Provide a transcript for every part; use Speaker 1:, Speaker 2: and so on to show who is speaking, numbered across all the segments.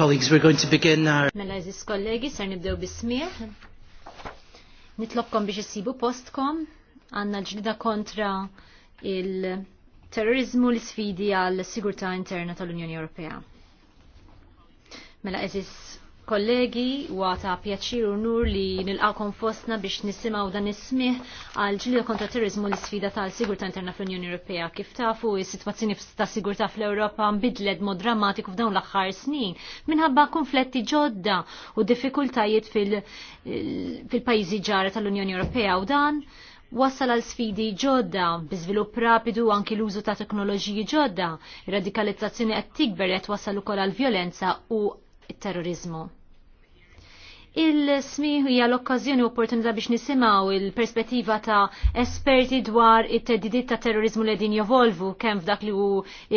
Speaker 1: colleagues, we're going to begin our...
Speaker 2: Mela jizis kollegi, ser nibdew bismiħ. Nitlobkom biex jisibu postkom, għanna ġlida kontra il-terrorizmu l sfidi għal sigurta interna tal-Unjoni Ewropea. Mela jizis kollegi, u ta' pjaċir u nur li nilqakom fostna biex nisimaw dan ismiħ għal ġlida kontra terrorizmu l sfida tal-sigurta interna fl-Unjoni Ewropea. Kif tafu, is-situazzjoni ta' sigurta fl-Ewropa mbidled mod drammatiku f'dawn l-axħar snin minħabba konfletti ġodda u diffikultajiet fil-pajjiżi ġara tal-Unjoni Ewropea u dan wassal għal sfidi ġodda, biżvilupp rapidu anki l-użu ta' teknoloġiji ġodda, radikalizzazzjoni qed tikber qed wassal ukoll għal violenza u terrorizmu. Il-smiħ hija l-okkażjoni opportunità biex nisimgħu il-perspettiva ta' esperti dwar it-teddidiet ta' terrorizmu li din jovolvu kemm f'dak li hu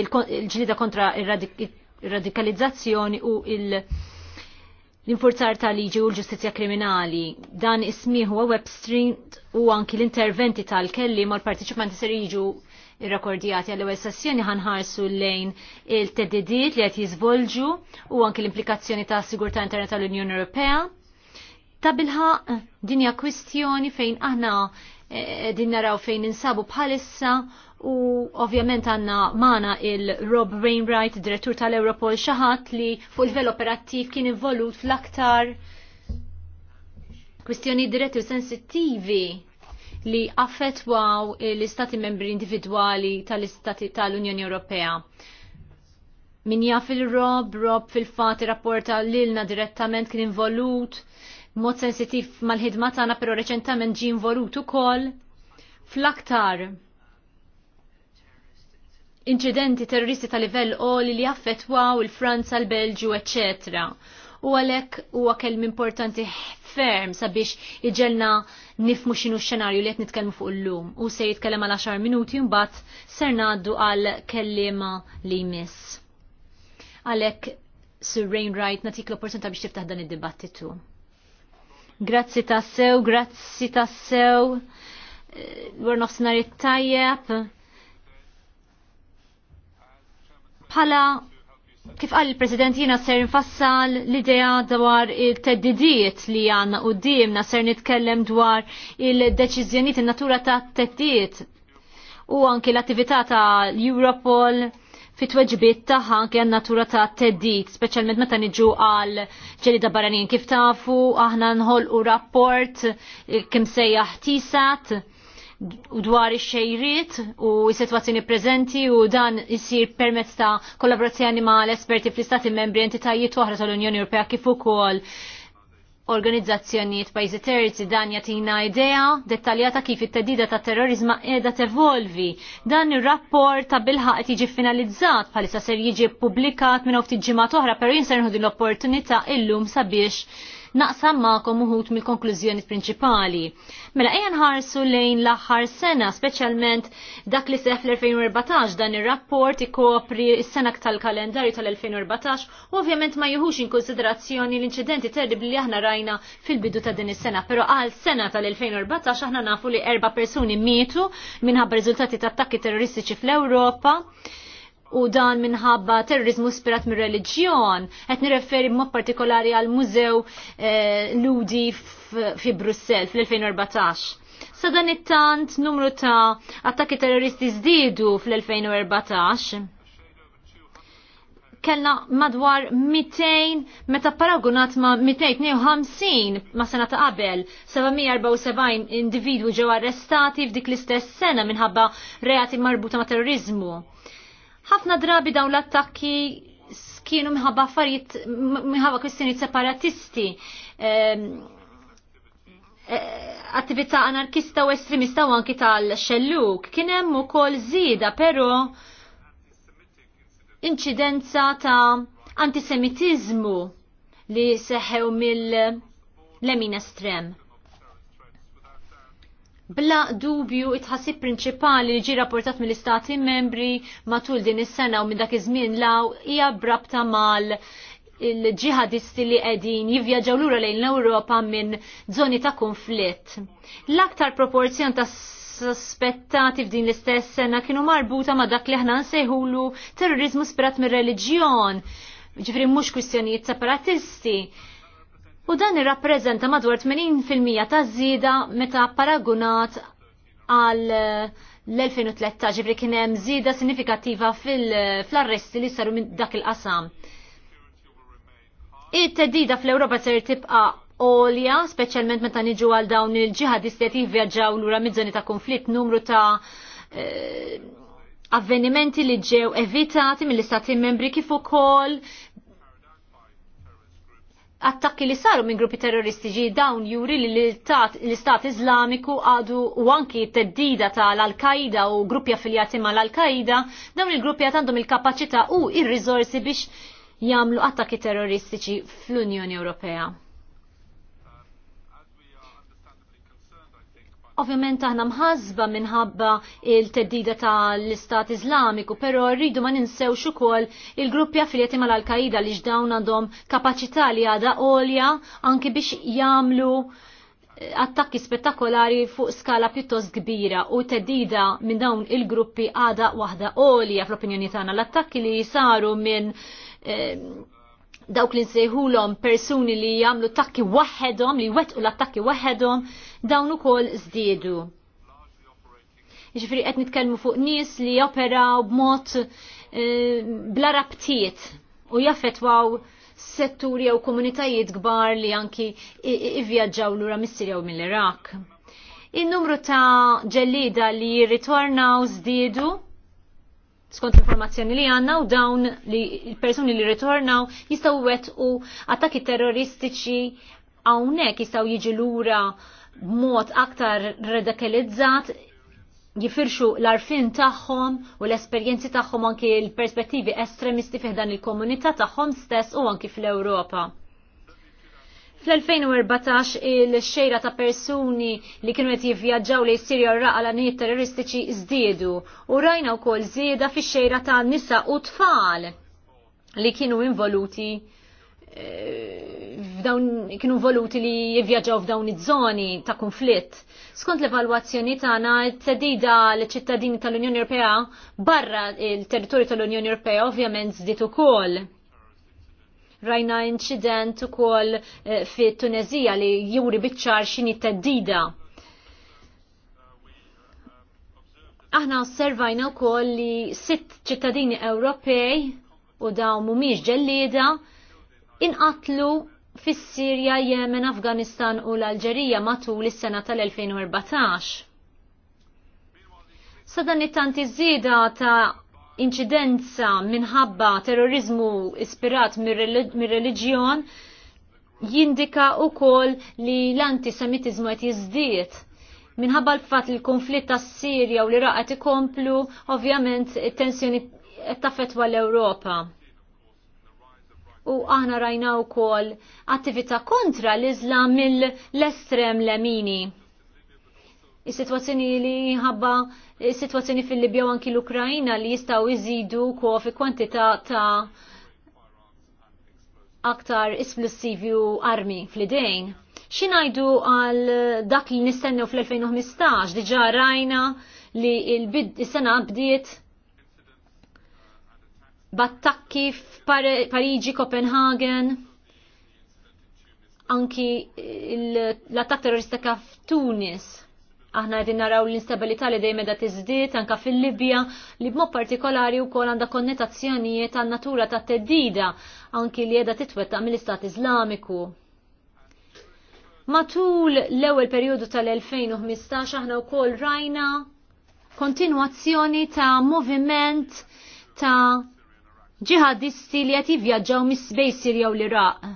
Speaker 2: l-ġlida kontra ir-radikalizzazzjoni u il- l-infurzar ta' liġi u l-ġustizja kriminali. Dan ismiħ huwa web stream u anki l-interventi tal-kelli ma' l-partiċipanti ser jiġu irrakordjati għall ewwel sessjoni ħanħarsu lejn il-teddidiet li qed jiżvolġu u anke l-implikazzjoni ta' sigurtà interna tal-Unjoni Ewropea Ta' dinja kwistjoni fejn aħna eh, din naraw fejn insabu bħalissa u ovvjament għanna mana il-Rob Wainwright, direttur tal-Europol, xaħat li fuq il-vel operattiv kien involut fl-aktar kwistjoni diretti u sensittivi li affetwaw l-istati membri individuali tal-istati tal-Unjoni Ewropea. Min fil-Rob, Rob fil-fat rapporta lilna direttament kien involut mod sensitiv mal-ħidma tagħna però reċentament ġie involut ukoll fl-aktar inċidenti terroristi ta' livell qoli li affettwaw il-Franza, l-Belġu, eċċetera. U għalhekk huwa għakel importanti ferm sabiex iġelna nifmu xinu xenarju li qed nitkellmu fuq lum U se jitkellem għal 10 minuti mbagħad ser ngħaddu għal kelliema li jmiss. Għalhekk Sir Rainwright natik l-opportunità biex tiftaħ dan id-dibattitu. Grazzi tassew, grazzi tassew. Għor it tajjeb Bħala Kif għal il-President jina ser nfassal l-idea dwar il-teddidiet li għanna u dimna ser nitkellem dwar il-deċizjoniet in-natura ta' teddidiet u anki l-attività ta' Europol fit tweġbiet tagħha anke għan natura ta' teddit, speċjalment meta niġu għal ġelida barranin kif tafu, aħna nħolqu rapport eh, kemm sejjaħ tisat u dwar ix-xejriet u s-sitwazzjoni preżenti u dan isir permezz ta' kollaborazzjoni ma' l-esperti fl-istati membri entitajiet oħra tal-Unjoni Ewropea kif ukoll organizzazzjonijiet pajzi terzi dan jatina idea dettaljata kif it-tedida ta' terrorizma edha tevolvi. Dan ir-rapport ta' bilħaq qed jiġi finalizzat bħalissa ser jiġi ppubblikat minn ftit ġimgħa oħra, però jinser din l-opportunità illum sabiex naqsam ma'kom uħut mill-konklużjoni prinċipali. Mela ejja nħarsu lejn l-aħħar sena, speċjalment dak li seħ l 2014 dan ir-rapport ikopri s-sena tal-kalendarju tal-2014 u ovvjament ma jieħux konsiderazzjoni l-inċidenti terribli li aħna rajna fil-bidu ta' din is-sena, però għal sena tal-2014 aħna nafu li erba' persuni mietu minħabba riżultati ta' attakki terroristiċi fl-Ewropa u dan minħabba terrorizmu spirat mir reliġjon qed nirreferi mod partikolari għal mużew eh, ludi fi Brussell fl-2014. Sa dan it-tant numru ta' attakki terroristi żdiedu fl-2014 kellna madwar 200 meta paragunat ma' 252 ma' sena ta' qabel 774 individwu ġew arrestati f'dik l-istess sena minħabba reati marbuta ma' terrorizmu ħafna drabi dawn l-attakki kienu minħabba affarijiet minħabba kwistjoni separatisti ehm, e, attività anarkista u estremista u anki tal-xelluk kien hemm ukoll żieda però inċidenza ta' antisemitiżmu li seħew mill-lemin estrem. Bla dubju itħassib prinċipali li ġi rapportat mill-Istati membri matul din is-sena u minn dak iż-żmien law hija brabta mal il-ġihadisti li qegħdin jivvjaġġaw lura lejn l-Ewropa minn żoni ta' konflitt. L-aktar proporzjon ta' sospettati f'din l-istess sena kienu marbuta ma' dak li ħna nsejħulu terrorizmu spirat mir-reliġjon, ġifri mhux kwistjonijiet separatisti U dan irrappreżenta madwar 80% ta' żieda meta paragunat għal eh, l-2013 ġifri kien hemm żieda sinifikattiva fl-arresti li saru minn dak il-qasam. It-tedida fl-Ewropa ser tibqa' għolja, speċjalment meta niġu għal dawn il-ġihadisti li jivvjaġġaw lura mizzoni ta' konflitt numru ta' eh, avvenimenti li ġew evitati mill-istati membri kif ukoll attakki li saru minn gruppi terroristi ġi dawn juri li l-Istat Islamiku għadu u anki teddida ta' l-Al-Qaida u gruppi affiljati ma' l-Al-Qaida, dawn il-gruppi għandhom il-kapacita u il-rizorsi biex jamlu attakki terroristiċi fl-Unjoni Ewropea. Ovvjament aħna mħazba minħabba il-teddida ta' l-Istat Islamiku, pero rridu ma ninsewx ukoll il-gruppi affiljati mal-Al-Qaida li ġdawn għandhom kapaċità li għada olja anki biex jagħmlu eh, attakki spettakolari fuq skala pjuttost kbira u teddida minn dawn il-gruppi għada waħda olja fl-opinjoni tagħna l-attakki li saru minn eh, dawk li nsejħulhom persuni li jagħmlu takki waħedhom, li wetqu l-attakki waħedhom, dawn ukoll żdiedu. Jiġifieri qed nitkellmu fuq nies li operaw b'mod eh, bla rabtiet u jaffetwaw setturi jew komunitajiet kbar li anki ivvjaġġaw lura mis-Sirja mill-Iraq. In-numru ta' ġellida li jirritornaw żdiedu skont l-informazzjoni li għanna u dawn li il-personi li ritornaw jistaw wet u attakki terroristiċi għawnek jistaw jiġi lura mod aktar radikalizzat jifirxu l-arfin tagħhom u l-esperjenzi tagħhom anki l-perspettivi estremisti fiħdan il-komunità tagħhom stess u anki fl-Ewropa. Fl-2014 il-xejra ta' persuni li kienu qed jivvjaġġaw li jissirja raqa l terroristiċi żdiedu u rajna wkoll żieda fix-xejra ta' nisa u tfal li kienu involuti eh, f'dawn kienu voluti li jivvjaġġaw f'dawn iż-żoni ta' konflitt. Skont l-evalwazzjoni tagħna t-tedida l-ċittadini tal-Unjoni Ewropea barra il-territorju tal-Unjoni Ewropea ovvjament żdiet ukoll. Rajna incident ukoll eh, fi Tunezija li juri bitċar xini teddida. Aħna osservajna wkoll li sitt ċittadini Ewropej u daw mhumiex ġellieda inqatlu fis-Sirja, Yemen, Afganistan u l-Alġerija matul is-sena tal-2014. Sa dan it tanti żieda ta' inċidenza minħabba terrorizmu ispirat mir-reliġjon jindika u kol li l-antisemitizmu għet jizdiet. Minħabba l-fat li l-konflitt tas sirja u li raqet ikomplu, ovvjament, tensjoni taffetwa l-Europa. U aħna rajna u kol attività kontra l-Islam mill-estrem lemini. Is-situazzjoni li ħabba situazzjoni fil-Libja u anki l-Ukrajna li jistaw iżidu ko fi kwantità ta' aktar esplosivi u armi fl-idejn. Xinajdu għal dak li nistennew fl-2015 diġa rajna li il-sena bdiet battakki f'Par-Pariġi Copenhagen, anki l-attak terroristika f'Tunis aħna għedin naraw l-instabilità li dejjem da tiżdied anka fil-Libja li b'mod partikolari wkoll għandha konnetazzjonijiet tan natura ta' teddida anki li qiegħda titwettaq mill-Istat Iżlamiku. Matul l-ewwel perjodu tal-2015 aħna wkoll rajna kontinwazzjoni ta' moviment ta' ġihadisti li qed jivvjaġġaw mis-sbejs Sirja u l-Iraq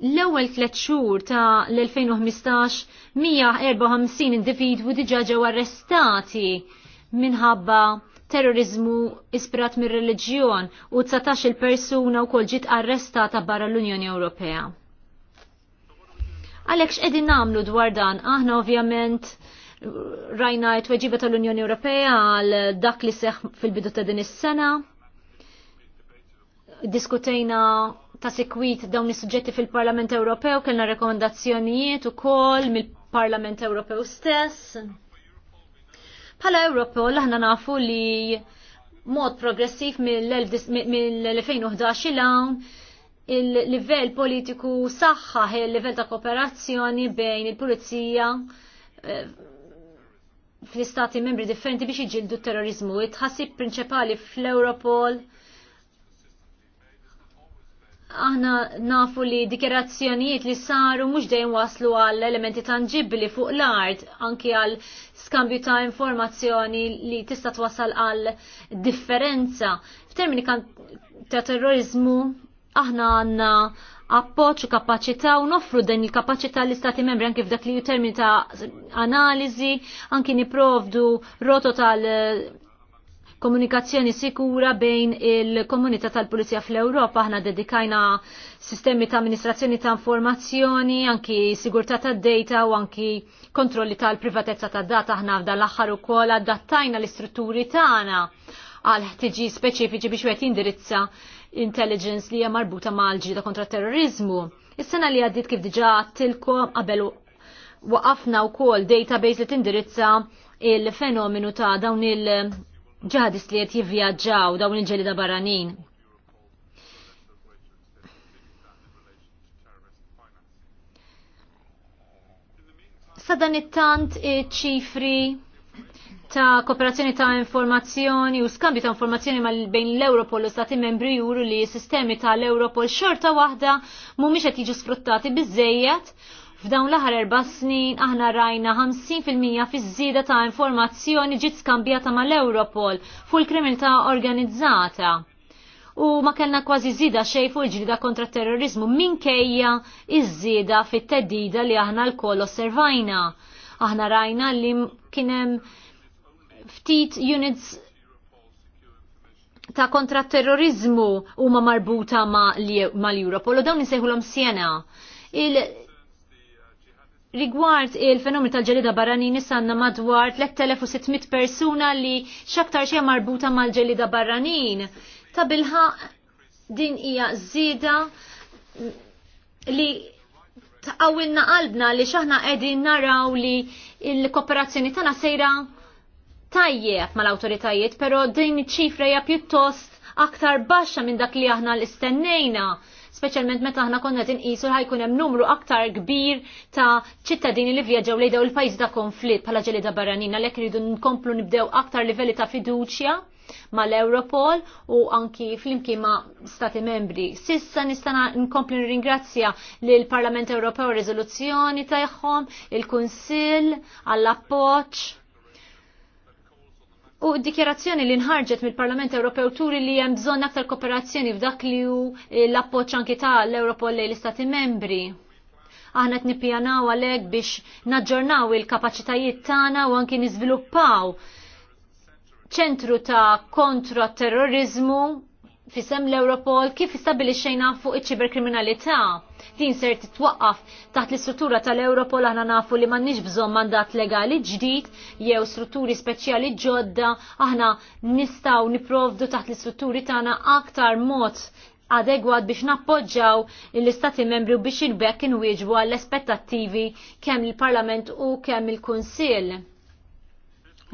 Speaker 2: l-ewwel tliet xhur ta' l-2015 154 individwu diġà ġew arrestati minħabba terrorizmu ispirat mir reliġjon u 19 il-persuna wkoll ġiet arrestata barra l-Unjoni Ewropea. Għalhekk x'qegħdin nagħmlu dwar dan aħna ovvjament rajna t-tweġiba tal-Unjoni Ewropea għal dak li seħ fil-bidu ta' din is-sena. Diskutejna ta' sekwit dawn is-suġġetti fil-Parlament Ewropew kellna rekomendazzjonijiet ukoll mill-Parlament Ewropew stess. Pala Ewropew aħna nafu li mod progressiv mill-2011 lawn il-livell politiku saħħa il-livell ta' kooperazzjoni bejn il-pulizija eh, fl-istati membri differenti biex iġildu terrorizmu. It-ħassib prinċipali fl-Europol aħna nafu li dikjerazzjonijiet li saru mhux dejjem waslu għall elementi tangibbli fuq l-art, anki għal skambju ta' informazzjoni li tista' twasal għal differenza. F'termini kan ta' terrorizmu aħna għandna appoċ u kapacità u noffru din il-kapacità l-istati membri anke f'dak li termini ta' analiżi, anki niprovdu roto tal- komunikazzjoni sikura bejn il-komunità tal-Pulizija fl-Ewropa. Aħna dedikajna sistemi ta' amministrazzjoni ta' informazzjoni, anki sigurtà tad-data u anki kontrolli tal-privatezza tad-data. Aħna dal l-aħħar ukoll adattajna l-istrutturi tagħna għal ħtiġi speċifiċi biex wieħed indirizza intelligence li hija marbuta mal-ġida kontra terrorizmu. Is-sena li għaddit kif diġà tilkom qabel waqafna wkoll database li tindirizza il-fenomenu ta' dawn il- ġadis li qed jivvjaġġaw dawn il-ġelida barranin. Sadan it-tant ċifri ta' kooperazzjoni ta' informazzjoni u skambju ta' informazzjoni ma' bejn l-Europol u stati membri juru li s sistemi ta' l-Europol xorta waħda mhumiex qed jiġu sfruttati biżejjed F'dawn l-aħħar erba' snin aħna rajna 50% fiż-żieda ta' informazzjoni ġiet skambjata mal-Europol fuq il-kriminalità organizzata. U ma kellna kważi żieda xejn fuq il-ġlida kontra terrorizmu minkejja iż-żieda fit-teddida li aħna lkoll osservajna. Aħna rajna li kien hemm ftit units ta' kontraterrorizmu huma marbuta ma' europol u dawn insejħulhom Siena. Rigward il fenomen tal-ġelida barranin nisanna madwar 3600 persuna li xaktar xie marbuta mal-ġelida barranin. Ta' bilħa din hija żieda li għawinna qalbna li xaħna qegħdin naraw li l-kooperazzjoni tagħna sejra tajjeb mal-awtoritajiet, però din iċ-ċifra hija pjuttost aktar baxxa minn dak li aħna l-istennejna speċjalment meta aħna konna isu ħajkun hemm numru aktar kbir ta' ċittadini li vjaġġaw lejn daw il-pajjiż ta' konflitt bħala ġelida barranin għalhekk iridu nkomplu nibdew aktar livelli ta' fiduċja mal-Europol u anki flimkien ma' stati membri. Sissa nistana nkompli ringrazzja lill parlament Ewropew rezoluzzjoni tagħhom, il-Kunsill, għall-appoġġ U dikjerazzjoni li nħarġet mill-Parlament Ewropew turi li hemm bżonn aktar kooperazzjoni f'dak li hu l-appoġġ anki ta' l ewropol lejn l-Istati membri. Aħna qed nippjanaw għalhekk biex naġġornaw il-kapaċitajiet tagħna u anki niżviluppaw ċentru ta' kontra terrorizmu fisem l-Europol kif istabilixxejna fuq iċ-ċiberkriminalità. Din ser titwaqqaf taħt l-istruttura tal-Europol aħna nafu li m'għandniex bżonn mandat legali ġdid jew strutturi speċjali ġodda aħna nistgħu niprovdu taħt l-istrutturi tagħna aktar mod adegwat biex nappoġġaw l-istati membri u biex il inwieġbu għall-espettattivi kemm il-Parlament u kemm il-Kunsill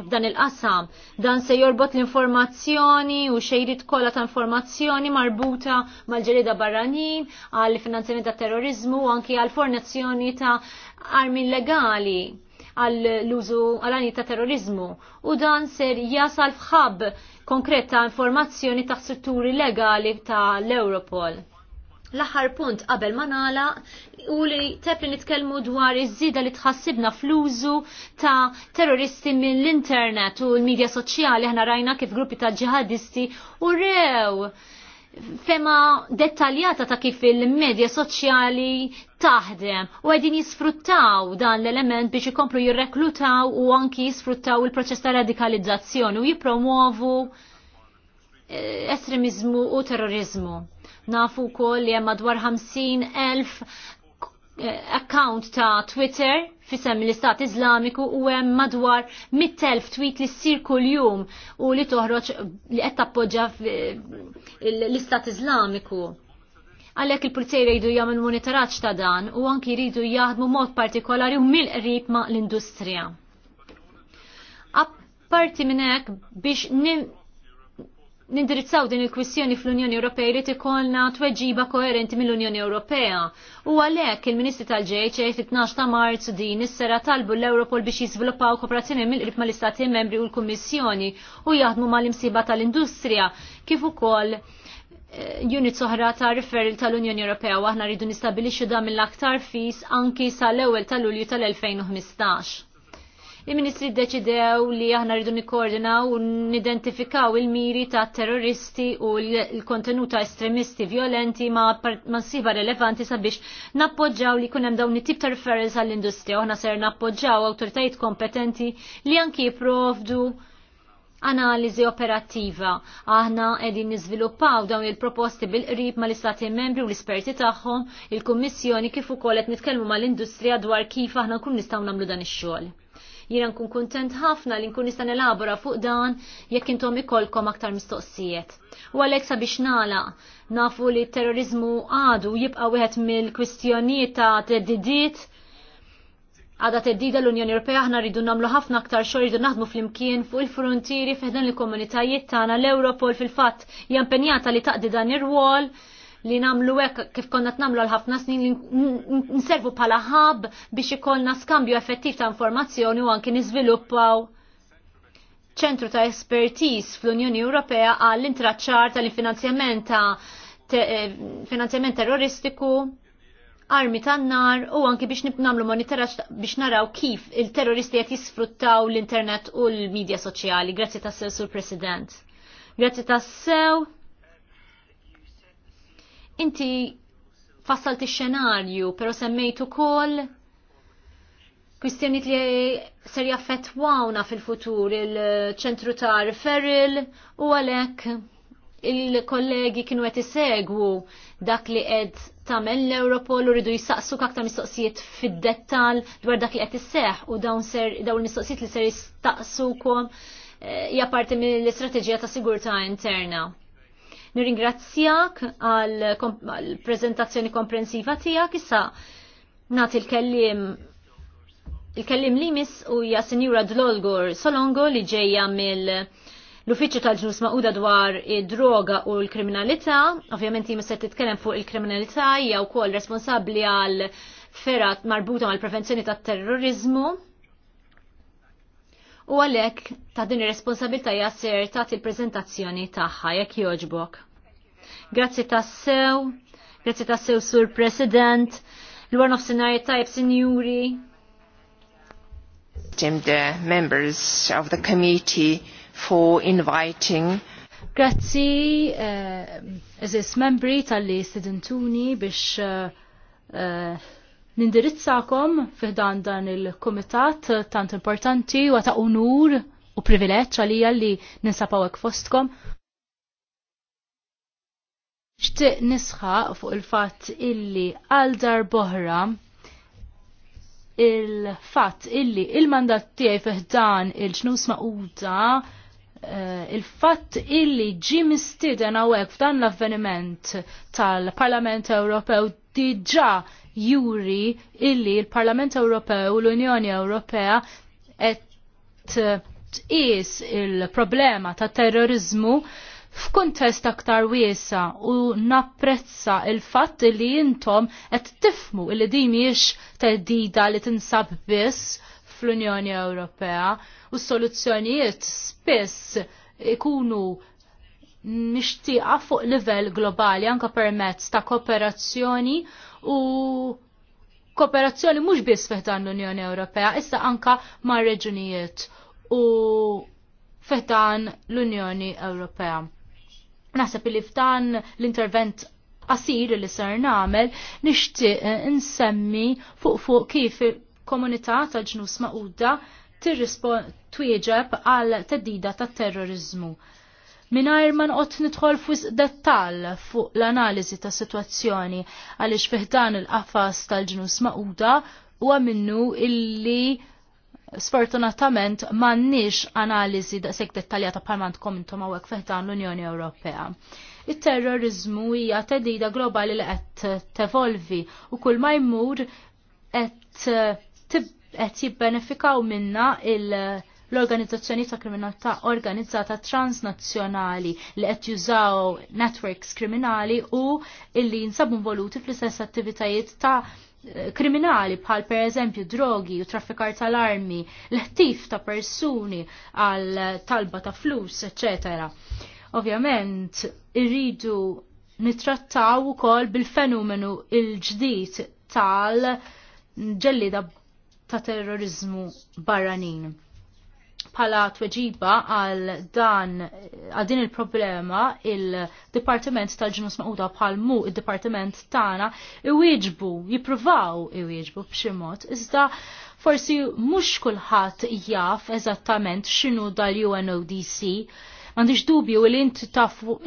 Speaker 2: f'dan il-qasam. Dan se jorbot l-informazzjoni u xejrit kollha ta' informazzjoni marbuta mal-ġerida barranin, għal finanzjament ta' terrorizmu, u anki għal fornazzjoni ta' armi legali għall użu għal ta' terrorizmu. U dan ser jasal fħab konkret ta' informazzjoni ta' strutturi legali ta' l-Europol. L-aħħar punt qabel ma nala u li tepli nitkellmu dwar iż-żida li tħassibna fl-użu ta' terroristi minn l internet u l-medja soċjali aħna rajna kif gruppi ta' ġihadisti u rew fema dettaljata ta' kif il-medja soċjali taħdem u għedin jisfruttaw dan l-element biex ikomplu jirreklutaw u anki jisfruttaw il-proċess ta' radikalizzazzjoni u jipromuovu eh, estremizmu u terrorizmu Nafu kol li hemm madwar 50.000 eh, account ta' Twitter fisem l-Istat Islamiku u hemm madwar 100.000 tweet li ssir kuljum u li toħroġ li qed tappoġġa eh, l-Istat Islamiku. Għalhekk il-pulizija jridu jagħmel monitoraġġ ta' dan u anki jridu jaħdmu mod partikolari u mill-qrib ma' l-industrija. Apparti minn hekk biex nindirizzaw din il-kwissjoni fl-Unjoni Ewropea jrid ikollna tweġiba koerenti mill-Unjoni Ewropea. U għalhekk il-Ministri tal-GHA fit-12 ta' Marzu din is-sera talbu l ewropol biex jiżviluppaw kooperazzjoni mill-qrib mal-Istati Membri u l-Kummissjoni u jaħdmu mal-imsiba tal-Industrija kif ukoll eh, unit soħra ta' referil tal-Unjoni Ewropea u aħna rridu nistabilixxu dan mill-aktar fis anki sal-ewwel tal-Lulju tal-2015. Il-Ministri deċidew li aħna rridu nikkoordinaw u nidentifikaw il-miri ta' terroristi u l-kontenut ta' estremisti violenti ma' mansiba relevanti sabiex nappoġġaw li kunem dawn it-tip ta' referenz għall-industrija. Aħna ser nappoġġaw awtoritajiet kompetenti li anki jiprovdu analizi operattiva. Aħna edin niżviluppaw dawn il-proposti bil-qrib ma l-istati membri u l-esperti tagħhom, il-Kummissjoni kif ukoll qed nitkellmu mal-industrija dwar kif aħna nkun nistgħu nagħmlu dan ix-xogħol. Jiena nkun kuntent ħafna li nkun nista' elabora fuq dan jekk intom ikolkom aktar mistoqsijiet. U għalhekk sabiex nagħlaq nafu li t terrorizmu għadu jibqa' wieħed mill-kwistjonijiet ta' teddidiet għada teddida l-Unjoni Ewropea aħna rridu nagħmlu ħafna aktar xogħol rridu naħdmu flimkien fuq il-frontieri fiħdan il-komunitajiet tagħna l-Europol fil-fatt jampenjata li taqdi dan ir-rwol li namlu hekk kif konna namlu għal ħafna snin li nservu bħala ħab biex ikollna skambju effettiv ta' informazzjoni u anki niżviluppaw ċentru ta' espertiz fl-Unjoni Ewropea għall intraċċar tal-finanzjament ta' eh, finanzjament terroristiku, armi tan-nar u anki biex nibnamlu monitoraġġ biex naraw kif il-terroristi qed jisfruttaw l-internet u l-medja soċjali. Grazzi tas-sew sur President. Grazzi tas-sew. Inti fassalt il xenarju pero semmejt ukoll kwistjoni li ser jaffettwawna fil-futur il-ċentru ta' referil u għalhekk il-kollegi kienu qed isegwu dak li qed tagħmel l-Europol u rridu jisaqsu aktar mistoqsijiet fid-dettal dwar dak li qed isseħ u dawn ser dawn mistoqsijiet li ser jistaqsu eh, hija parti mill-istrateġija ta' sigurtà interna. Nirringrazzjak għal prezentazzjoni komprensiva tiegħek issa nagħti il-kellim il-kellim li mis u hija Sinjura Dlolgor Solongo li ġejja mill l-uffiċċju tal-ġnus maquda dwar id-droga u l-kriminalità, ovvjament jim se titkellem fuq il-kriminalità hija wkoll responsabbli għal ferat marbuta mal-prevenzjoni tat-terrorizmu. U għalhekk ta' din ir-responsabilità jasser tagħti il-preżentazzjoni tagħha jekk jogħġbok. Grazzi tassew, grazzi tassew sur President, l-għan of Sinari Tajb Sinjuri.
Speaker 3: The members of the committee for inviting Grazzi, eh, eżis membri tal-li sedentuni biex eh, eh, nindirizzakom fiħdan dan il-komitat tant importanti u ta' unur u privileċ għalija li ninsapawek fostkom xtiq nisħaq fuq il-fatt illi għal dar boħra il-fatt illi il-mandat tiegħi fiħdan il-ġnus maquda eh, il-fatt illi ġi mistiden għawek f'dan l-avveniment tal-Parlament Ewropew diġa juri illi il-Parlament Ewropew u l-Unjoni Ewropea et tqis il-problema ta' terrorizmu f'kuntest aktar wiesa u napprezza il-fatt li jintom qed tifmu li din mhijiex teddida li tinsab biss fl-Unjoni Ewropea u soluzzjonijiet spiss ikunu nixtieqa fuq livell globali anka permezz ta' kooperazzjoni u kooperazzjoni mhux biss fiħdan l-Unjoni Ewropea, issa anka mar reġunijiet u fiħdan l-Unjoni Ewropea. Naħseb li f'dan l-intervent qasir li ser nagħmel nixtieq eh, insemmi fuq fuq kif komunità ta' ġnus maquda tirrispond għal teddida ta' terrorizmu. Minajr ma nqot nidħol fuq dettal fuq l-analiżi ta' situazzjoni għaliex fiħdan il-qafas tal-ġnus maquda huwa minnu illi sfortunatament m'għandniex analiżi daqshekk dettaljata bħal m'għandkom intom hawnhekk fiħdan l-Unjoni Ewropea. Il-terrorizmu hija tedida globali li qed tevolvi u kull ma jmur qed jibbenefikaw minna il- l-organizzazzjoni ta' kriminalità organizzata transnazzjonali li qed jużaw networks kriminali u illi jinsabu involuti fl-istess attivitajiet ta' kriminali bħal per eżempju drogi u traffikar tal-armi, l-ħtif ta' persuni għal talba ta' flus, ecc. Ovjament irridu nitrattaw ukoll bil-fenomenu il-ġdid tal-ġellida ta' terrorizmu barranin Bħala tweġiba għal dan għal din il-problema il-Dipartiment tal ġinus maquda bħal mu il-Dipartiment tana iwieġbu, jipruvaw iwieġbu b'xi mod, iżda forsi mhux kulħadd jaf eżattament xinu dal-UNODC. M'għandix dubju li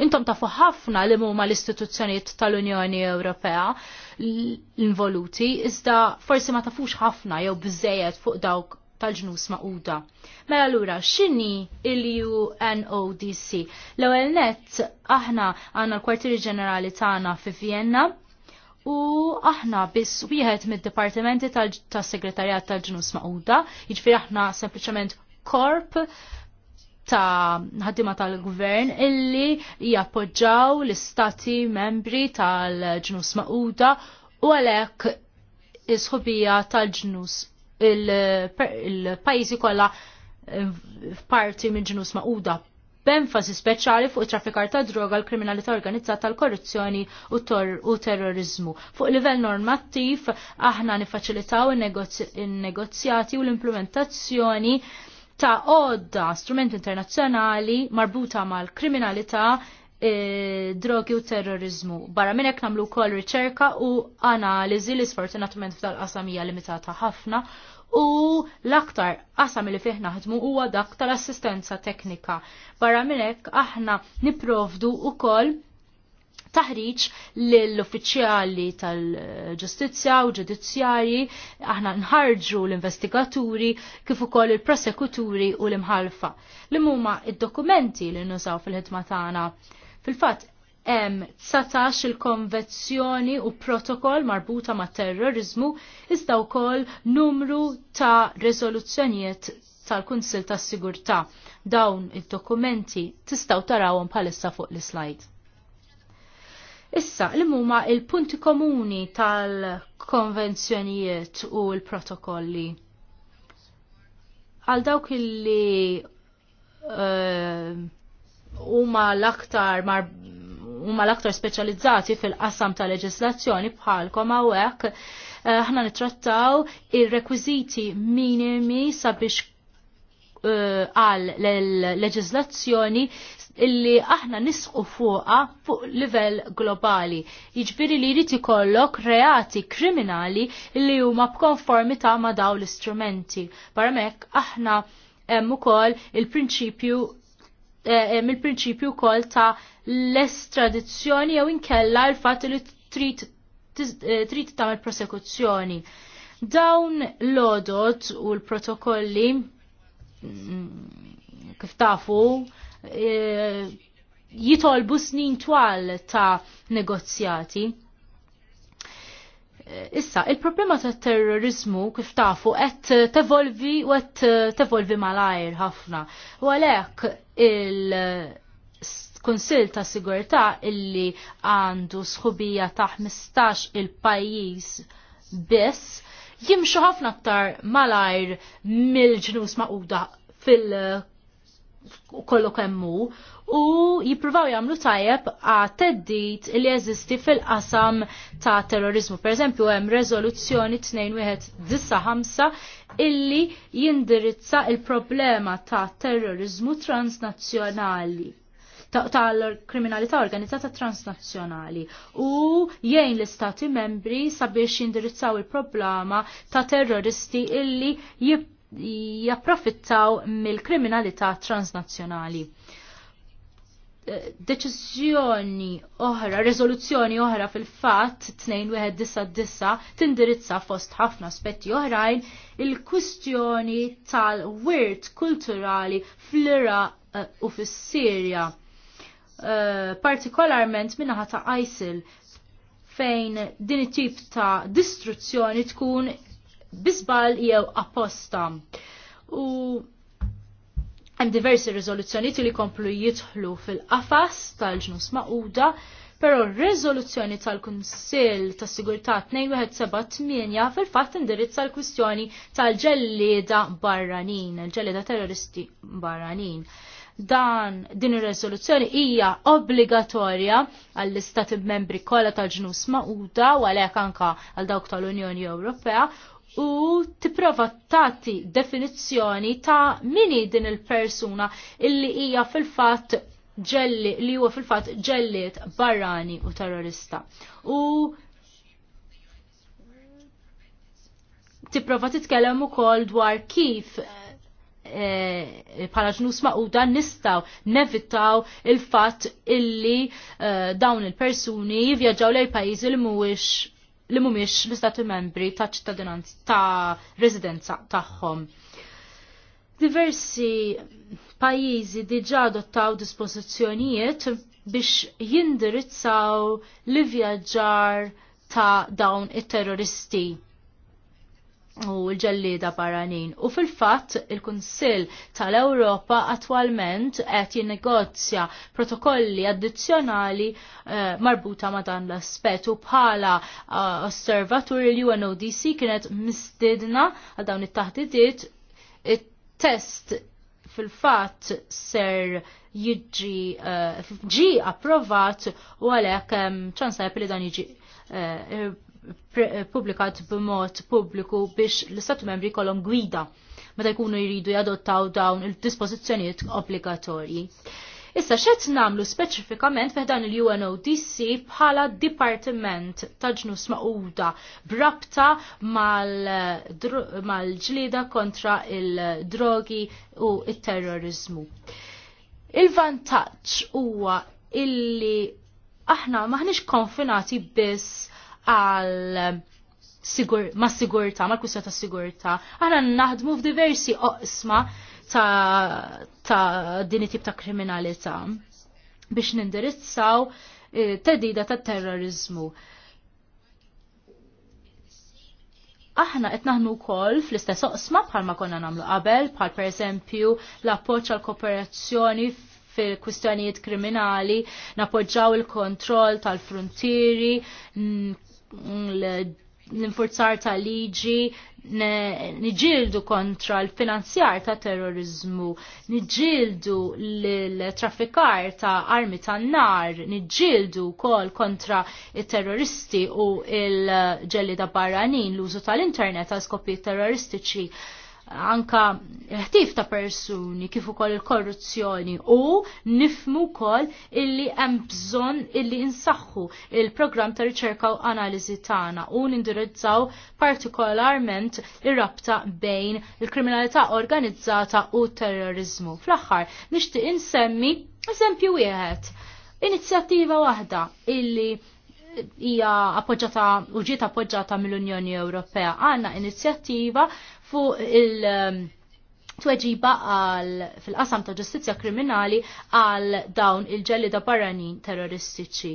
Speaker 3: intom tafu ħafna li muma l-istituzzjonijiet tal-Unjoni Ewropea l-involuti, iżda forsi ma tafux ħafna jew biżejjed fuq dawk tal-ġnus maquda. Mela allura x'inhi il-UNODC? L-ewwel nett aħna għandna l-kwartieri ġenerali tagħna fi Vienna u aħna biss wieħed mid-dipartimenti tas-segretarjat tal-ġnus maquda, jiġifieri aħna sempliċement korp ta' ħaddima tal-gvern illi jappoġġaw l-istati membri tal-ġnus maquda u għalhekk is-ħobija tal-ġnus il-pajjiżi il kollha eh, f'parti minn ġinus maquda b'enfasi speċjali fuq traffikar ta' droga, l-kriminalità organizzata, l-korruzzjoni u, u terrorizmu. Fuq livell normattiv aħna nifaċilitaw in-negozjati u l-implementazzjoni ta' odda strumenti internazzjonali marbuta mal-kriminalità E, drogi u terrorizmu. Barra minn hekk nagħmlu wkoll riċerka u analiżi li sfortunatament f'dal-qasam hija limitata ħafna u l-aktar qasam li fih naħdmu huwa dak tal-assistenza teknika. Barra minn hekk aħna nipprovdu wkoll taħriġ l-uffiċjali tal-ġustizzja u ġudizzjarji, aħna nħarġu l-investigaturi kif ukoll il-prosekuturi u l-imħalfa. l huma id-dokumenti li nużaw fil-ħidma tagħna Fil-fatt, hemm 19 il konvezzjoni u protokoll marbuta ma' terrorizmu iżda wkoll numru ta' rezoluzzjonijiet tal-Kunsil tas sigurtà Dawn id-dokumenti tistgħu tarawhom bħalissa fuq l-slide. Issa, l huma il-punti komuni tal-konvenzjonijiet u l-protokolli. Għal dawk illi uh, huma l-aktar mar huma l-aktar speċjalizzati fil-qasam ta' leġislazzjoni bħalkom hawnhekk eh, aħna nitrattaw ir-rekwiżiti minimi sabiex eh, għal l-leġizlazzjoni illi aħna nisqu fuqa fuq livell globali. Jiġbiri li jrid ikollok reati kriminali illi huma b'konformità ma' daw l-istrumenti. Barmek aħna hemm ukoll il-prinċipju Eh, eh, mill-prinċipju kol ta' l-estradizzjoni jew inkella l-fatt li trid eh, tagħmel prosekuzzjoni. Dawn l-odot u l-protokolli mm, kif tafu jitolbu snin twal ta' negozjati Issa, il-problema ta' terrorizmu kif tafu qed tevolvi u qed tevolvi malajr ħafna. U għalhekk il-Kunsill ta' Sigurtà illi għandu sħubija ta' 15 il-pajjiż biss jimxu ħafna aktar malajr mill-ġnus maquda fil kollu kemmu u jipruvaw jamlu tajjeb għat teddit li jeżisti fil-qasam ta' terrorizmu. Per eżempju, hemm rezoluzzjoni 2195 illi jindirizza il-problema ta' terrorizmu transnazzjonali tal-kriminalità organizzata transnazzjonali u jgħin l-istati membri sabiex jindirizzaw il-problema ta' terroristi illi jib japprofittaw mill-kriminalità transnazzjonali. Eh, deċiżjoni oħra, rezoluzzjoni oħra fil-fatt 2199 tindirizza fost ħafna aspetti oħrajn il-kwistjoni tal-wirt kulturali fl-Iraq eh, u fis-Sirja. Uh, partikolarment minnaħa ta' ISIL fejn din it-tip ta' distruzzjoni tkun bizbal jew apposta. U hemm diversi riżoluzzjonijiet li komplu jidħlu fil-qafas tal-ġnus maquda, però r-riżoluzzjoni tal-Kunsill tas Sigurtà 2178 fil-fatt indirizza l-kwistjoni tal-ġellieda barranin, il-ġellieda terroristi barranin dan din ir riżoluzzjoni hija obbligatorja għall-istati membri kollha tal-ġnus maquda u għalhekk anke għal dawk tal-Unjoni Ewropea u tipprova tagħti definizzjoni ta' mini din il-persuna illi hija fil-fatt ġelli li huwa fil-fatt ġelliet barrani u terrorista. U tipprova titkellem ukoll dwar kif eh, bħala ġnus maquda nistaw nevitaw il-fatt illi eh, dawn il-persuni jivjaġaw lej pajjiżi li mhuwiex li mhumiex l-istati membri ta' ċittadinanza ta' residenza tagħhom. Diversi pajjiżi diġà adottaw dispożizzjonijiet biex jindirizzaw l-vjaġġar ta' dawn it-terroristi u l-ġellida barranin. U fil-fatt il-Kunsill tal-Ewropa attualment qed jinnegozja protokolli addizzjonali eh, marbuta ma' dan l-aspett u bħala uh, osservatur il-UNODC kienet mistidna għal dawn it-taħdidiet it-test fil-fatt ser jiġi eh, ġi approvat u għalhekk eh, ċansajb li dan jiġi eh, Eh, publikat b'mod pubbliku biex l istat membri kolom gwida meta jkunu jridu jadottaw dawn il-dispożizzjonijiet obbligatorji. Issa xed namlu speċifikament f'dan il-UNODC bħala Dipartiment ta' ġnus maquda brabta eh, mal-ġlida kontra il-drogi u il-terrorizmu. Il-vantaġġ huwa illi aħna maħniex konfinati biss għal sigur, ma sigurta, ma kusja ta' sigurta. Għana naħdmu f'diversi oqsma ta', ta din tip ta' kriminalità biex nindirizzaw eh, tedida ta' terrorizmu. Aħna qed naħnu wkoll fl-istess oqsma bħalma konna nagħmlu qabel, bħal pereżempju l-appoġġ għal kooperazzjoni fil-kwistjonijiet kriminali, napoġġaw il-kontroll tal-frontieri, l-infurzar ta' liġi niġildu kontra l-finanzjar ta' terrorizmu, niġildu l-traffikar ta' armi ta' nar, niġildu kol kontra il-terroristi u il-ġelli barranin l-użu tal-internet ta' skopi terroristiċi anka ħtif ta' persuni kif ukoll il-korruzzjoni u nifmu wkoll illi hemm bżonn illi insaħħu il-programm ta' riċerka u analiżi tagħna u nindirizzaw partikolarment ir-rabta bejn il-kriminalità organizzata u terrorizmu. Fl-aħħar nixtieq insemmi eżempju wieħed. Inizjattiva waħda illi hija appoġġata u ġiet appoġġata mill-Unjoni Ewropea. Għandna inizjattiva fuq il- um, tweġiba għal fil-qasam ta' ġustizzja kriminali għal dawn il-ġellida barranin terroristiċi.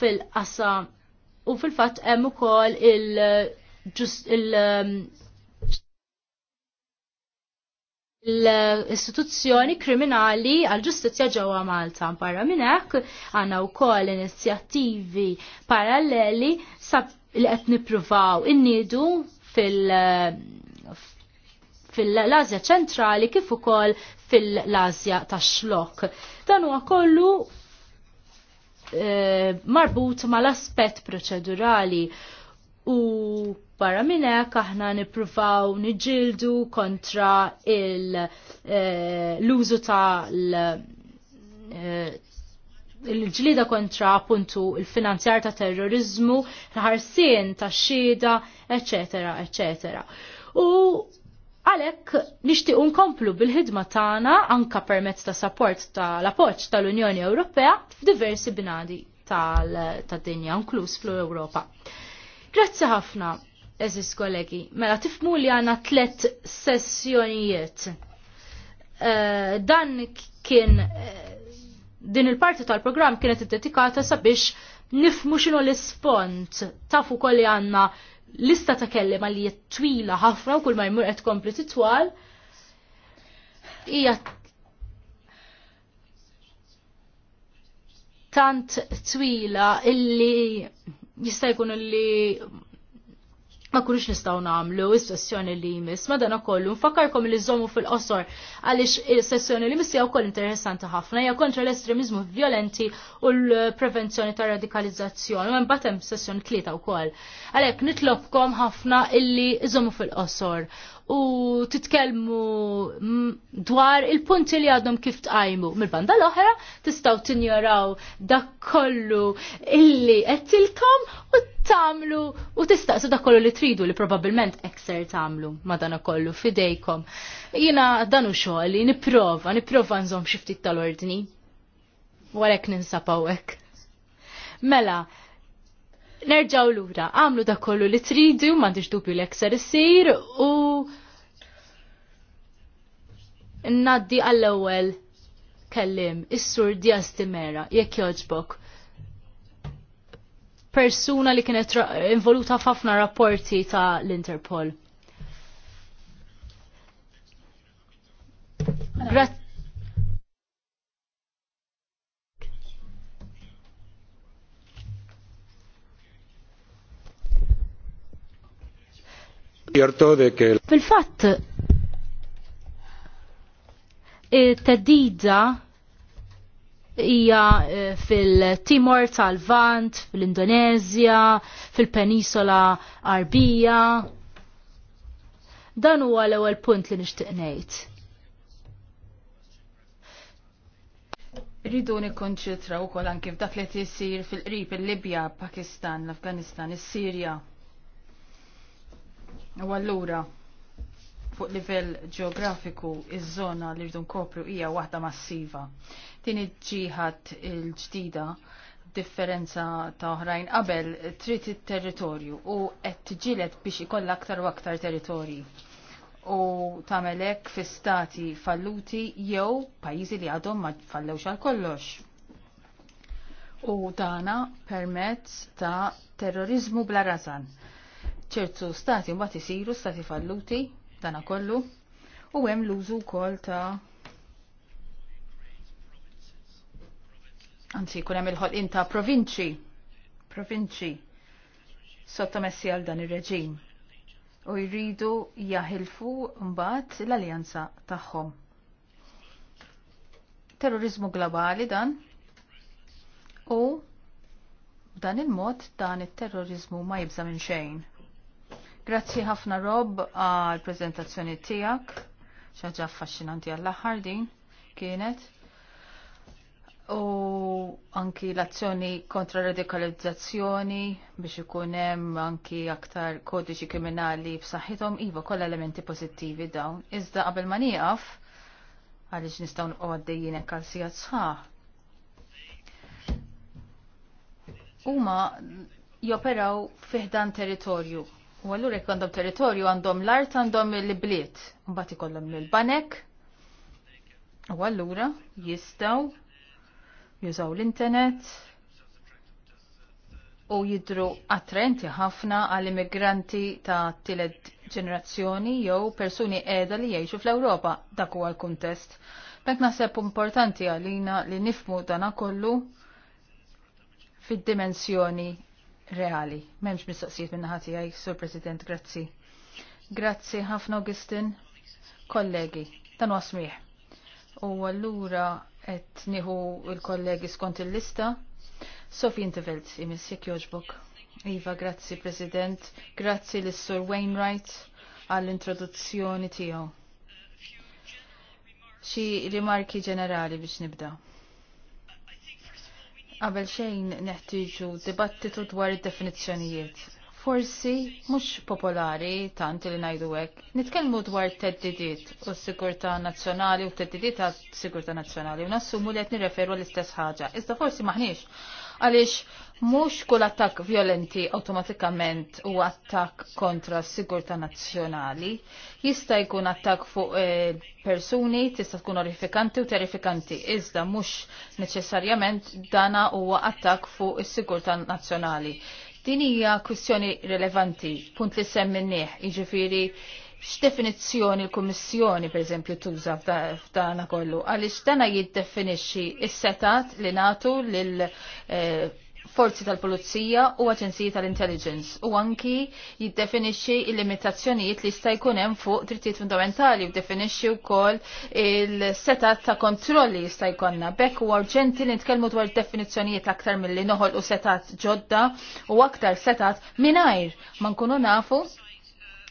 Speaker 3: Fil-qasam u fil-fatt hemm ukoll il-ġust il um, l-istituzzjoni kriminali għal-ġustizja ġewwa Malta. Barra minn hekk għandna wkoll inizjattivi paralleli sab li qed nippruvaw innidu fil- fil-Azja ċentrali kif ukoll fil-Azja tax-xlok. Dan huwa kollu eh, marbut mal-aspett proċedurali u Barra minn hekk aħna nippruvaw niġildu kontra eh, l-użu ta' eh, l-ġlida kontra appuntu il-finanzjar ta' terrorizmu, l-ħarsien ta' xhieda, eccetera, eccetera. U għalek nishtiq unkomplu bil-ħidma tagħna anka permezz ta' support tal-appoġġ tal-Unjoni Ewropea f'diversi binadi tad-dinja, inkluż fl-Ewropa. Grazzi ħafna eżis kollegi. Mela tifmu li għanna tlet sessjonijiet. Uh, dan kien uh, din il-parti tal-programm kienet id-dedikata sabiex nifmu xinu l-ispont tafu kolli għanna lista ta' kellima li jettwila ħafna u kull ma jmur qed kompli titwal. Ija tant twila illi jista' jkun illi ma kunux nistaw namlu is-sessjoni li jmiss, ma dana kollu, nfakarkom li zomu fil-qosor għaliex is-sessjoni li jmiss wkoll interessanti ħafna, hija kontra l-estremizmu violenti u l-prevenzjoni ta' radikalizzazzjoni, ma mbagħad hemm sessjoni tlieta wkoll. Għalhekk nitlobkom ħafna illi iżommu fil-qosor u titkellmu dwar il-punti li għadhom kif tqajmu. Mill-banda l-oħra tistgħu tinjoraw dak kollu illi qed tilkom u tagħmlu u tistaqsu dak kollu li tridu li probabbilment ekser tagħmlu madana kollu fidejkom. Jiena dan hu xogħol li nipprova, nipprova nżomm xi ftit tal-ordni. Warek ninsabaw hekk. Mela, nerġaw lura, għamlu da kollu li tridu, mandiġ dubju li ekser sir u naddi għall-ewel kellim, is-sur Diaz Timera, jekk joġbok. Persuna li kienet involuta f'ħafna rapporti ta' l-Interpol. Grazie.
Speaker 1: Fil-fatt,
Speaker 3: teddida hija eh, fil-Timor tal-Vant, fil-Indonezja, fil-Penisola Arbija. Dan huwa l-ewwel punt li nixtieq ngħid.
Speaker 4: Rridu nikkonċentraw wkoll anke f'dak li jsir fil-qrib il-Libja, Pakistan, l-Afganistan, is-Sirja. il libja pakistan l afganistan is sirja U allura fuq livell ġeografiku iż-żona li rridu nkopru hija waħda massiva. Din iġ il-ġdida differenza ta' oħrajn qabel trid it-territorju u qed tiġilet biex ikollha aktar u aktar territorji u tamelek fi stati falluti jew pajjiżi li għadhom ma fallewx għal kollox. U dana permezz ta' terrorizmu bla rasan ċertu stati mbagħad isiru stati falluti dana kollu u hemm l-użu wkoll ta' Anzi, kun hemm il-ħolqien ta' provinċi, provinċi sottomessi għal dan ir-reġim u jridu jaħilfu mbagħad l-aljanza tagħhom. Terrorizmu globali dan u dan il-mod dan it-terrorizmu ma jibża minn xejn. Grazzi ħafna Rob għal prezentazzjoni tijak, xaġa affaxxinanti għall aħħar din kienet. U anki l-azzjoni kontra radikalizzazzjoni biex ikun hemm anki aktar kodiċi kriminali b'saħħithom iva kollha elementi pożittivi dawn. Iżda qabel ma nieqaf għaliex nistgħu nqgħu għaddejjin hekk għal sigħat sħaħ. Huma joperaw fiħdan territorju U għallur jek għandhom territorju għandhom l-art għandhom l-bliet. Mbagħad ikollhom l-banek. U allura jistgħu jużaw l-internet u jidru attrenti ħafna għall immigranti ta' tielet ġenerazzjoni jew persuni qiegħda li jgħixu fl-Ewropa dak huwa l-kuntest. Bekk naħseb importanti għalina li nifmu dana kollu fid-dimensjoni reali. Memx mistoqsijiet minna ħati għaj, Sur President, grazzi. Grazzi ħafna Augustin, kollegi, dan wasmiħ. U għallura et nieħu il-kollegi skont il-lista. Sofi Intervelt, imissik Joġbuk. Iva, grazzi President, grazzi l-Sur Wainwright għall-introduzzjoni tiegħu. Xi rimarki ġenerali biex nibda. Qabel xejn neħtieġu dibattitu dwar id-definizzjonijiet. Forsi mhux popolari tant li ngħidu hekk. Nitkellmu dwar teddidiet u s-sigurtà nazzjonali u teddidiet għas sigurtà nazzjonali u nassumu li qed nirreferu l-istess ħaġa. Iżda forsi maħniex għaliex Mhux kull attakk violenti awtomatikament huwa attakk kontra s-sigurtà nazzjonali. Jista' jkun attakk fuq eh, persuni tista' tkun orifikanti u terrifikanti, iżda mhux neċessarjament dana huwa attakk fuq is-sigurtà nazzjonali. Din hija kwistjoni rilevanti, punt li semminnieh, jiġifieri x'definizzjoni l-Kummissjoni pereżempju tuża f'dana kollu, għaliex dana jiddefinixxi s-setat li natu lil eh, forzi tal-Pulizija u aġenziji tal-Intelligence u anki jiddefinixxi il-limitazzjonijiet li jista' jkun hemm fuq drittijiet fundamentali u u wkoll il-setat ta' kontrolli jista' jkollna. Bekk huwa urġenti li nitkellmu dwar definizzjonijiet aktar milli noħolqu setat ġodda u aktar setat mingħajr ma nkunu nafu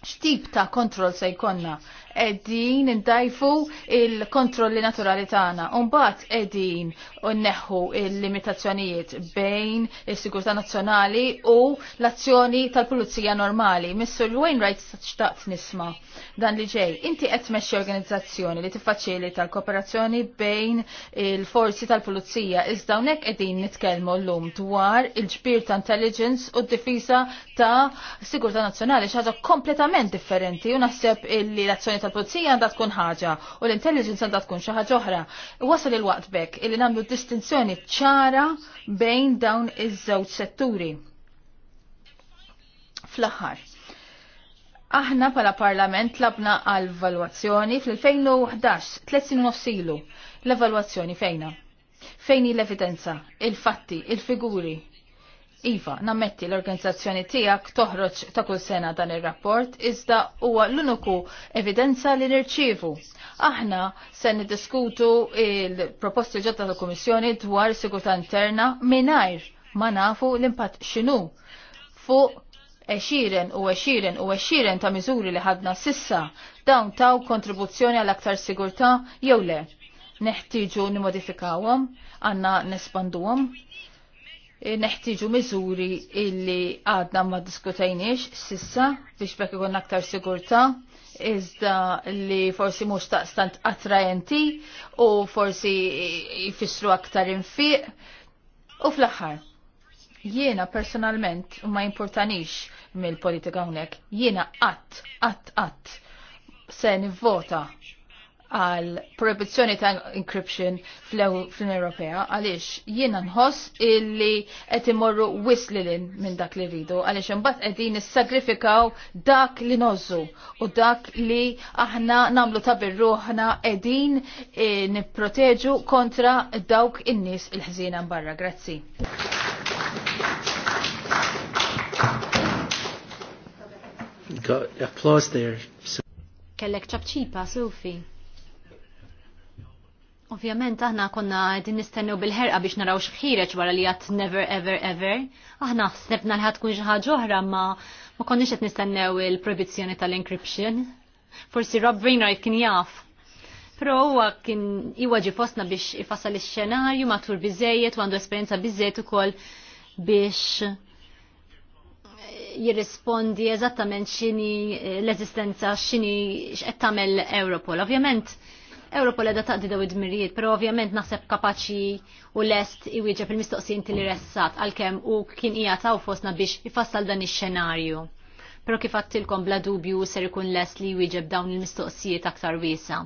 Speaker 4: x'tip ta' kontroll se jkollna eddin ndajfu il-kontrolli naturali tagħna. mbagħad qegħdin nneħħu il-limitazzjonijiet bejn is-sigurtà nazzjonali u l-azzjoni tal-pulizija normali. Mr. Wainwright xtaqt nisma' dan li ġej. Inti qed tmexxi organizzazzjoni li tiffaċili tal-kooperazzjoni bejn il-forzi tal-pulizija iżda hawnhekk qegħdin nitkellmu llum dwar il-ġbir ta' intelligence u d-difiża ta' sigurtà nazzjonali xi ħaġa kompletament differenti u naħseb li l-azzjoni tal-Polizija għandha tkun ħaġa u l-intelligence għandha tkun xi ħaġa oħra. Wasal il-waqt bekk illi nagħmlu distinzjoni ċara bejn dawn iż-żewġ setturi. Fl-aħħar. Aħna pala parlament labna għal valwazzjoni fl-2011, tliet sinu nofsilu. L-evalwazzjoni fejna? Fejni l-evidenza, il-fatti, il-figuri, Iva, nammetti l-organizzazzjoni tijak toħroċ ta' kull sena dan il-rapport, iżda huwa l-uniku evidenza li nirċivu. Aħna se niddiskutu il-proposti ġodda tal-Komissjoni dwar sigurtà interna minajr ma nafu l-impatt xinu fuq eċiren u eċiren u eċiren ta' miżuri li ħadna sissa dawn taw kontribuzzjoni għal aktar sigurtà jew le. Neħtieġu nimodifikawhom, għandna nespanduhom Eh, neħtiġu miżuri illi għadna ma diskutajniex sissa biex bekk ikun aktar sigurta iżda li forsi mhux taqstant attrajenti u forsi jfissru aktar infiq u fl-aħħar. Jiena personalment ma importanix mill-politika hawnhekk. Jiena qatt, qatt, qatt se nivvota għal proibizzjoni ta' encryption fl-Unjoni Ewropea għaliex jiena nħoss illi qed imorru wislilin minn dak li rridu għaliex imbagħad qegħdin nissagrifikaw dak li nozzu u dak li aħna nagħmlu ta' birruħna qegħdin eh, nipproteġu kontra dawk in-nies il-ħżiena barra. Grazzi.
Speaker 1: Got applause there.
Speaker 2: Kellek ċabċipa, Sufi. Ovvjament aħna konna din nistennew bil-ħerqa biex naraw x'ħireġ wara li għat never ever ever. Aħna ħsebna li ħatkun xi ħaġa oħra ma ma konniex qed nistennew il-proibizzjoni tal-encryption. Forsi Rob Wainwright kien jaf. Però huwa kien iwaġi fostna biex ifassal ix-xenarju matur biżejjed u għandu esperjenza biżejjed ukoll biex jirrispondi eżattament x'inhi l-eżistenza x'inhi x'qed tagħmel Europol. Ovvjament Europol edha taqdi daw id-dmirijiet, pero ovvjament naħseb kapaċi u lest iwieġeb il-mistoqsin li ressat għal-kem u kien ija taw fosna biex ifassal dan ix-xenarju. Pero kif għattilkom bla dubju ser ikun lest li jwieġeb dawn il-mistoqsijiet aktar wiesa.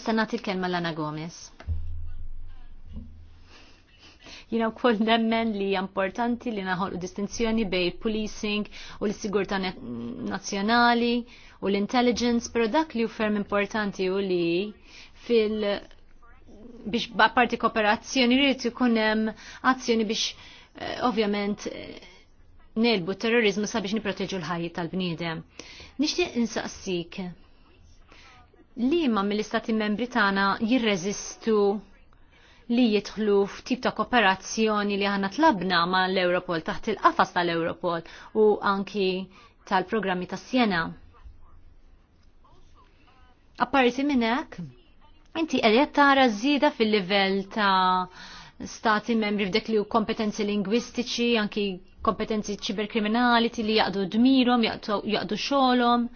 Speaker 2: Issa nagħti l-kelma l-Ana Gomez. Jina koll nemmen li importanti li naħolqu distinzjoni bej policing u l-sigurta nazzjonali u l-intelligence, pero dak li ferm importanti u li fil biex parti kooperazzjoni rrit ikun hemm azzjoni biex eh, ovvjament eh, nelbu terrorizmu sabiex niproteġu l-ħajji tal-bniedem. Nixtieq insaqsik, li ma mill-istati membri tagħna jirreżistu li jidħlu f'tip ta' kooperazzjoni li ħana tlabna ma' l-Europol taħt il-qafas tal-Europol u anki tal-programmi ta' Siena. Apparti minnek, inti qed tara żieda fil-livell ta' stati membri f'dek li hu kompetenzi lingwistiċi, anki kompetenzi ċiberkriminali li jaqdu dmirhom, jaqdu xogħolhom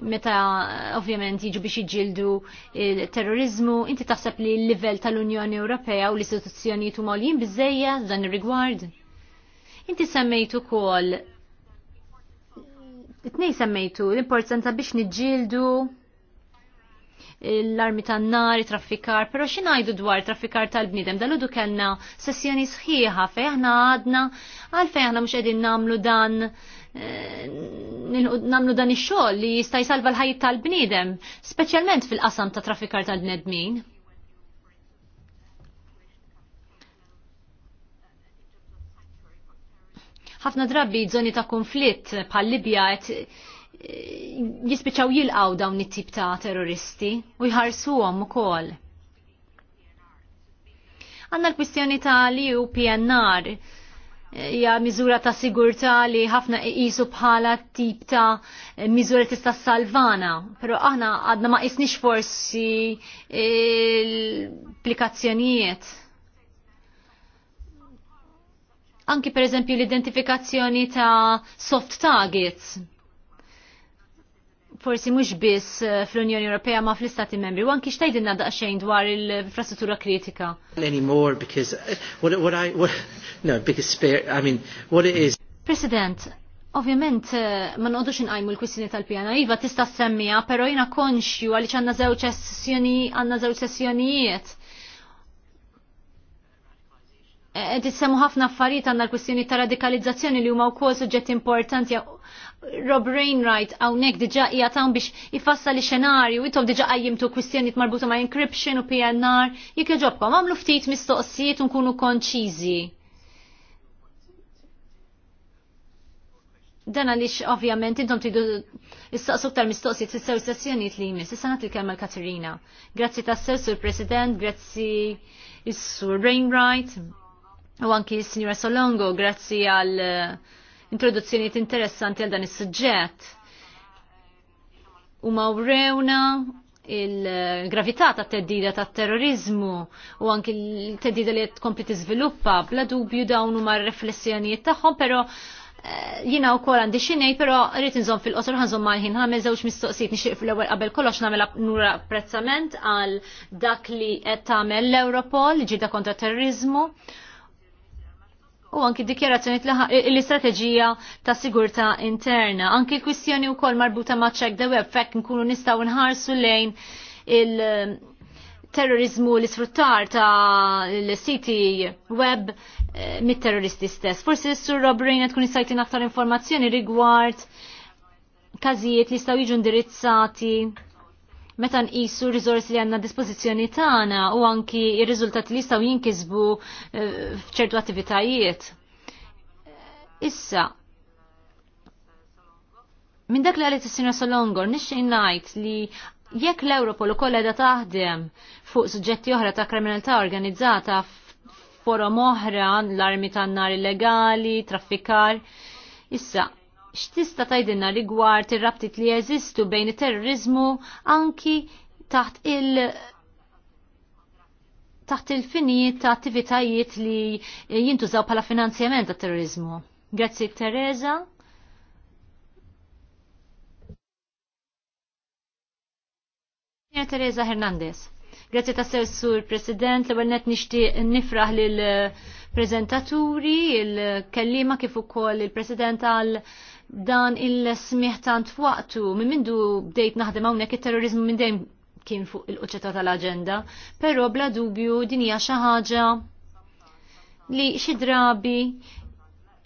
Speaker 2: meta ovvjament jiġu biex jiġildu il-terrorizmu, eh, inti taħseb li l-livell tal-Unjoni Ewropea u l-istituzzjonijiet huma għoljin biżejja dan ir-rigward? Inti semmejtu kol tnejn semmejtu l-importanza biex niġildu l-armi tan nar traffikar, pero xinajdu dwar traffikar tal-bnidem, dal-udu kellna sessjoni sħiħa fejn aħna għadna, għalfejn aħna mux qegħdin namlu dan Eh, namlu dan ix-xogħol li jista' jsalva l-ħajja tal-bniedem, speċjalment fil-qasam ta' traffikar tal-bnedmin. ħafna drabi żoni ta' konflitt bħal Libja eh, jispiċċaw jilqgħu dawn it-tip ta' terroristi u jħarsuhom ukoll. Għandna l-kwistjoni ta' li u PNR hija miżura ta' sigurtà li ħafna qisu bħala tip ta' miżura tista' salvana, però aħna għadna ma qisniex forsi l-applikazzjonijiet. Anki per eżempju l-identifikazzjoni ta' soft targets forsi mhux biss eh, fl-Unjoni Ewropea ma fl-Istati Membri, wanki xtajdinna xejn dwar il-infrastruttura kritika.
Speaker 1: Anymore because uh, what, what I what, no because spare I mean what it is.
Speaker 2: President, Ovvjament, eh, ma nqodux inqajmu l-kwissjoni tal-pjana, iva tista' semmija, pero jiena konxju għaliex għandna żewġ sessjoni għandna żewġ sessjonijiet. Tissemu ħafna affarijiet għandna l-kwistjoni ta' radikalizzazzjoni li huma wkoll suġġett importanti Rob Rainwright hawnhekk diġà hija tawn biex ifassal li xenarju intom diġà qajjimtu kwistjonijiet marbuta ma' encryption u PNR jekk jogħġobkom għamlu ftit mistoqsijiet u nkunu konċiżi. Dan għaliex ovvjament intom tridu issaqsu aktar mistoqsijiet fis-sew sessjonijiet li jmiss. Issa nagħti l-kelma Katerina. Grazzi tas-sew sur President, grazzi is-Sur Rainwright U anki Signora Solongo, grazzi għal eh, introduzzjoniet interessanti għal dan is-suġġett. U mawrewna il-gravità ta' teddida ta' terrorizmu u anki l-teddida li tkompli tiżviluppa bla dubju dawn huma riflessjonijiet tagħhom, però eh, jina u kol għandi xinej, pero rrit nżom fil-qosor ħanżom maħin, ħana mezzawx mistoqsit nixiq fil-ewel qabel kollox namela nura apprezzament għal dak li qed tagħmel l-Europol, ġida kontra terrorizmu, u anki dikjerazzjoni l-istrateġija ta' sigurta interna. Anki kwistjoni u kol marbuta ma' check the web, fekk nkunu nistaw nħarsu lejn il- terrorizmu l-isfruttar ta' l-siti web eh, mit-terroristi stess. Forsi s-sur Robrin tkun jistajtin aktar informazzjoni rigward kazijiet li staw jiġu indirizzati meta nqisu r-riżorsi li għandna dispożizzjoni tagħna u anki r-riżultati li jistgħu jinkisbu eh, f'ċertu attivitajiet. Issa, minn dak li għalet is-Sinja Solongor nixxin ngħid li jekk l ewropol ukoll qiegħda taħdem fuq suġġetti oħra ta' kriminalità organizzata forom oħra l-armi tan-nar illegali, traffikar, issa x'tista' tgħidilna rigward ir rabtiet li jeżistu bejn it-terrorizmu anki taħt il- taħt il-finijiet ta' attivitajiet li jintużaw bħala finanzjament ta' terrorizmu. Grazzi Teresa. Signora Teresa Hernandez. Grazzi ta' sew sur President, l-ewwel net nixtieq nifraħ lil prezentaturi, il-kellima kif ukoll il-President għal dan il-smieħ tant waqtu minn mindu bdejt naħdem hawnhekk it-terrorizmu minn dejjem kien fuq il-qoċeta tal-aġenda, però bla dubju din hija xi ħaġa li xi drabi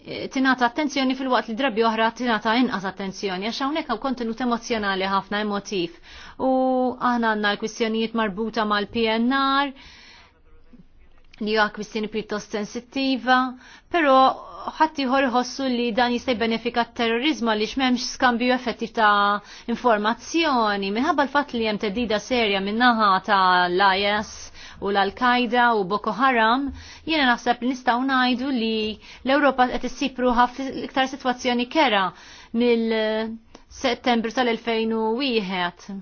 Speaker 2: eh, tingħata attenzjoni fil-waqt li drabi oħra tingħata inqas attenzjoni għax hawnhekk hawn kontenut emozjonali ħafna emotiv. U aħna għandna l-kwistjonijiet marbuta mal-PNR, li huwa bissini pjuttost sensittiva, però ħadd ieħor iħossu li dan jista' jbenefika t-terrorizmu għaliex m'hemmx skambju effettiv ta' informazzjoni minħabba l-fatt li hemm teddida serja min-naħa ta' l-IS u l al qaeda u Boko Haram, jiena naħseb li nistgħu ngħidu li l-Ewropa qed issib ruħha iktar sitwazzjoni kera mill-Settembru tal-2001.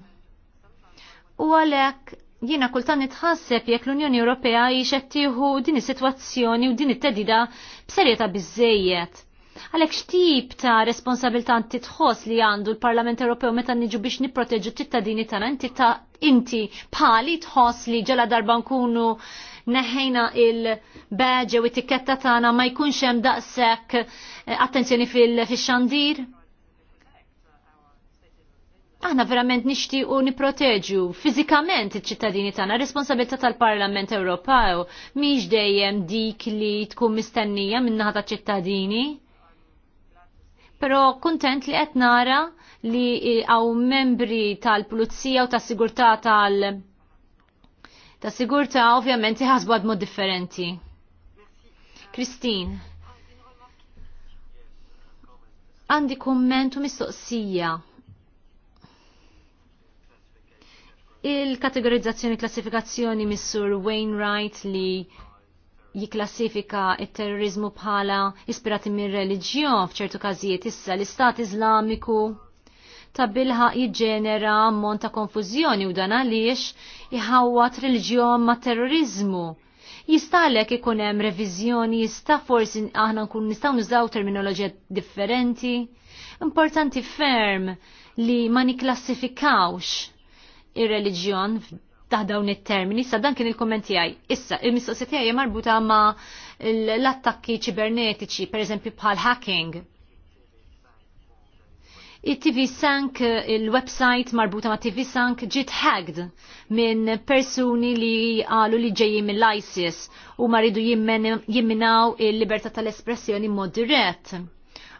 Speaker 2: U għalhekk Jiena kultan nitħasseb jekk l-Unjoni Ewropea jixed tieħu din is-sitwazzjoni u din it-tedida b'serjetà biżejjed. Għalhekk x'tip ta' responsabilità inti tħoss li għandu l-Parlament Ewropew meta niġu biex nipproteġu t-tittadini tagħna inti ta' inti bħali tħoss li ġela darba nkunu neħejna il-beġe u t-tikketta tagħna ma jkunx hemm daqshekk eh, attenzjoni fil-xandir? aħna verament nixtiequ niproteġu fiżikament il ċittadini tagħna. Responsabilità tal-Parlament Ewropew mhix dejjem dik li tkun mistennija min-naħa ċittadini Però kuntent li qed nara li għaw membri tal-pulizija u tas-sigurtà tal- ta' sigurta ovvjament iħasbu għad mod differenti. Kristin, għandi komment u mistoqsija. il-kategorizzazzjoni klassifikazzjoni missur Wainwright li jiklassifika il-terrorizmu bħala ispirati minn reliġjon f'ċertu każijiet issa l-Istat Islamiku. ta' bilħa jiġġenera ammont ta' konfużjoni u dan għaliex iħawat reliġjon ma' terrorizmu Jistallek ikun hemm reviżjoni, jista' forsi aħna nkun nistgħu nużaw terminoloġija differenti. Importanti ferm li ma niklassifikawx ir-reliġjon ta' dawn it-termini, sa' dan kien il kommenti għaj. Issa, il-mistoqsija għaj marbuta ma' l-attakki ċibernetiċi, per eżempju bħal hacking. Il-TV Sank, il-website marbuta ma' TV Sank ġiet hagged minn persuni li għalu li ġejjin l isis u maridu jimminaw il-libertà tal-espressjoni mod dirett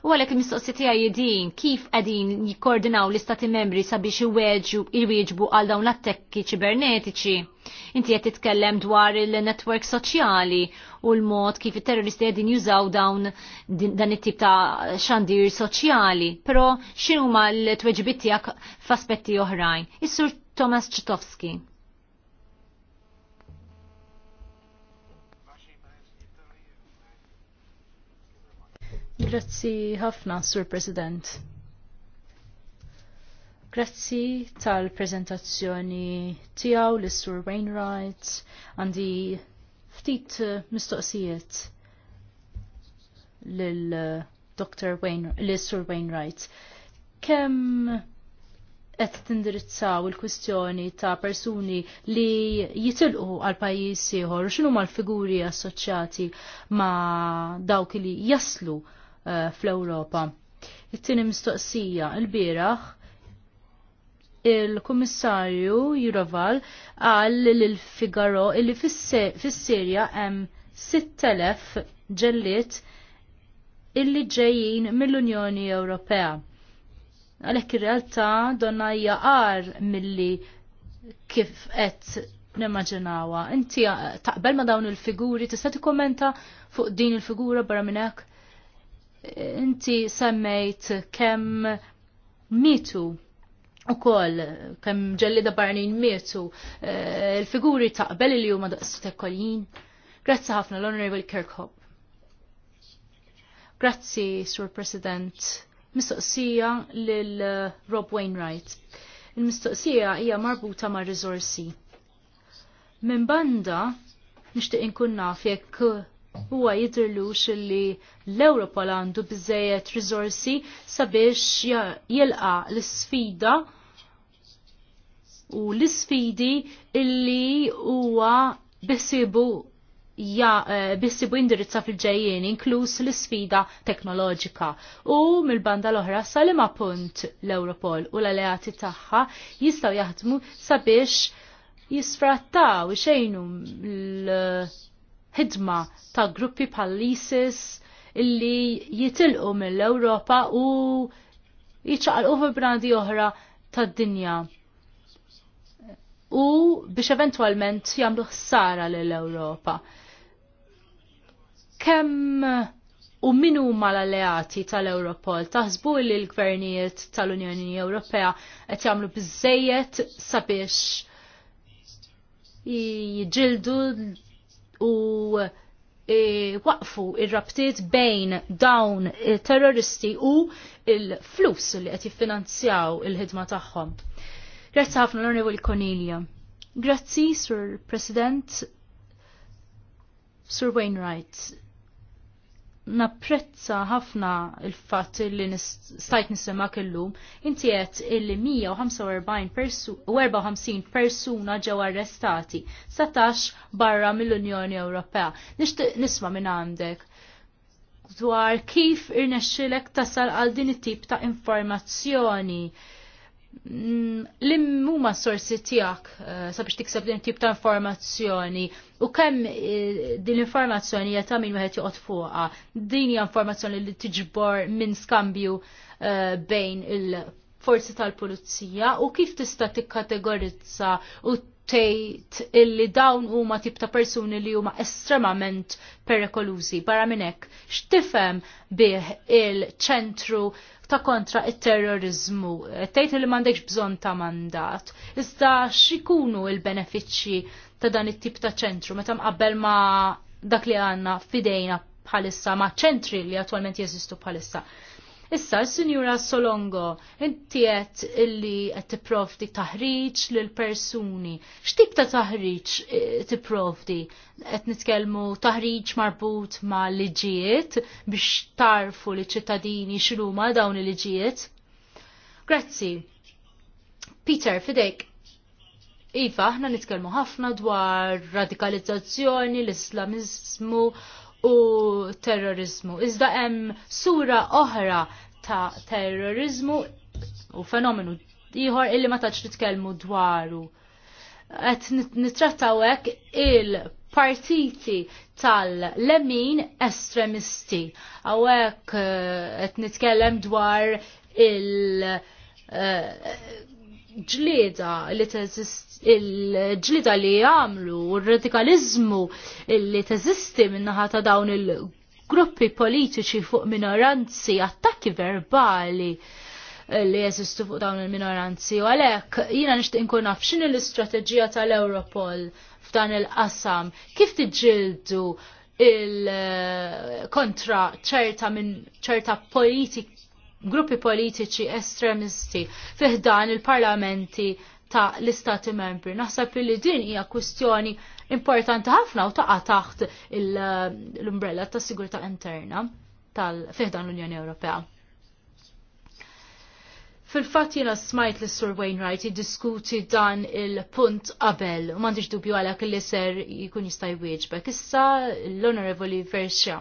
Speaker 2: U għalek il-mistoqsi tiegħi din kif qegħdin jikkoordinaw l-istati membri sabiex iweġu iwieġbu għal dawn l-attekki ċibernetiċi. Inti qed titkellem dwar il-netwerk soċjali u l-mod kif it-terroristi qegħdin jużaw dawn dan it-tip ta' xandir soċjali, xinu x'inhuma l tweġbittijak tiegħek f'aspetti oħrajn. Is-Sur Tomas Ċitowski.
Speaker 3: Grazzi ħafna, Sur President. Grazzi tal-prezentazzjoni tiegħu lis sur Wainwright għandi ftit mistoqsijiet lil eh, Dr. Wayne, lis sur Wainwright. Kemm qed tindirizzaw il-kwistjoni ta' persuni li jitilqu għal pajjiż ieħor, x'inhuma l-figuri assoċjati ma' dawk li jaslu Eh, fl-Ewropa. It-tieni mistoqsija l-bieraħ il-Kummissarju Jiroval għal lil Figaro illi fis-Sirja hemm 6000 ġellit illi ġejjin mill-Unjoni Ewropea. Għalhekk ir-realtà donna hija qar milli kif qed nimmaġinawha. Inti taqbel ma dawn il-figuri tista' tikkommenta fuq din il-figura barra minn hekk? inti semmejt kemm mitu u koll kem ġellida barnin mietu eh, il-figuri taqbel li huma daqsu tekkolin. Grazzi ħafna l-Honorable Kirkhope. Grazzi, Sur President. Mistoqsija lil eh, Rob Wainwright. Il-mistoqsija hija marbuta ma' rizorsi. Min banda nixtieq inkun naf jekk huwa jidrilux li l-Europol għandu bizzejet rizorsi sabiex jilqa l-sfida u l-sfidi illi huwa bisibu ja eh, bissibu indirizza fil-ġejjien inkluż l-sfida teknoloġika. U mill-banda l-oħra salima punt l-Europol u l-alleati tagħha jistgħu jaħdmu sabiex jisfrattaw xejnu l ħidma ta' gruppi bħal-ISIS illi jitilqu mill-Ewropa u jiċċaqalqu uħu brandi oħra tad-dinja. U biex eventualment jagħmlu ħsara lill-Ewropa. Kemm u min huma l-alleati tal-Europol taħsbu li l-gvernijiet tal-Unjoni Ewropea qed jagħmlu biżejjed sabiex jiġildu u e, waqfu ir-rabtiet bejn dawn terroristi u il-flus li qed jiffinanzjaw il-ħidma tagħhom. Grazzi ħafna l-Onorevoli Cornelia. Grazzi, Sur President, Sur Wainwright napprezza ħafna il-fatt li stajt nisema kellum, inti għet il 145 54 persuna ġew arrestati, 17 barra mill-Unjoni Ewropea. Nixtieq nisma' minn għandek dwar kif irnexxilek tasal għal din it-tip ta' informazzjoni l-immuma s-sorsi tijak eh, sabiex tikseb din tip ta' informazzjoni u kemm eh, din l-informazzjoni jgħet min meħet juqot fuqa din hija informazzjoni li tiġbor minn skambju eh, bejn il-forzi tal-pulizija u kif tista' tikkategorizza u Tejt illi dawn huma tip ta' persuni li huma estremament perikolużi. Barra minn hekk x'tifhem bih il-ċentru ta' kontra il-terrorizmu, tejt li m'għandekx bżonn ta' mandat. Iżda x'ikunu il-benefiċċji ta' dan it-tip ta' ċentru meta mqabbel ma' dak li għandna fidejna bħalissa ma' ċentri li attualment jeżistu bħalissa. Issa, l-Sinjura Solongo, inti qed illi qed tipprovdi taħriġ l persuni. X'tip ta' taħriġ eh, tipprovdi? Qed nitkellmu taħriġ marbut ma' liġijiet biex tarfu li ċittadini x'huma dawn il-liġijiet? Grazzi. Peter, fidejk. Iva, aħna nitkellmu ħafna dwar radikalizzazzjoni, l-Islamizmu, u terrorizmu. Iżda hemm sura oħra ta' terrorizmu u fenomenu ieħor illi ma tax nitkellmu dwaru. Qed nittrattaw hekk il-partiti tal-lemin estremisti. Hawnhekk eh, qed nitkellem dwar il- eh, ġlieda li teżist il-ġlieda li jagħmlu u r-radikalizmu li teżisti minnaħa ta' dawn il-gruppi politiċi fuq minoranzi, attakki verbali li jeżistu fuq dawn il-minoranzi u għalhekk jiena nixtieq inkun naf x'inhi l-istrateġija tal-Europol f'dan il-qasam, kif tiġġieldu il-kontra ċerta minn ċerta politik gruppi politiċi estremisti fiħdan il-parlamenti ta' l-istati membri. Naħseb li din hija kwistjoni importanti ħafna u taqa' taħt eh, l-umbrella ta' sigurtà interna tal-fiħdan l-Unjoni Ewropea. Fil-fatt jiena smajt li Sur Wainwright jiddiskuti dan il-punt qabel u m'għandix dubju għalhekk li ser jkun jista' jwieġbek. Issa l-Onorevoli Verxja.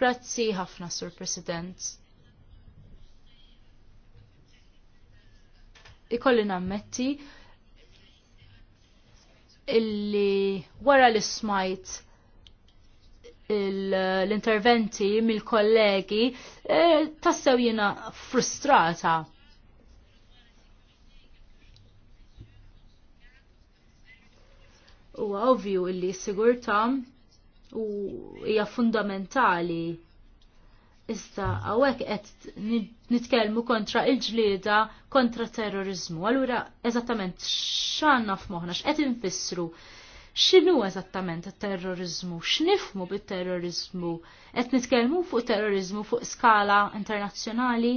Speaker 3: Grazzi ħafna, Sur President ikolli nammetti illi wara li smajt l-interventi mill-kollegi e, tassew jina frustrata. U għavju illi sigurta u hija fundamentali Issa, għawek qed nitkellmu kontra il-ġlieda kontra terrorizmu. Allura, eżattament, x'għandna f'moħħna, x'qed infissru? X'inhu eżattament terrorizmu? X'nifmu bit-terrorizmu? Qed nitkellmu fuq terrorizmu fuq skala internazzjonali?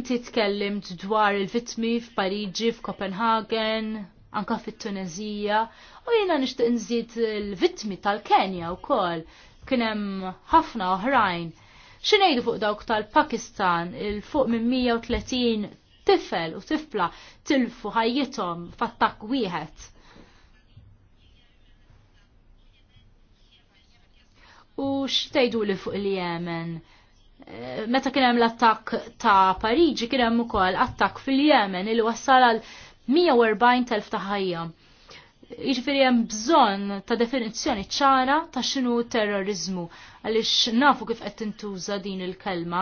Speaker 3: Inti tkellimt dwar il-vitmi f'Pariġi, f'Kopenhagen, anka fit-Tunezija, u jiena nixtieq nżid il-vitmi tal-Kenja wkoll kien hemm ħafna oħrajn Xinejdu fuq dawk tal-Pakistan il-fuq minn 130 tifel u tifla tilfu ħajjithom fattak wieħed. U xtejdu li fuq il-Jemen? Eh, meta kien hemm l-attak ta' Pariġi kien hemm ukoll attak fil-Jemen il wassal għal 140,000 ta' ħajja. Jiġifieri hemm bżonn ta' definizzjoni ċara ta' xinu terrorizmu għaliex nafu kif qed tintuża din il-kelma.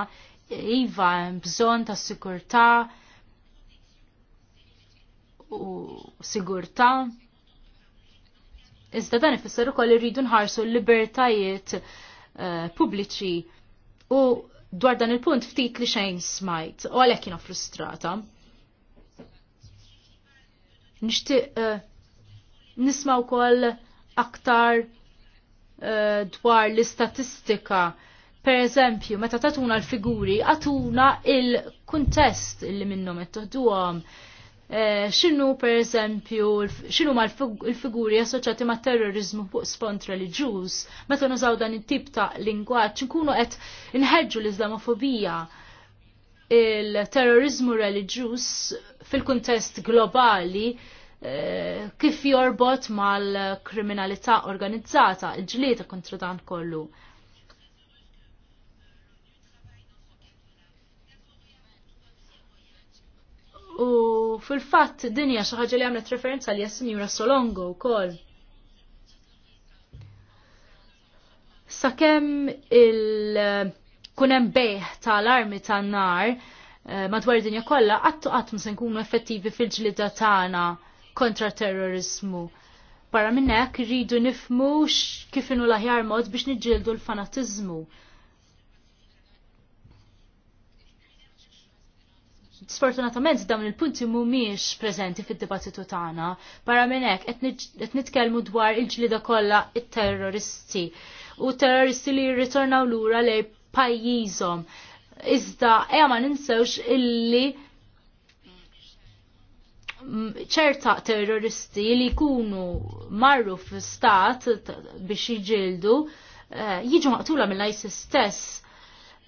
Speaker 3: Iva hemm bżonn ta' sikurtà u sigurtà. Iżda dan ifisser ukoll irridu nħarsu l-libertajiet eh, pubbliċi u dwar dan il-punt ftit li xejn smajt u għalhekk frustrata. Nixtieq eh, nisma' wkoll aktar uh, dwar l-istatistika. Per eżempju, meta tatuna l-figuri, atuna il-kuntest li minnhom qed għom. E, eh, xinu per eżempju, xinu ma l-figuri assoċati ma terrorizmu fuq spont reliġjuż, meta nużaw dan it-tip ta' lingwaġġ nkunu qed nħedġu l-Islamofobija il-terrorizmu reliġjuż fil-kuntest globali Eh, kif jorbot mal-kriminalità organizzata, il-ġlieta kontra dan kollu. U fil-fatt dinja xi ħaġa li għamlet referenza li jassinjura Solongo wkoll. Sakemm il kunem bejħ tal-armi tan-nar eh, madwar dinja kollha, għattu qatt ma se nkunu effettivi fil-ġlida tagħna. Ta kontra terrorizmu. Barra minnek rridu nifmu kif laħjar mod biex nġildu l-fanatizmu. Sfortunatament dawn il-punti mhumiex preżenti fid-dibattitu tagħna, barra minn hekk qed nitkellmu dwar il-ġlida kollha it-terroristi u terroristi li jirritornaw lura lejn pajjiżhom. Iżda ejja ma ninsewx illi Mm, ċerta terroristi li jkunu marru f stat biex jġildu, eh, jiġu maqtula mill-ISIS stess.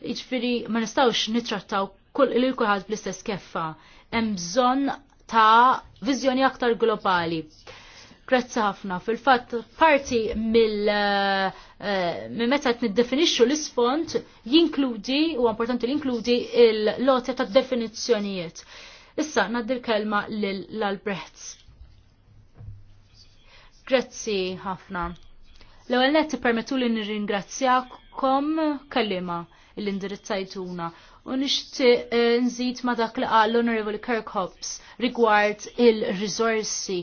Speaker 3: Iġfiri ma nistawx nitrattaw il kulħadd bl-istess keffa. Hemm bżonn ta' viżjoni aktar globali. Grazzi ħafna. Fil-fatt parti mill eh, minn meta t niddefinixxu l-isfond jinkludi u importanti l-inkludi il-lotja ta' definizzjonijiet. Issa naddi kelma l-Albrechts. Grazzi ħafna. L-ewwel nett permettu li nirringrazzjakom kalima l-indirizzajtuna u nixtieq eh, nżid ma dak li qal l-Honorable Kirkhops rigward il-risorsi.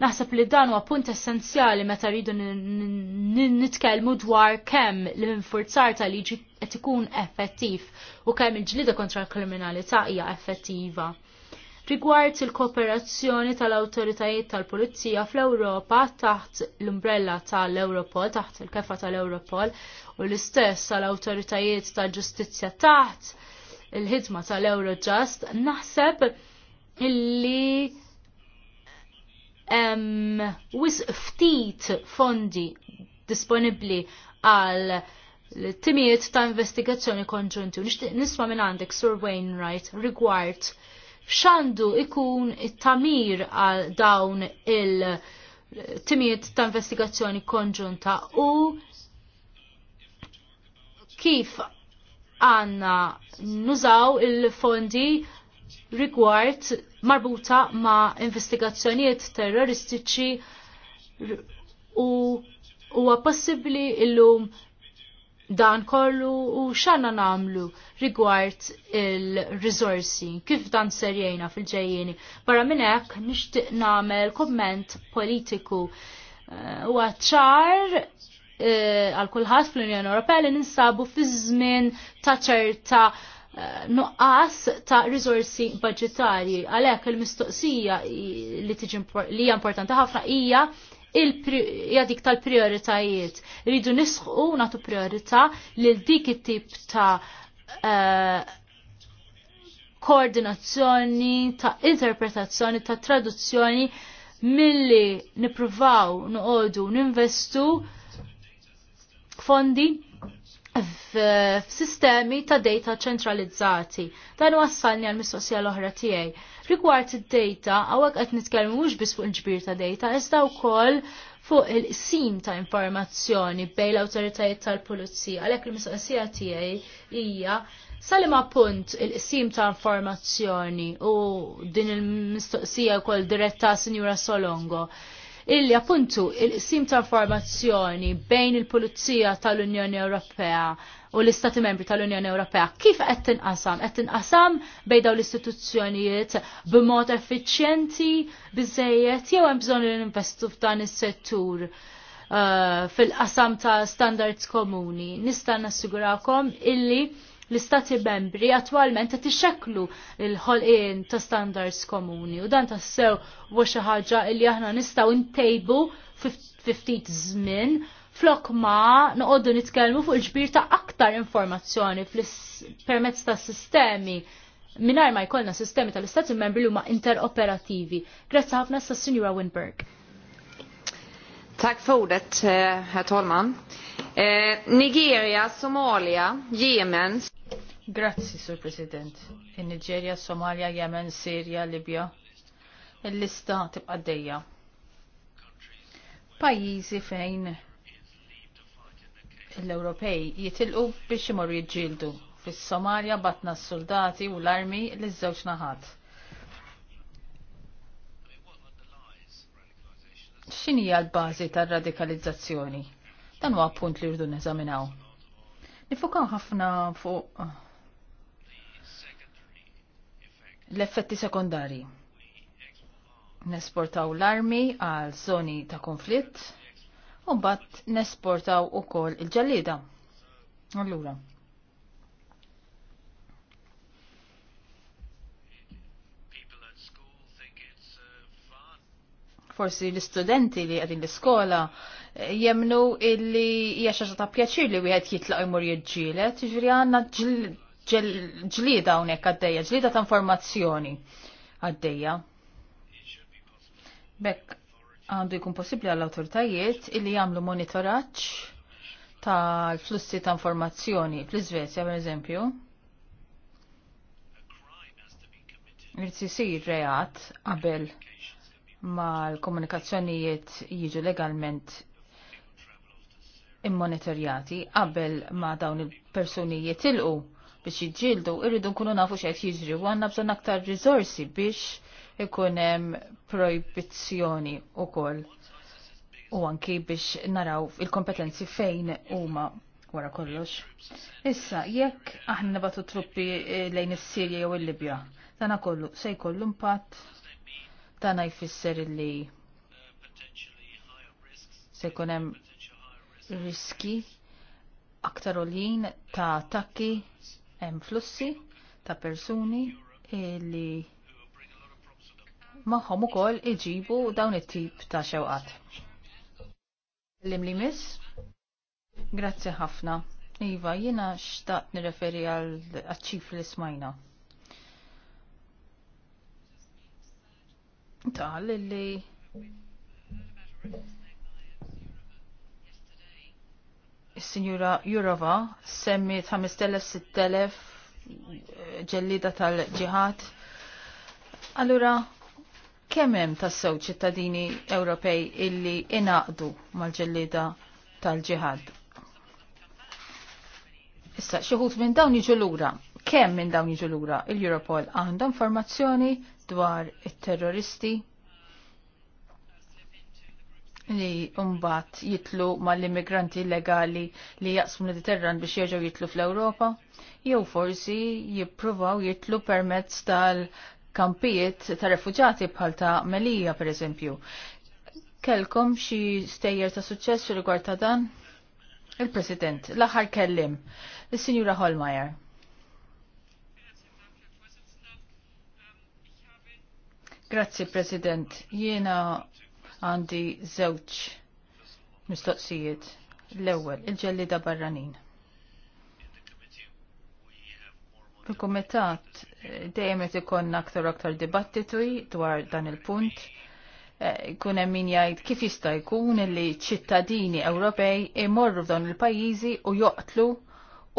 Speaker 3: Naħseb li dan huwa punt essenzjali meta rridu nitkellmu dwar kemm l-infurzar tal-liġi qed ikun effettiv u kemm il-ġlida kontra l-kriminalità hija effettiva rigward il-kooperazzjoni tal-awtoritajiet tal-Pulizija fl-Ewropa taħt l-umbrella tal-Europol, taħt il-kefa tal-Europol u l-istess tal-awtoritajiet tal-ġustizzja taħt il-ħidma tal-Eurojust, naħseb illi um, wis ftit fondi disponibli għal timijiet ta' investigazzjoni konġunti. nisma minn għandek Sir Wainwright rigward xandu ikun it-tamir għal dawn il-timiet ta' investigazzjoni konġunta u kif għanna nużaw il-fondi rigward marbuta ma' investigazzjonijiet terroristiċi u huwa possibbli illum dan kollu u xanna namlu rigward il-rizorsi, kif dan serjena fil-ġejjeni. Barra minnek nishtiq namel komment politiku eh, u għacċar eh, għal kulħadd fl-Unjoni Ewropea li ninsabu fiż żmien ta' ċerta eh, nuqqas ta' risorsi budgetarji. Għalhekk il-mistoqsija li hija importanti ħafna hija jadik tal-prioritajiet. Rridu nisħu natu priorità lil dik it-tip ta' eh, koordinazzjoni, ta' interpretazzjoni, ta' traduzzjoni milli nipruvaw nuqodu, ninvestu fondi f'sistemi ta' data ċentralizzati. Dan wassalni għal mistoqsija l-oħra tiegħi. Rigward id-data, għawek qed nitkellmu mhux biss fuq il-ġbir ta' data, iżda wkoll fuq il-sim ta' informazzjoni bejn l-awtoritajiet tal-pulizija. Għalhekk il-mistoqsija tiegħi hija salima punt il-sim ta' informazzjoni u din il-mistoqsija wkoll diretta Sinjura Solongo illi appuntu il sim ta' informazzjoni bejn il-Pulizija tal-Unjoni Ewropea u l-Istati Membri tal-Unjoni Ewropea kif qed tinqasam? Qed tinqasam bejn dawn l-istituzzjonijiet b'mod effiċjenti biżejjed jew hemm bżonn li ninvestu f'dan is-settur? Uh, fil-qasam ta' standards komuni. Nista' nassigurawkom illi l-istati membri attwalment qed ixxekklu l-ħolqien ta' standards komuni u dan tassew huwa xi ħaġa li aħna nistgħu ntejbu fi ftit żmien flok ma noqogħdu nitkellmu fuq il-ġbir ta' aktar informazzjoni permezz ta' sistemi minar ma jkollna sistemi tal-istati membri li huma interoperativi. Grazzi ħafna sa' Sinjura Winberg.
Speaker 4: Tack för ordet, eh, herr talman. Eh, Nigeria, Somalia, Jemen. Grazzi, Sur President. In Nigeria, Somalia, Yemen, Sirja, Libja. Il-lista tibqa' dejja. Pajjiżi fejn l-Ewropej jitilqu biex imorru jiġġieldu. Fis-Somalia batna s-soldati u l-armi li żewġ naħat. X'inhija l-bażi tar-radikalizzazzjoni? Dan huwa punt li rridu neżaminaw. Nifukaw ħafna fuq l-effetti sekondari. Nesportaw l-armi għal zoni ta' konflitt u bat nesportaw u kol il-ġallida. Allura. Forsi l-studenti li għadin l-iskola eh, jemnu illi hija ta' pjaċir li wieħed jitlaq imur jiġġielet, ġifieri ġlida hawnhekk għaddejja, ġlida ta' informazzjoni għaddejja. Bekk għandu jkun possibbli għall awtoritajiet illi jagħmlu monitoraġġ tal-flussi ta' informazzjoni fl-Iżvezja pereżempju. Irti isir reat qabel ma l-komunikazzjonijiet jiġu legalment immonitorjati qabel ma dawn il il-u biex jġildu, irridu nkunu nafu xejt jiġri u għanna bżon aktar rizorsi biex ikunem proibizzjoni u koll. U anki biex naraw il-kompetenzi fejn huma wara kollox. Issa, jekk aħna nabatu truppi eh, lejn is-Sirja jew il-Libja, dana kollu se jkollu impatt dana jfisser li se jkun hemm riski aktar olin ta' attakki Hemm flussi ta' persuni li magħhom ukoll iġibu dawn it-tip ta' xewqat. Lim li miss? Grazzi ħafna. Iva, jiena xtaqt nireferi għal ċif li smajna. Tal li Signora Jurova semmiet 5.000-6.000 eh, ġellida tal-ġihad. Allura, kemmem sew ċittadini Ewropej illi inaqdu mal-ġellida tal-ġihad? Issa, xieħut minn dawn jiġu lura. Kemm minn dawn jiġu lura il-Europol għandhom informazzjoni dwar it-terroristi li umbat jitlu ma l-immigranti illegali li jaqsmu l-Mediterran biex jerġgħu jitlu fl-Ewropa, jew forsi jippruvaw jitlu permezz tal-kampijiet ta' refuġati bħal ta' Melija pereżempju. Kelkom xi stejjer ta' suċċess rigward ta' dan? Il-President, l-aħħar kellim, is-Sinjura Holmajer. Grazzi, President. Jiena għandi żewġ mistoqsijiet. L-ewwel, il-ġellida barranin. Il-Kumitat dejjem qed ikonna aktar aktar dibattitu dwar dan il-punt. Eh, Kun hemm min jgħid kif jista' jkun li ċittadini Ewropej imorru f'dawn il-pajjiżi u joqtlu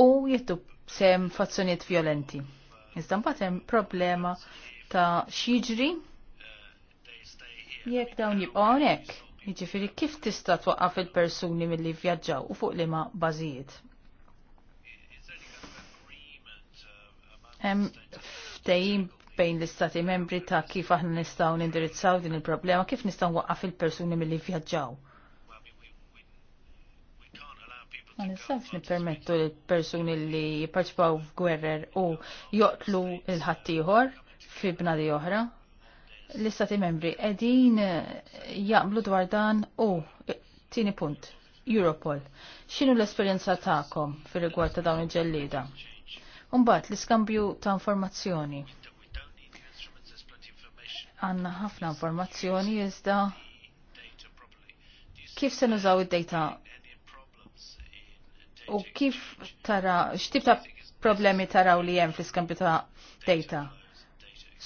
Speaker 4: u jittu sem fazzjonijiet violenti. Iżda mbagħad hemm problema ta' xiġri Jekk dawn jibqgħu hawnhekk, jiġifieri kif tista' twaqqaf il-persuni milli vjaġġaw u fuq liema bażijiet? Hemm ftehim bejn l-istati membri ta' kif aħna nistgħu nindirizzaw din il-problema, kif nistgħu waqqaf il-persuni milli vjaġġaw? Ma nistax nippermettu l persuni li jipparċipaw f'gwerer u joqtlu l-ħaddieħor fi bnadi oħra l-istati membri edin eh, jaqblu dwar dan u eh, tini punt, Europol. Xinu l-esperienza ta'kom fil rigward ta' dawn il-ġellida? Umbat, l-iskambju ta' informazzjoni. Għanna ħafna informazzjoni iżda kif se nużaw id-data u kif tara, x'tib ta' problemi taraw li hemm fl-iskambju ta' data?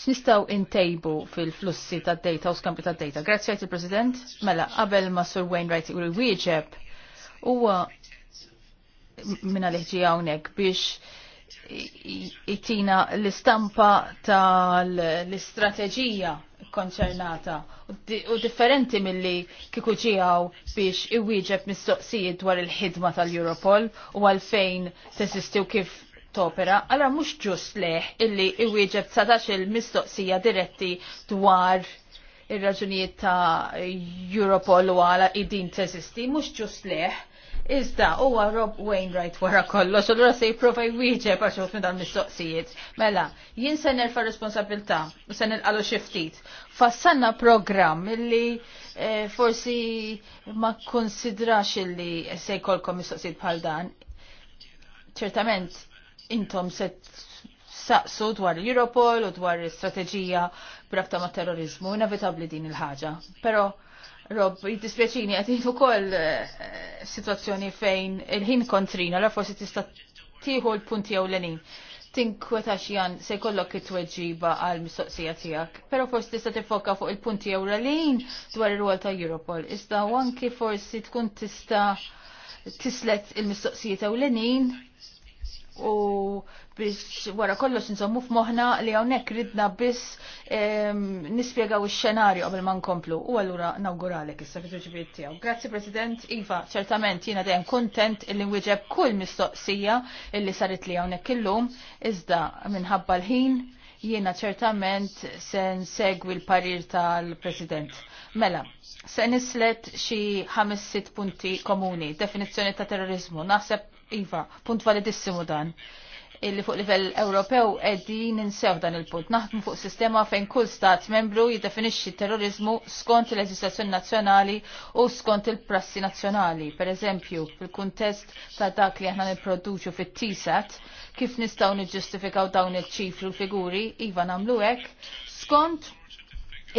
Speaker 4: Nistaw intejbu fil-flussi tad-data u skampi tad-data? Grazie għajt il-President. Mela, qabel ma Sur Wainwright u l wieġeb huwa minna liħġi hawnhekk biex itina l-istampa tal-istrateġija konċernata u differenti mill-li kiku ġijaw biex iwieġeb mistoqsijiet dwar il-ħidma tal-Europol u għalfejn tesisti kif t-opera, għala mux ġust leħ illi iwieġeb sadax il-mistoqsija diretti dwar il-raġunijiet ta' Europol u għala id-din teżisti, mux ġust leħ. Iżda, huwa Rob Wainwright wara kollox, allura se jiprofa jwieġeb għax ħut minn dan mistoqsijiet. Mela, jien se nerfa' responsabilità u se nilqalu xi ftit. Fassanna programm illi eh, forsi ma konsidrax illi se jkollkom mistoqsijiet bħal dan. Ċertament, intom se saqsu dwar l-Europol u dwar l-strategija brabta ma' terrorizmu, inevitabli din il-ħaġa. Pero, Rob, jittispieċini, għet kol koll eh, situazzjoni fejn il-ħin kontrina, la forsi tista tiħu l-punti għaw l-enin. Tinkweta xjan se kollok it-tweġiba għal-mistoqsija tijak, pero forsi tista tifoka fuq il-punti għaw l-enin dwar il-rwol ta' Europol. Iżda wanki forsi tkun tista tislet il-mistoqsijiet għaw l-enin u biex wara kollox insommu f'moħna li hawnhekk ridna biss nispjegaw ix-xenarju qabel ma nkomplu u allura nawguralek issa fi ġibiet tiegħu. Grazzi President Iva, ċertament jiena dejjem kuntent illi nwieġeb kull mistoqsija illi saret li hawnhekk illum iżda minħabba l-ħin jiena ċertament se nsegwi l-parir tal-President. Mela, se nislet xi ħames sitt punti komuni, definizzjoni ta' terrorizmu. Naħseb Iva, punt validissimu dan illi fuq livell Ewropew qegħdin ninsew dan il-punt. Naħdmu fuq sistema fejn kull stat membru jiddefinixxi terrorizmu skont il-leġislazzjoni nazzjonali u skont il-prassi nazzjonali. Per eżempju, fil-kuntest ta' dak li aħna nipproduċu fit-tisat, kif nistgħu niġġustifikaw dawn il-ċifri u figuri, iva nagħmlu hekk skont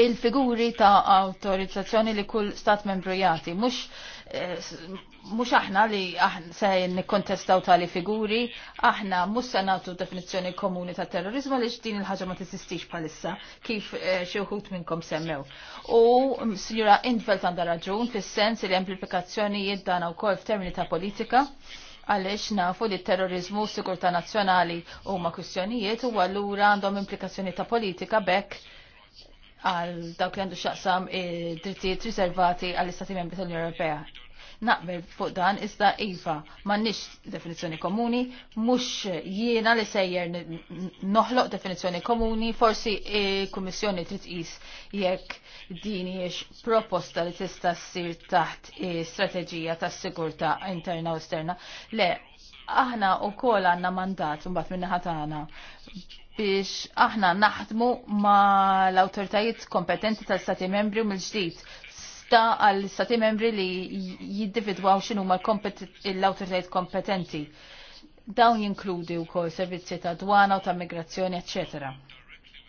Speaker 4: il-figuri ta' autorizzazzjoni li kull stat membru jagħti, mhux eh, mux aħna li aħna se nikkontestaw tali figuri, aħna mhux se nagħtu definizjoni komuni ta' terrorizmu li din il-ħagġa ma tesistix palissa, kif eh, xi wħud minnkom semmew. U signora Indfeld għandha raġun fis-sens li amplifikazzjonijiet dan wkoll f'termini ta' politika għalix nafu li terrorizmu u sigurta nazjonali u ma kwistjonijiet u għallura għandhom implikazzjoni ta' politika bekk għal dawk li għandu xaqsam drittijiet riservati għall-Istati Membri tal-Unjoni Ewropea naqbel fuq dan iżda iva m'għandniex definizzjoni komuni, mhux jiena li sejjer noħloq definizzjoni komuni, forsi kummissjoni trid tqis jekk din hiex proposta li tista' ssir taħt strateġija tas-sigurtà interna u esterna. Le, aħna u kol għanna mandat mbagħad minn ħatana biex aħna naħdmu ma l-autoritajiet kompetenti tal-Stati membri u mill-ġdid ġusta għall stati membri li jiddividwaw xinu ma l-autoritajt kompetenti. Dawn jinkludi u kol servizzi ta' dwana u ta' migrazzjoni, eccetera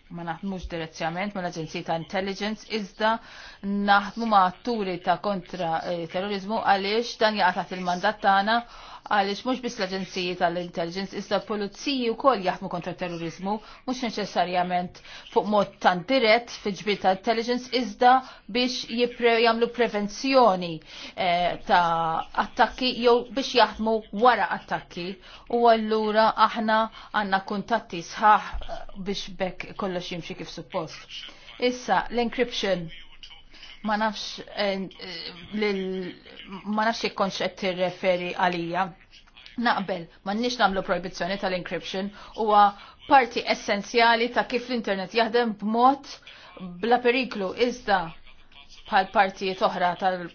Speaker 4: ma naħdmux direzzjament ma l-Aġenzija ta' Intelligence, iżda naħdmu ma' atturi ta' kontra eh, terrorizmu għaliex dan jgħatat il-mandat tagħna għaliex mhux biss l-Aġenziji tal-Intelligence iżda l u wkoll jaħdmu kontra terrorizmu mhux neċessarjament fuq mod tant dirett fiġbir ta' intelligence iżda biex jagħmlu prevenzjoni eh, ta' attakki jew biex jaħdmu wara attakki u allura aħna għandna kuntatti sħaħ eh, biex bekk kollox jimxi kif suppost. Issa, l-encryption ma nafx eh, eh, ma nafx ikkonx qed tirreferi għalija. Naqbel, ma nix namlu proibizzjoni tal-encryption huwa parti essenzjali ta' kif l-internet jaħdem b'mod bla periklu iżda bħal partijiet oħra tal-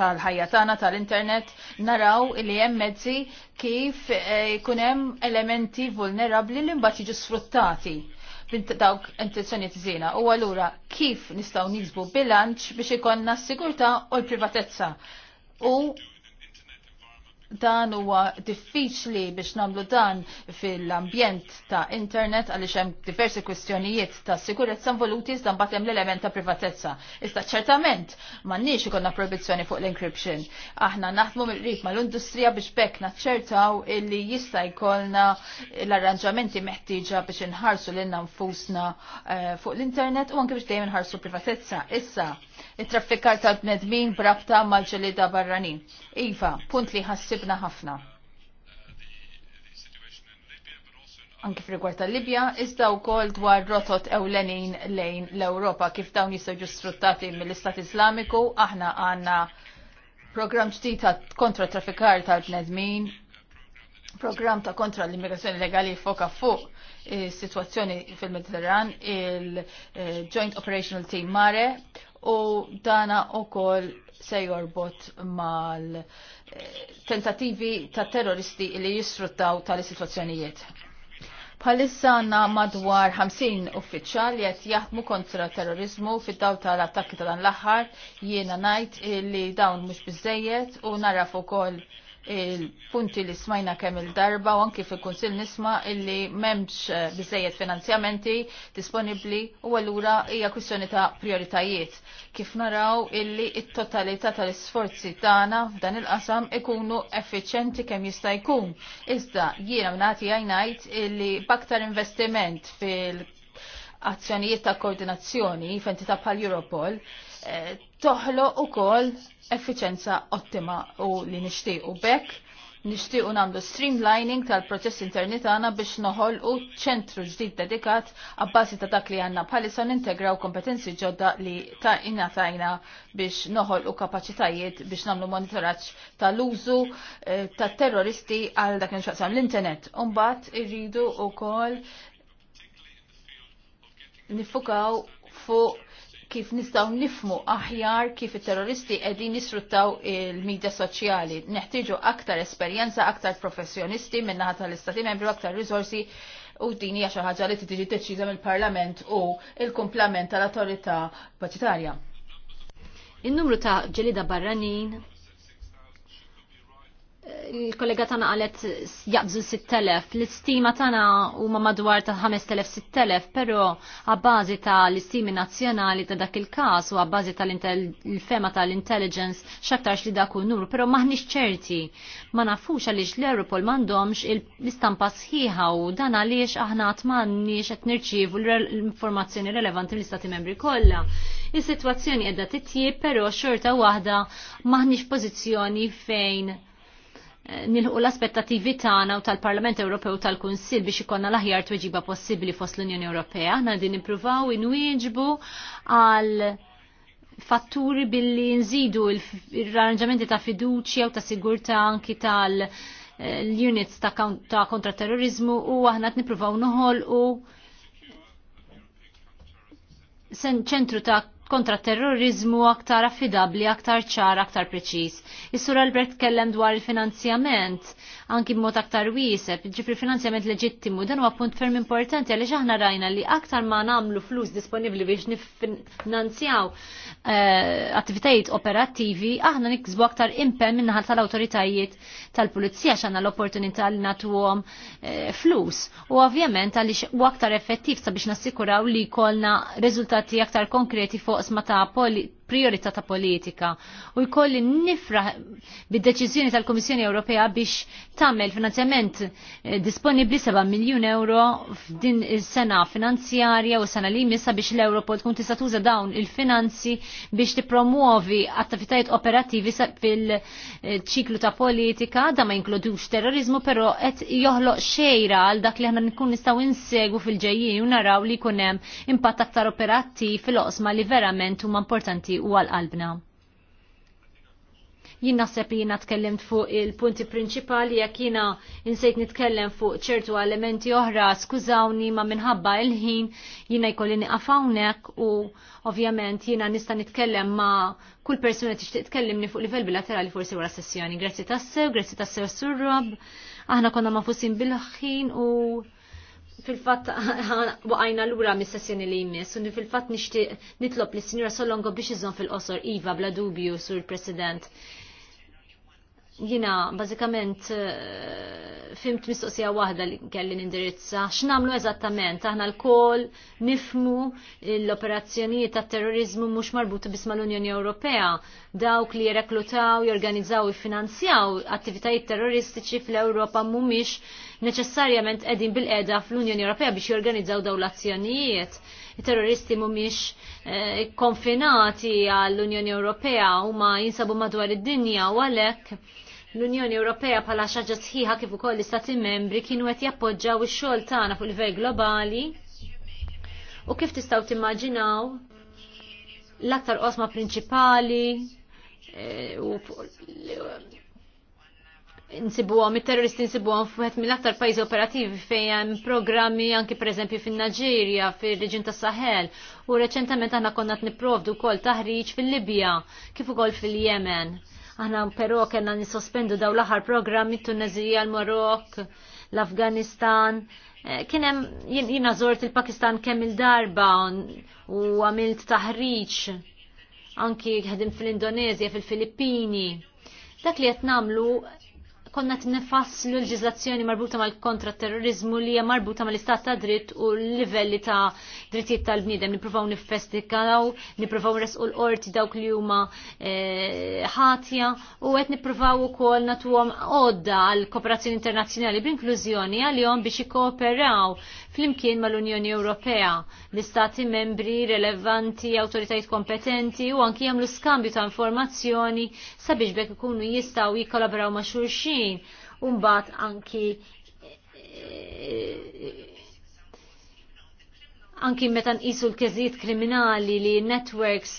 Speaker 4: tal-ħajja tagħna tal-internet naraw li hemm mezzi kif eh, jkun hemm elementi vulnerabbli li mbagħad jiġu sfruttati dawk intenzjoniet zina. U għallura kif nistaw nizbu bilanċ biex ikonna s-sigurta u l-privatezza. U dan huwa diffiċli biex nagħmlu dan fil-ambjent ta' internet għaliex hemm diversi kwistjonijiet ta' sikurezza involuti iżda mbagħad hemm l-element ta' privatezza. Iżda ċertament m'għandniex ikollna proibizzjoni fuq l-encryption. Aħna naħdmu mill-qrib mal-industrija biex bekk naċċertaw illi jista' jkollna l-arranġamenti meħtieġa biex inħarsu lilna nfusna eh, fuq l-internet u anke biex dejjem inħarsu privatezza. Issa, it-traffikar tal-bnedmin brabta mal-ġelida barranin. Iva, punt li ħassib ħsibna ħafna. Anki frigwar tal-Libja, iżda wkoll dwar rotot ewlenin lejn l-Ewropa kif dawn jistgħu sfruttati mill-Istat Islamiku, aħna għandna programm ġdid ta' kontra traffikar tal-bnedmin, program ta' kontra l-immigrazzjoni legali foka fuq is-sitwazzjoni fil-Mediterran, il-Joint Operational Team Mare, u dana u kol sejor bot mal tentativi ta' terroristi li jisfruttaw tal situazzjonijiet. Palissa għanna madwar 50 uffiċjal li qed jaħdmu kontra terrorizmu fid-daw tal-attakki tal-anlaħħar jiena ngħid li dawn mux bizzejiet u naraf ukoll il-punti li smajna kemm il-darba u anki fil-Kunsil nisma illi memx eh, bizzejiet finanzjamenti disponibli u għallura hija kwistjoni ta' prioritajiet. Kif naraw illi it-totalità tal-isforzi tagħna f'dan il-qasam ikunu effiċenti kemm jista' jkun. Iżda jiena mnagħti ngħid illi baktar investiment fil azzjonijiet ta' koordinazzjoni f'entità pal Europol toħlo u kol effiċenza ottima u li u bekk u namlu streamlining tal-proċess interni tagħna biex noħolqu ċentru ġdid dedikat għabbasi ta' dak li għandna bħalissa nintegraw kompetenzi ġodda li ta' inna tajna biex noħolqu kapaċitajiet biex namlu monitoraċ tal-użu eh, ta' terroristi għal dak nxaqsam l-internet. Umbagħad irridu wkoll nifukaw fuq kif nistgħu nifmu aħjar kif it-terroristi qegħdin jisruttaw il-medja soċjali. Neħtieġu aktar esperjenza, aktar professjonisti min-naħa tal-istati membri, aktar risorsi u din hija xi ħaġa li tiġi t mill-Parlament u l-kumplament tal autorita paċitarja. In-numru
Speaker 2: ta' ġelida barranin il-kollega tana għalet jaqbżu 6.000, l-istima tana u ma madwar ta' 5.000-6.000, pero għabbażi ta' l-istimi nazjonali ta' dak il-kas u għabbażi ta' l-fema ta' l-intelligence xaktarx li dak nur, pero maħnix ċerti, ma nafux għalix l-Europol mandomx l-istampa sħiħa u dan għalix aħna għatmannix għet nirċivu l-informazzjoni relevanti l-istati membri kolla. Il-situazzjoni edda titjib, pero xorta wahda maħnix pozizjoni fejn nilħu l-aspettativi tagħna u tal-Parlament Ewropew tal-Kunsill biex ikonna l-aħjar tweġiba possibbli fost l-Unjoni Ewropea. Aħna din nippruvaw inwieġbu għal fatturi billi nżidu l-arranġamenti ta' fiduċja u ta' sigurta anki tal units ta', ta kontraterrorizmu u aħna t nippruvaw nuħol u ċentru ta' kontra terrorizmu aktar affidabli, aktar ċar, aktar preċis. Is-sur Albert kellem dwar il-finanzjament anki b'mod aktar wieseb, ġifri finanzjament leġittimu, dan huwa punt ferm importanti għaliex aħna rajna li aktar ma nagħmlu flus disponibbli biex nifinanzjaw eh, attivitajiet operattivi, aħna nikzbu aktar impen minnaħal tal-awtoritajiet tal-pulizija x'għandna l-opportunità li nagħtuhom eh, flus. U ovvjament għaliex u aktar effettiv sabiex nassikuraw li kolna riżultati aktar konkreti fuq sma ta' priorità ta' politika u jkolli nifra bid-deċiżjoni tal-Kummissjoni Ewropea biex tagħmel finanzjament eh, disponibbli 7 miljun euro f'din is-sena finanzjarja u sena li jmissa biex l ewropol tkun tista' tuża dawn il-finanzi biex tippromuovi attivitajiet operattivi fil-ċiklu ta' politika da ma jinkludux terrorizmu però qed joħloq xejra għal dak li aħna nkun nistgħu insegu fil-ġejjin u naraw li jkun hemm impatt aktar operattiv fil-oqsma li verament huma importanti u għal-qalbna. Jien naħseb li jiena tkellimt fuq il-punti prinċipali jekk jiena insejt nitkellem fuq ċertu elementi oħra, skużawni ma minħabba il-ħin jiena jkolli niqaf hawnhekk u ovvjament jiena nista' nitkellem ma kull persuna tixtieq tkellimni fuq livell bilaterali forsi wara sessjoni. Grazzi tassew, grazzi tassew sur Rob. Aħna konna mafusin bil-ħin u fil-fat waqajna l-ura mis-sessjoni li jmiss, unni fil-fat nitlob li s-sinjura Solongo biex iżon fil-qosor Iva bla dubju sur President jina bazikament eh, fimt mistoqsija wahda li kelli nindirizza, x'namlu eżattament, aħna l-kol nifmu l-operazzjonijiet ta' terrorizmu mhux marbuti biss mal-Unjoni Ewropea, dawk li jirreklutaw, jorganizzaw, jiffinanzjaw attivitajiet terroristiċi fl-Ewropa mhumiex neċessarjament qegħdin bil-qeda fl-Unjoni Ewropea biex jorganizzaw daw l-azzjonijiet terroristi mhumiex eh, konfinati għall-Unjoni Ewropea huma jinsabu madwar id-dinja u għalhekk l-Unjoni Ewropea bħala xaġa sħiħa kif ukoll l-Istati membri kienu qed jappoġġaw ix-xogħol tagħna fuq livell globali. U kif tistgħu timmaġinaw l-aktar qosma prinċipali eh, u nsibu għom, il-terroristi nsibu għom fuħet mill-aktar pajzi operativi fejn programmi anki per eżempju fin-Naġirja, fil-reġin tas Sahel, u reċentament aħna konna t-niprovdu kol taħriġ fil-Libja, kif ukoll fil-Jemen. Aħna però kellna nisospendu daw l-aħħar programmi Tunezija, l-Marok, l-Afganistan, eh, kienem jina zort il-Pakistan kemm il-darba u għamilt taħriġ anki ħedim fil-Indonezja, fil-Filippini. Dak li qed nagħmlu konna t nefass l leġizlazzjoni marbuta mal terrorizmu li hija marbuta mal-istat ta' dritt u l-livelli ta' drittijiet tal-bniedem. Nipruvaw nifestikaw, nipruvaw resqu l-qorti dawk li huma eh, ħatja u qed nipruvaw ukoll natuhom għodda għal kooperazzjoni internazzjonali b'inklużjoni għalihom biex jikkooperaw flimkien mal-Unjoni Ewropea, l-istati membri relevanti, autoritajt kompetenti u anki jamlu skambju ta' informazzjoni sabiex bekk ikunu jistgħu jikkolabraw ma' xulxin u mbagħad anki eh, anki meta nqisu l-każijiet kriminali li networks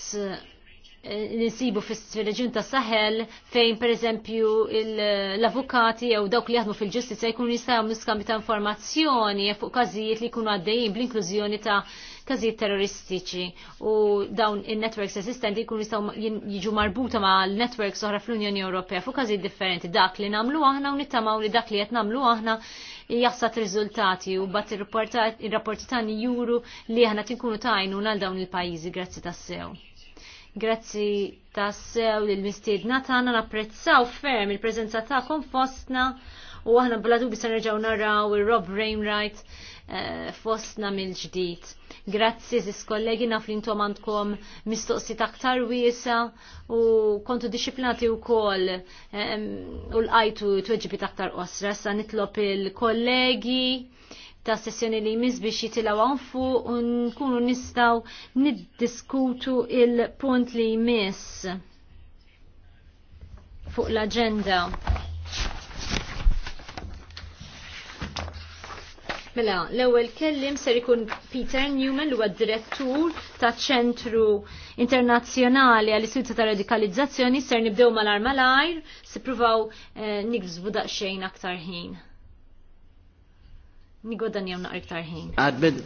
Speaker 2: Ninsibu eh, fil-reġjun ta' Saħel fejn per eżempju l-avukati jew dawk li jaħdmu fil-ġustizja jkunu jistgħu miskambi ta' informazzjoni fuq każijiet li jkunu għaddejjin bl-inklużjoni ta' każijiet terroristiċi u dawn in-networks esistenti jkunu jistgħu jiġu marbuta ma' l-networks oħra fl-Unjoni Ewropea fuq każijiet differenti dak li nagħmlu aħna u nittamaw li dak li qed nagħmlu aħna jaħsat riżultati u bat ir-rapporti tagħni juru li aħna tinkunu tajnu għal dawn il-pajjiżi grazzi tassew. Grazzi tassew l mistiedna tagħna napprezzaw ferm il-preżenza tagħkom fostna u aħna bladu dubi se nerġgħu naraw ir-Rob Rainwright eh, fostna mill-ġdid. Grazzi żis kollegi naf li ntom għandkom mistoqsi ta'ktar wiesa u kontu disciplinati wkoll kol eh, u l-qajtu tweġibit aktar osra sa nitlob il-kollegi ta' sessjoni li jmiss biex jitilaw għanfu u nkunu nistaw niddiskutu il-punt li jmiss fuq l-agenda. Mela, l-ewwel kellim ser ikun Peter Newman li huwa direttur taċ ċentru internazzjonali għall istituzzju ta' radikalizzazzjoni ser nibdew mal-armalajr, sippruvaw eh, nikbżbu daqsxejn aktar ħin. Nigodan jew naqra iktar ħin. Għadbed.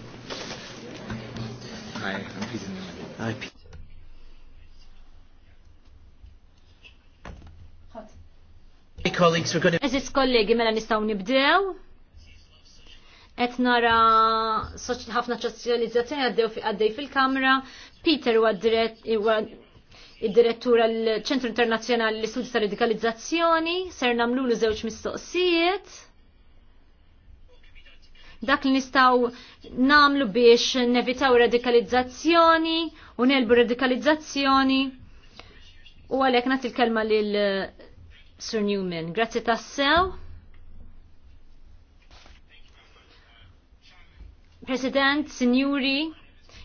Speaker 1: colleagues were going to...
Speaker 2: Eżis kollegi mela nistaw nibdew. Et nara ħafna soċjalizzazzjoni għaddej fil kamera Peter huwa id-direttura l-ċentru internazjonali l-istudju tal radikalizzazzjoni. Ser namlu l użewċ mistoqsijiet dak li nistaw namlu biex nevitaw radikalizzazzjoni u nelbu radikalizzazzjoni. U għalek nat il-kelma lil eh, Sir Newman. Grazzi tassew. President, Signori,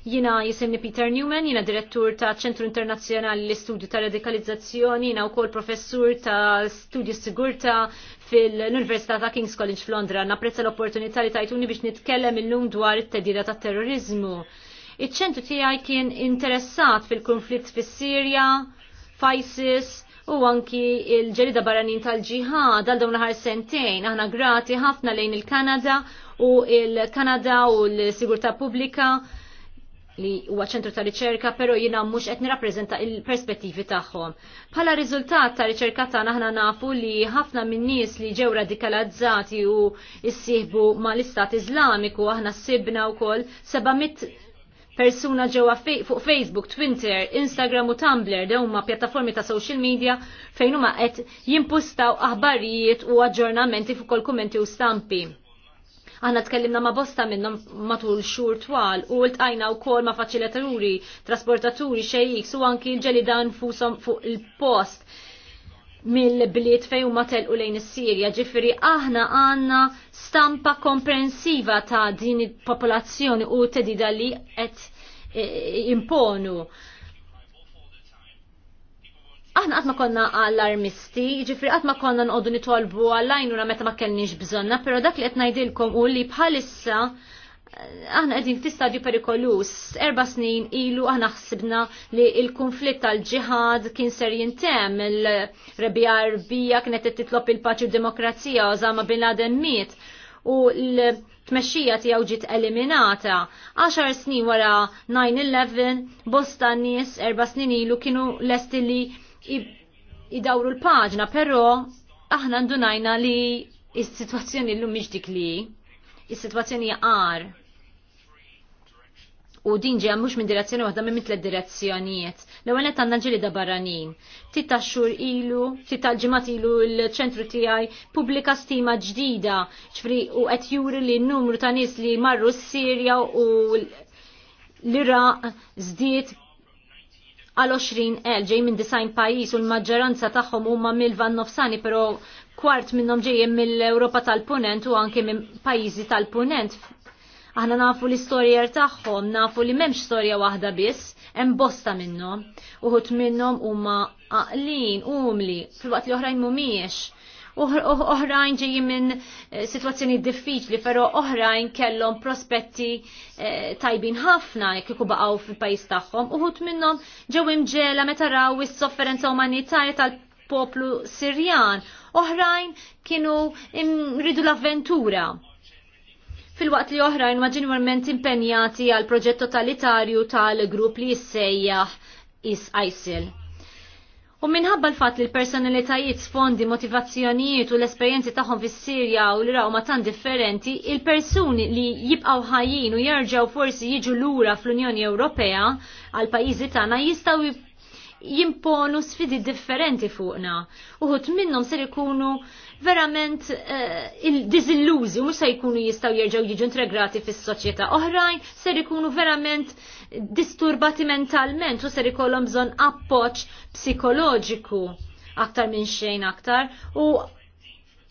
Speaker 2: Jina jisimni Peter Newman, jina direttur ta' ċentru internazjonali l-istudju ta' radikalizzazzjoni, jina u kol professur ta' studju sigurta fil-Università ta' King's College f'Londra. Napprezza l-opportunità li tajtuni biex nitkellem illum dwar it tedira ta' terrorizmu. Iċ-ċentru tiegħi kien interessat fil-konflitt fis-Sirja, f'ISIS, u anki il-ġerida barranin tal-ġihad għal dawn ħar sentejn aħna grati ħafna lejn il-Kanada u il-Kanada u l-Sigurta Pubblika li huwa ċentru ta' riċerka, pero jina mhux qed rapprezenta il-perspettivi tagħhom. Bħala riżultat ta' riċerka ta' aħna nafu li ħafna min-nies li ġew radikalizzati u ma mal-Istat Iżlamiku aħna ssibna wkoll 700 persuna ġewwa fuq Facebook, Twitter, Instagram u Tumblr dew huma pjattaformi ta' social media fejn huma qed jimpustaw aħbarijiet u aġġornamenti fuq kol kummenti u stampi Aħna tkellimna ma' bosta minnhom matul xhur twal u ltqajna wkoll ma' faċilitaturi, trasportaturi, xejjik u anki l-ġelida nfushom fuq il-post mill-bliet fejn huma telqu lejn is-Sirja. Ġifieri aħna għandna stampa komprensiva ta' din il-popolazzjoni u tedida li qed imponu aħna għatma konna allarmisti, ġifri għatma konna nqoddu nitolbu għallajnuna meta ma kellniġ bżonna, pero dak li għetnajdilkom u li bħalissa eh, aħna għedin fi stadju perikolus. Erba snin ilu aħna ħsibna li il-konflitt tal-ġihad kien ser jintem il-rebija arbija kienet titlop il-paċi u demokrazija u zama bin Laden miet u l-tmexxija tiegħu ġiet eliminata. 10 snin wara 9-11 bosta nies erba' snin ilu kienu lesti li jidawru l-paġna, però aħna ndunajna li il sitwazzjoni l-lum miġdik li, is-sitwazzjoni għar. U din ġeja mhux minn direzzjoni waħda minn mitlet direzzjonijiet. L-ewwel qed għandna ġili da barranin. Ftit xur xhur ilu, ftit ġimat ilu l-ċentru tiegħi pubblika stima ġdida, ċfri u qed juri li n-numru ta' nies li marru s-Sirja u l-Iraq zdiet għal 20,000 ġej minn design pajis u l-maġġoranza tagħhom huma mill-van nofsani, però kwart minnhom ġejjin mill-Ewropa tal-Punent u anke minn pajjiżi tal-Punent. Aħna nafu l-istorja tagħhom, nafu li m'hemmx storja waħda biss, hemm bosta minnhom. Uħut minnhom huma aqlin, umli, fil-waqt li oħrajn mhumiex oħrajn ġejjin minn eh, situazzjoni diffiċli, però oħrajn kellhom prospetti eh, tajbin ħafna jekk iku baqgħu fil-pajjiż tagħhom, uħud minnhom ġew imġela meta raw is-sofferenza umanitarja tal-poplu Sirjan, oħrajn kienu rridu l-avventura fil-waqt li oħrajn ma ġenwament impenjati għal proġett totalitarju tal-grupp li jissejjaħ is ISIL. U minħabba l-fat li l-personalitajiet, sfondi, motivazzjonijiet u l-esperjenzi tagħhom fis-Sirja u l-raw matan differenti, il-persuni li jibqgħu ħajjin u jerġgħu forsi jiġu lura fl-Unjoni Ewropea għal pajjiżi tagħna jistgħu jimponu sfidi differenti fuqna. Uħut minnhom ser ikunu verament uh, eh, dizilluzi, mux se jkunu jistaw jirġaw jiġu integrati fis soċjetà oħrajn, ser ikunu verament disturbati mentalment u ser ikollhom bżonn appoġġ psikoloġiku aktar minn xejn aktar u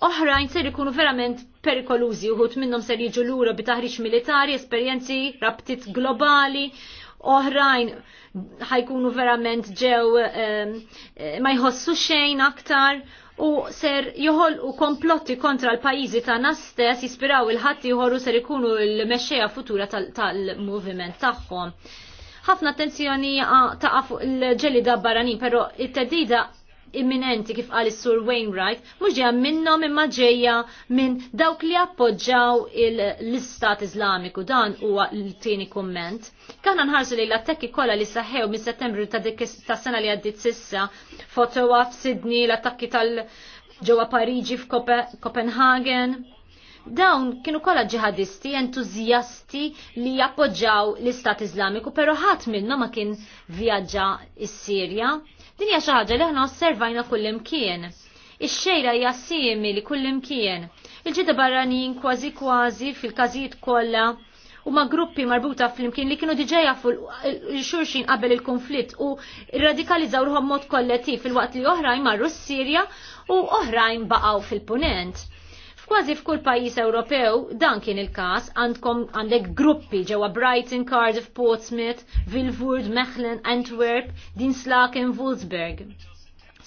Speaker 2: oħrajn ser ikunu verament perikolużi uħut minnhom ser jiġu lura bi taħriġ militari, esperjenzi, raptit globali, oħrajn ħajkunu verament ġew eh, eh, ma jħossu xejn aktar u ser joħol u komplotti kontra l-pajizi ta' stess jispiraw il-ħatti u ser ikunu l-mexxejja futura tal-moviment tal tagħhom. Ħafna attenzjoni ta' fuq il-ġelida barranin, però it-tedida imminenti kif qal is-Sur Wainwright mhux ġeja minnhom imma ġejja minn dawk li appoġġaw l-Istat Islamiku. dan huwa l-tieni kumment. Kanna nħarsu li l attekki kollha li saħħew minn Settembru ta' dik sena li għaddit sissa fotowa f'Sidni l-attakki tal ġewwa Pariġi f'Kopenhagen. Dawn kienu kollha ġihadisti entużjasti li jappoġġaw l-Istat Iżlamiku, però ħadd minnhom ma kien vjaġġa is-Sirja. Din hija xi ħaġa li aħna osservajna kullimkien. Ix-xejra hija simili kullimkien. Il-ġidda barranin kważi kważi fil-każijiet kollha u ma' gruppi marbuta fl-imkien li kienu diġeja xurxin qabel il-konflitt u radikalizzaw ruħom mod kollettiv fil-waqt li oħrajn marru s-Sirja u oħrajn baqaw fil-punent. F'kważi f'kull pajjiż Ewropew dan kien il-każ għandkom għandek gruppi ġewwa Brighton, Cardiff, Portsmouth, Vilvoord, Mechlen, Antwerp, Dinslaken, Wolfsburg.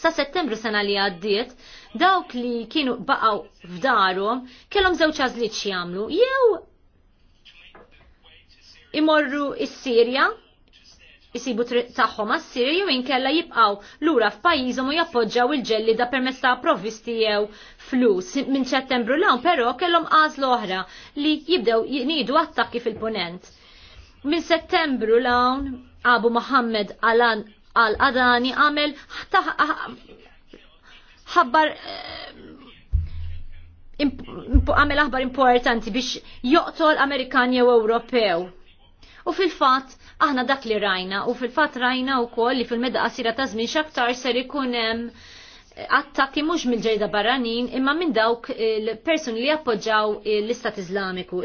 Speaker 2: Sa settembru sena li għaddiet, dawk li kienu baqaw f'darhom kellhom żewġ għażliet jagħmlu, jew imorru is-Sirja jisibu tagħhom għas-sir jew inkella jibqgħu lura f'pajjiżhom u jappoġġaw il-ġelli da permezz ta' provvisti jew flus. Minn ċettembru l però kellhom għażla oħra li jibdew jinidu attakki fil-punent. Minn settembru l hawn Abu Muhammad al-Adani għamel ħabbar eh, għamel aħbar importanti biex joqtol Amerikan jew Ewropew. U fil-fatt aħna dak li rajna u fil-fatt rajna wkoll li fil-meda qasira ta' żmien x'aktar ser ikun hemm eh, attakki mhux mill-ġejda barranin imma minn dawk il-persuni li appoġġaw l-Istat Iżlamiku.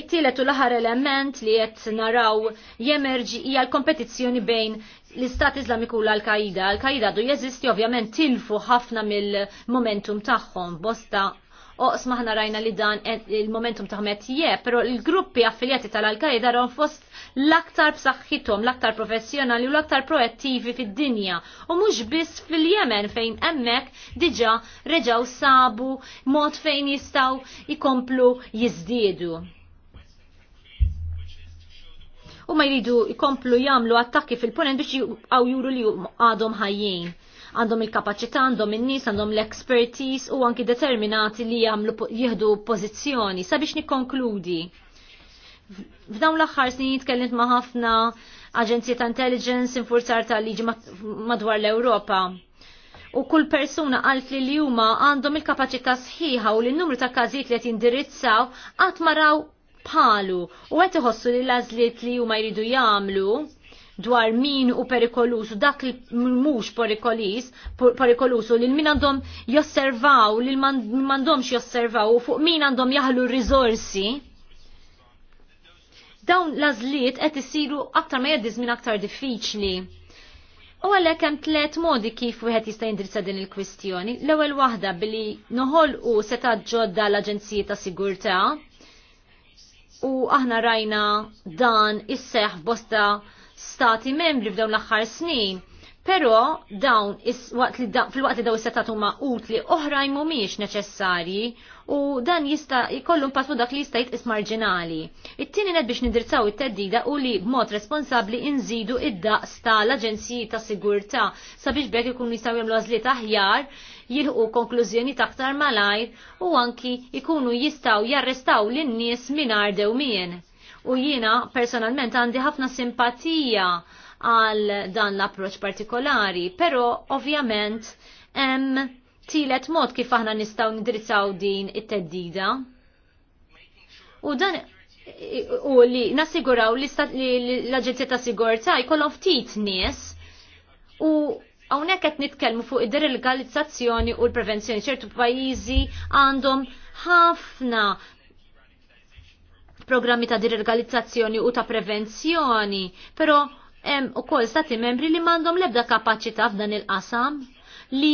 Speaker 2: It-tielet u l-aħħar element li qed naraw jemerġi hija l-kompetizzjoni bejn l-Istat Iżlamiku u l-Al-Qaida. Al-Qaida du jeżisti ovvjament tilfu ħafna mill-momentum tagħhom bosta oqs maħna rajna li dan il-momentum taħmet je, pero il-gruppi affiljati tal-Al-Qaeda ron fost l-aktar b'saħħithom, l-aktar professjonali u l-aktar proattivi fid-dinja. U mhux biss fil-Jemen fejn hemmhekk diġà reġaw sabu mod fejn jistgħu jkomplu jiżdiedu u ma jridu jkomplu jagħmlu attakki fil-ponent biex għaw juru li għadhom ħajjin għandhom il-kapacità, għandhom in-nies, għandhom l-expertise u anki determinati li jagħmlu jieħdu pożizzjoni. Sabiex nikkonkludi. F'dawn l-aħħar snin jitkellint ma' ħafna aġenzji ta' intelligence infurzar ta' liġi madwar l-Ewropa. U kull persuna għalf li li huma għandhom il-kapaċità sħiħa u l-numru ta' każijiet li qed jindirizzaw qatt bħalu u qed iħossu li l li huma jridu jagħmlu dwar min u perikolus u dak li mhux perikolis, perikolus u li min għandhom josservaw, li m'għandhomx josservaw u fuq min għandhom jaħlu r Dawn l qed isiru aktar ma jeddiż minn aktar diffiċli. U għalek hemm tliet modi kif wieħed jista' jindirizza din il-kwistjoni. L-ewwel waħda billi noħolqu seta' ġodda l-Aġenziji ta' Sigurtà u aħna rajna dan isseħ bosta stati membri f'dawn l-aħħar snin. Però dawn waqt li fil-waqt li daw is-setat huma utli oħra mhumiex neċessarji u dan jista' jkollu impatt dak li jista' jitqis marġinali. It-tieni ned biex nindirizzaw it-teddida u li b'mod responsabbli inżidu id-daqs tal-Aġenziji ta' Sigurtà sabiex bekk ikunu jistgħu jagħmlu għażliet aħjar jilħu konklużjoni taktar malajr u anki ikunu jistgħu jarrestaw lin-nies mingħajr dewmien u jiena personalment għandi ħafna simpatija għal dan l-approċ partikolari, pero ovvjament hemm tielet mod kif aħna nistgħu nidrizzaw din it-teddida. U dan u li nassiguraw li l-Aġenzija ta' Sigurtà jkollhom ftit nies u hawnhekk qed nitkellmu fuq id-deregalizzazzjoni u l-prevenzjoni ċertu pajjiżi għandhom ħafna programmi ta' diregalizzazzjoni u ta' prevenzjoni, però hemm ukoll stati membri li m'għandhom l-ebda kapaċità f'dan il-qasam li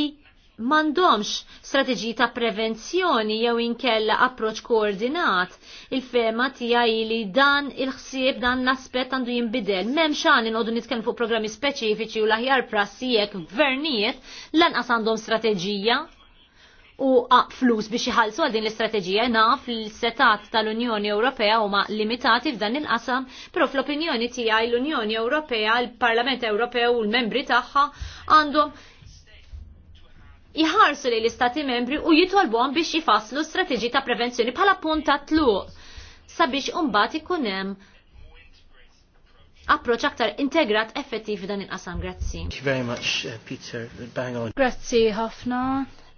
Speaker 2: m'għandhomx strategji ta' prevenzjoni jew inkella approċ koordinat il-fema tiegħi li dan il-ħsieb dan l-aspett għandu jinbidel. M'hemm xan inqogħdu nitkellmu fuq programmi speċifiċi u l-aħjar prassi jekk gvernijiet lanqas għandhom strateġija u flus biex jħalsu għal din l-istrateġija naf l-setat tal-Unjoni Ewropea huma limitati f'dan il-qasam, però fl-opinjoni tiegħi l-Unjoni Ewropea, l-Parlament Ewropew u l-membri tagħha għandhom jħarsu li l-istati membri u jitolbhom biex jifasslu strateġi ta' prevenzjoni bħala punta tluq sabiex umbat ikun hemm approċ aktar integrat effettiv dan il-qasam. Grazzi.
Speaker 1: Thank you very much, uh, Peter. Bang on.
Speaker 3: Grazzi ħafna.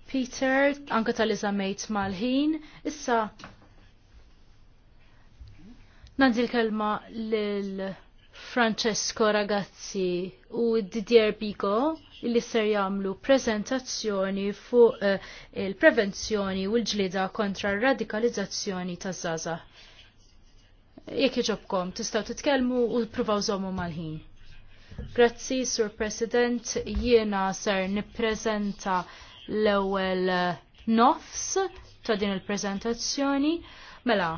Speaker 3: Peter, anka tal-izamejt mal-ħin. Issa, nandi l-kelma l-Francesco Ragazzi u Didier Bigo li ser jamlu prezentazzjoni fuq uh, il-prevenzjoni u l-ġlida kontra radikalizzazzjoni ta' zaza. Jek iġobkom, tistaw titkelmu u provaw zomu mal-ħin. Grazzi, Sur President, jiena ser nipprezenta l-ewwel eh, nofs ta' din il-preżentazzjoni. Mela,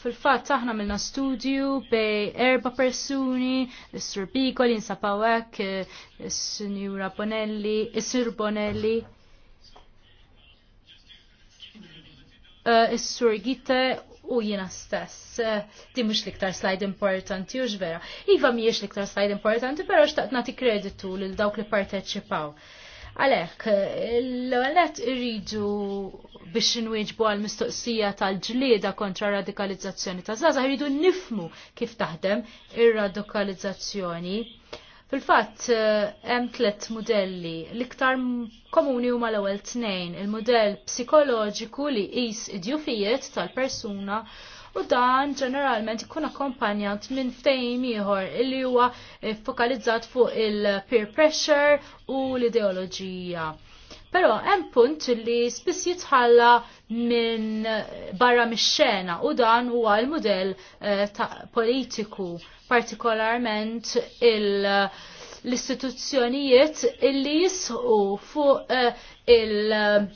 Speaker 3: fil-fatt aħna milna studju bej erba persuni, s-sur Biko, l-insab eh, s-sinjura Bonelli, eh, s-sur Bonelli, s-sur Gite u jina stess. Di mux liktar slide importanti, u vera. Iva miex liktar slide importanti, pero xtaqt nati kreditu lil dawk li parteċipaw. Għalek, l-għalet irridu biex nwieġbu għal mistoqsija tal-ġlieda kontra radikalizzazzjoni ta' zaza, irridu nifmu kif taħdem ir-radikalizzazzjoni. Fil-fatt, hemm tliet modelli. L-iktar komuni huma l-ewwel tnejn, il-modell psikoloġiku li qis idjufijiet tal-persuna u dan ġeneralment ikun akkompanjat minn fejm ieħor illi huwa eh, fokalizzat fuq il-peer pressure u l-ideoloġija. Però hemm punt li spiss jitħalla minn eh, barra mix-xena u dan huwa l-mudell eh, politiku partikolarment il- l-istituzzjonijiet illi jisħu fuq uh, il- uh,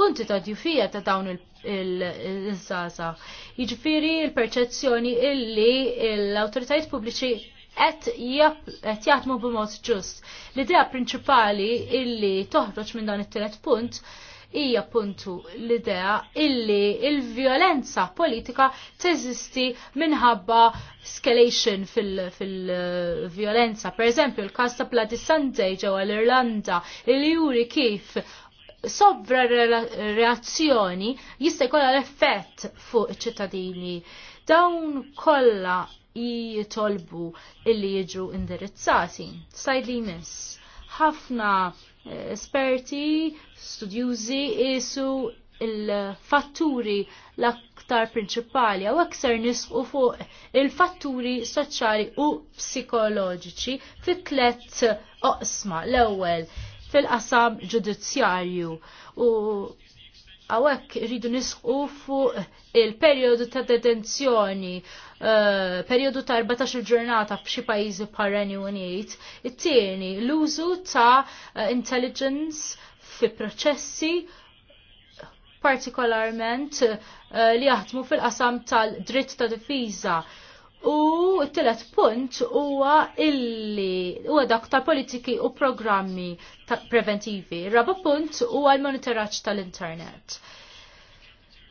Speaker 3: punti ta' djufija ta' dawn il- il-żaza. Jiġifieri l-perċezzjoni illi l-awtoritajiet pubbliċi qed jaħdmu b'mod ġust. L-idea prinċipali illi toħroġ minn dan it-tielet punt hija puntu l-idea illi il-violenza politika teżisti minħabba escalation fil-violenza. Fil per eżempju, il-kas ta' Plati Sunday ġewwa l-Irlanda il juri kif sovra reazzjoni jista' jkollha l-effett fuq iċ-ċittadini. Dawn kollha jitolbu illi jiġu indirizzati. Sajd li jmiss. Ħafna eh, esperti, studjużi isu il-fatturi l-aktar prinċipali għaw aktar nisqu fuq il-fatturi soċjali u psikoloġiċi fit tlet oqsma l-ewwel fil-qasam ġudizzjarju u għawek rridu nisqu fuq il-periodu ta' detenzjoni, uh, periodu ta' 14 ġurnata f'xi pajjiżi parreni unit, it-tieni l-użu ta' eh, intelligence fi proċessi partikolarment uh, li jaħdmu fil-qasam tal-dritt ta' difiża U t-telet punt huwa illi huwa dak ta' politiki u programmi ta' preventivi. Raba punt huwa l-monitoraġġ tal-internet.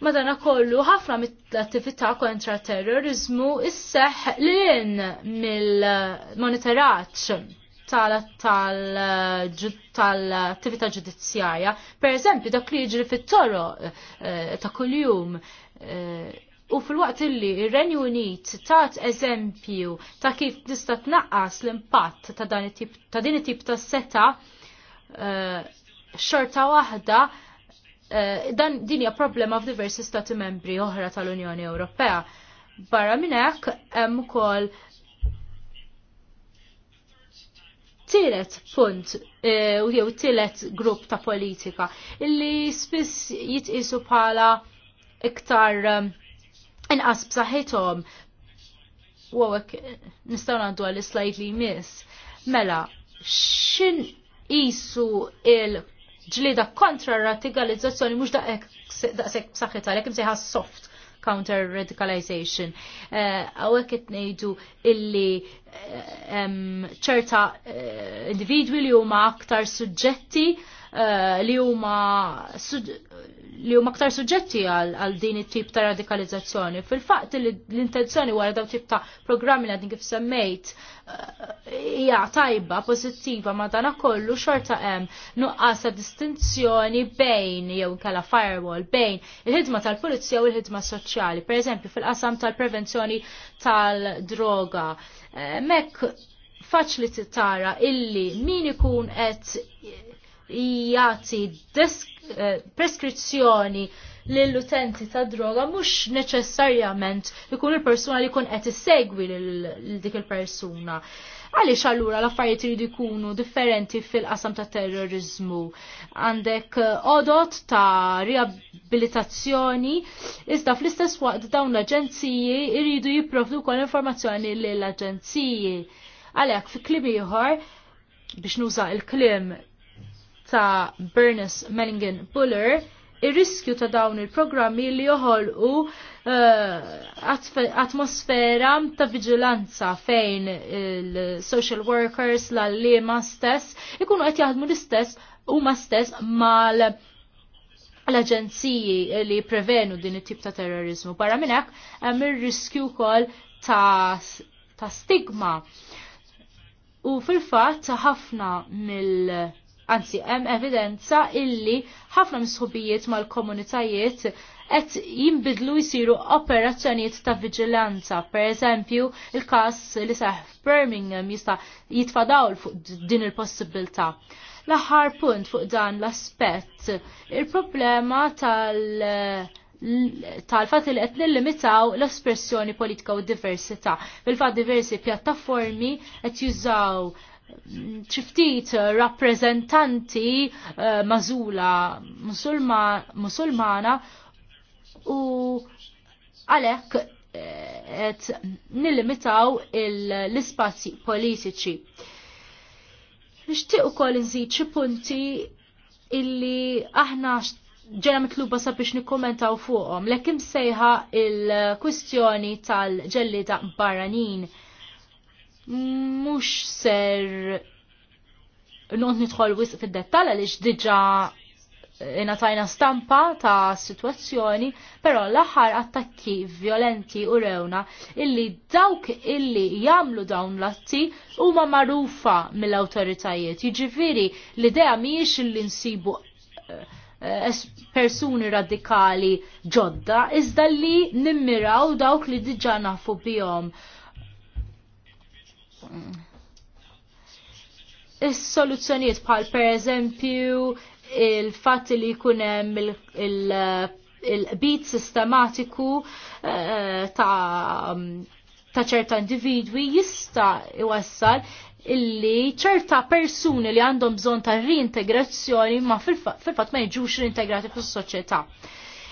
Speaker 3: Madana kollu ħafna mit attività kontra terrorizmu isseħ l-in mill-monitoraċ tal-attività ġudizzjarja. Per eżempju, dak li jiġri fit-toro eh, ta' kuljum eh, U fil-waqt illi ir-Renju Unit tat eżempju ta' kif tista' tnaqqas l-impatt ta' tip ta' din it-tip ta' seta eh, xorta waħda eh, dan din hija problema f'diversi stati membri oħra tal-Unjoni Ewropea. Barra minn hekk hemm ukoll tielet punt eh, u jew tielet grupp ta' politika illi spiss jitqisu bħala iktar inqas b'saħħithom. U nistgħu nistaw għal slajd li jmiss. Mela, xin isu il-ġlida kontra radikalizzazzjoni daqek daqshekk b'saħħitha, l-ekim soft counter radicalization. Eh, Għawek uh, itnejdu illi eh, ċerta uh, um, individwi li huma aktar suġġetti uh, li huma li huma aktar suġġetti għal din it-tip ta' radikalizzazzjoni. Fil-fatt li l-intenzjoni wara dawn tip ta' programmi li għadin kif semmejt eh, hija tajba, pożittiva ma dan kollu xorta hemm nuqqas ta' distinzjoni bejn jew kella firewall bejn il-ħidma tal-pulizija u l-ħidma soċjali, pereżempju fil-qasam tal-prevenzjoni tal-droga. Eh, Mek faċli tara illi min ikun qed jgħati eh, preskrizzjoni lill-utenti ta' droga mhux neċessarjament ikun il-persuna li jkun qed segwi l dik il-persuna. Għaliex allura l-affarijiet iridu jkunu differenti fil-qasam ta' terrorizmu. Għandek eh, odot ta' riabilitazzjoni, iżda fl-istess waqt dawn l-aġenziji jridu jipprovdu kol informazzjoni lill-aġenziji. Għalhekk fi klim ieħor biex nuża il-klim ta' Bernice Mellingen Buller ir-riskju ta' dawn il-programmi li joħolqu uh, atmosfera ta' vigilanza fejn il-social workers, l-allima stess, ikunu qed jaħdmu l-istess u ma stess mal l-aġenziji li prevenu din it-tip ta' terrorizmu. Barra minn hekk hemm ir-riskju wkoll ta', ta stigma. U fil-fatt ħafna mill- anzi hemm evidenza illi ħafna misħubijiet mal-komunitajiet qed jinbidlu jsiru operazzjonijiet ta' viġilanza. Per eżempju, il-każ li seħ Birmingham jista' jitfadaw fuq din il-possibilità. L-aħħar punt fuq dan l-aspett, il-problema tal- tal-fat li qed nillimitaw l-espressjoni politika u diversità. Bil-fatt diversi pjattaformi qed jużaw ċiftit eh, rappresentanti eh, mażula musulmana u għalek et eh, nillimitaw l-ispazji politiċi. Nishtiq ukoll nżid xi punti illi aħna ġena mitluba sabiex nikkommentaw fuqhom, l-ekim sejħa il-kwistjoni tal-ġellida barranin mhux ser nont nidħol wisq fid-dettall diġa eh, jena tajna stampa ta' situazzjoni, pero l-aħħar attakki violenti u rewna illi dawk illi jamlu dawn l-atti huma marufa mill-autoritajiet. Jiġifieri l-idea mhijiex illi nsibu eh, persuni radikali ġodda, iżda li nimmiraw dawk li diġa nafu bijom. Is-soluzzjonijiet bħal per eżempju il-fatt li jkunem il-bit sistematiku eh, ta' ta' ċerta individwi jista' iwassal illi ċerta persuni li għandhom bżon ta' reintegrazzjoni ma fil-fat ma jġux reintegrati fis soċjetà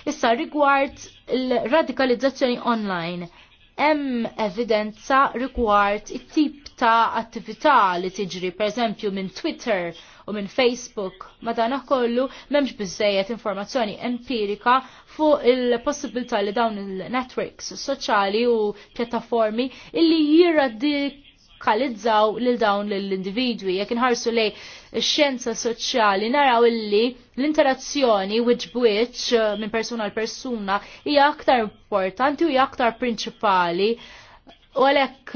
Speaker 3: Issa rigward il-radikalizzazzjoni online hemm evidenza rigward it-tip ta' attività li tiġri pereżempju minn Twitter u minn Facebook. Madana kollu memx bizzejet informazzjoni empirika fuq il-possibilità li dawn il-networks soċali u pjattaformi illi jirradik kalizzaw lil dawn l-individwi. jekk inħarsu lej xenza soċjali naraw illi l-interazzjoni which eh, which minn persuna l persuna hija aktar importanti u hija aktar prinċipali. U għalek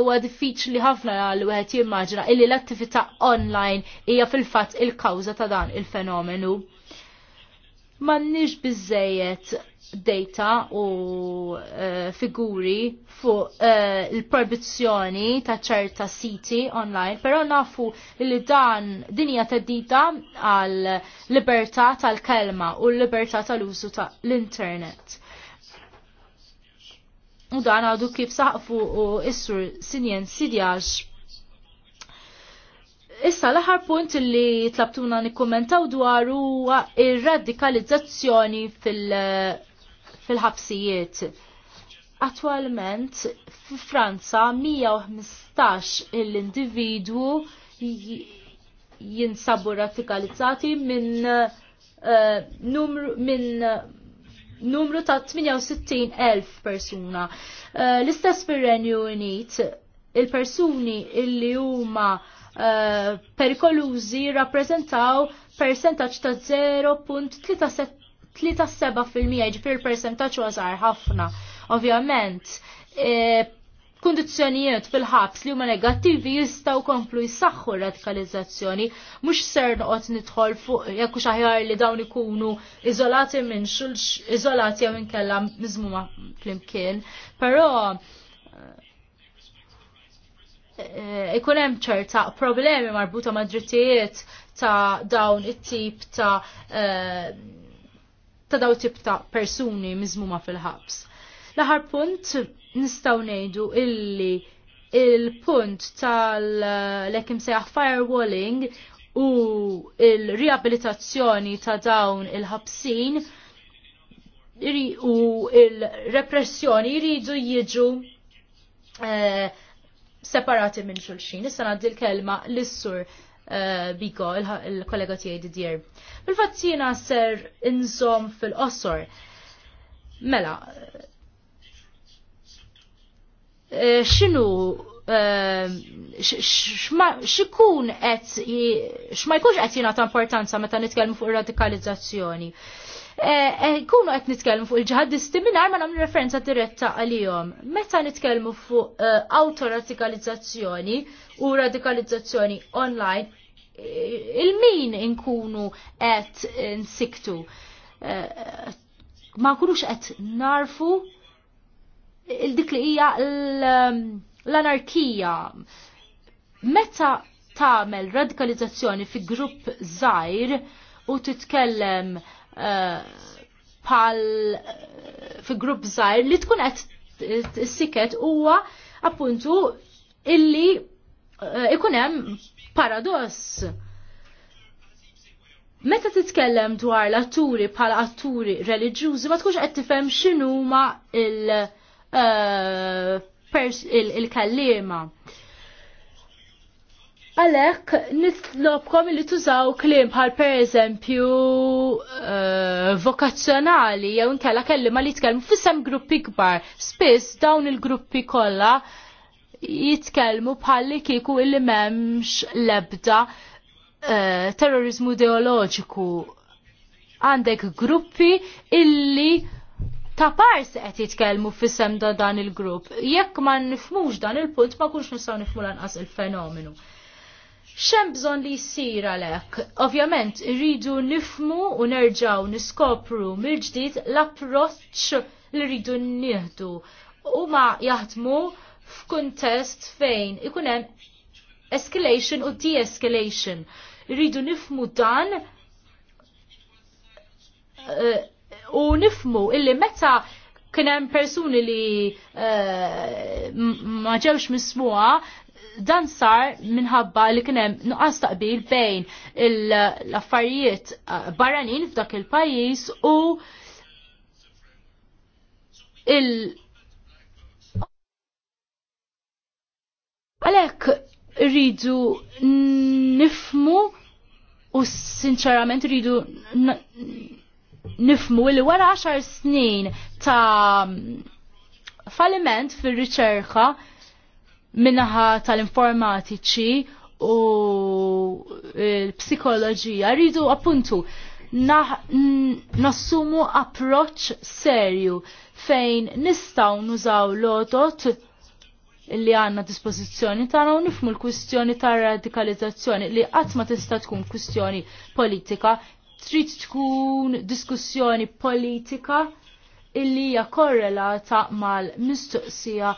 Speaker 3: huwa diffiċli ħafna għal wieħed jimmaġina illi l-attività online hija fil-fatt il-kawża ta' dan il-fenomenu. M'għandniex bizzejet data u uh, figuri fuq uh, eh, il-produzzjoni ta' ċerta siti online, pero nafu li dan dinja dita għal libertà tal-kelma u l-libertà tal-użu ta' l-internet. U dan għadu kif saqfu u issur sinjen sidjaġ. Issa l-aħar punt li tlabtuna nikkommentaw dwaru il radikalizzazzjoni fil- fil-ħabsijiet. Attualment fi Franza 115 l-individwu jinsabu radikalizzati minn uh, numru uh, numru ta' 68.000 persuna. Uh, L-istess fir-Renju Unit, il-persuni illi huma uh, perikolużi rappresentaw percentaċ ta' 0.37 3-7% ġifir il-percentaċ u għazar ħafna. Ovvjament, e, kondizjonijiet fil-ħabs li huma negattivi jistgħu komplu jsaħħu radikalizzazzjoni, mhux ser noqgħod nidħol fuq jekk aħjar li dawn ikunu iżolati minn xulx iżolati jew inkella miżmuma flimkien. Però e, ikun hemm ċerta problemi marbuta ma' drittijiet ta' dawn it-tip ta' e, ta' daw tip ta' persuni miżmuma fil-ħabs. L-aħar punt nistaw nejdu illi il-punt tal-lekim sejħ firewalling u il-riabilitazzjoni ta' dawn il-ħabsin u il-repressjoni jridu jiġu eh, separati minn xulxin. Issa naddil kelma l issur Eh, Biko il-kollega tiegħi Didier. fil fatt jiena ser inżom fil-qosor. Mela, eh, xinu eh, xikun qed x'ma jkunx qed jingħata importanza meta nitkellmu fuq ir-radikalizzazzjoni. Kunu qed nitkellmu fuq il ġihad mingħajr ma nagħmlu referenza diretta għalihom. Meta nitkellmu fuq autoradikalizzazzjoni u radikalizzazzjoni online, il-min inkunu qed insiktu. Eh, ma kunux qed narfu il-dik li hija l-anarkija. Meta tagħmel radikalizzazzjoni fi grupp żgħir u titkellem eh, pal eh, fi grupp żgħir li tkun qed siket huwa appuntu illi ikun hemm paradoss. Meta titkellem dwar l-atturi bħala atturi reliġjużi ma tkunx qed tifhem x'inhuma il- eh, il-kallima. nitlobkom li tużaw klim bħal per eżempju eh, vokazzjonali, jew nkella kellima li tkellmu fissem gruppi kbar. Spiss dawn il-gruppi kollha jitkellmu bħalli kiku illi memx lebda uh, terrorizmu ideoloġiku. Għandek gruppi illi ta' pars qed jitkellmu fis-sem da dan il-grupp. Jekk ma nifmux dan il-punt ma kunx nistgħu nifmu lanqas il-fenomenu. Xem bżon li jissir għalek? Ovjament, rridu nifmu u nerġaw niskopru mill-ġdid l-approċċ li rridu nieħdu. U ma jaħdmu f'kuntest fejn ikun hemm escalation u de-escalation. Rridu nifmu dan uh, u nifmu illi meta kien hemm persuni li uh, ma ġewx mismuha dan sar minħabba li kien hemm nuqqas taqbil bejn l-affarijiet uh, barranin f'dak il-pajjiż u il- Għalek rridu nifmu u sinċerament rridu nifmu li wara 10 snin ta' falliment fil-riċerka minnaħa tal-informatiċi u l-psikoloġija rridu appuntu nassumu approċ serju fejn nistaw nużaw lodot li għanna dispozizjoni tagħna u nifmu l-kwistjoni ta' radikalizzazzjoni li qatt ma tista' tkun kwistjoni politika, trid tkun diskussjoni politika illi hija korrelata mal-mistoqsija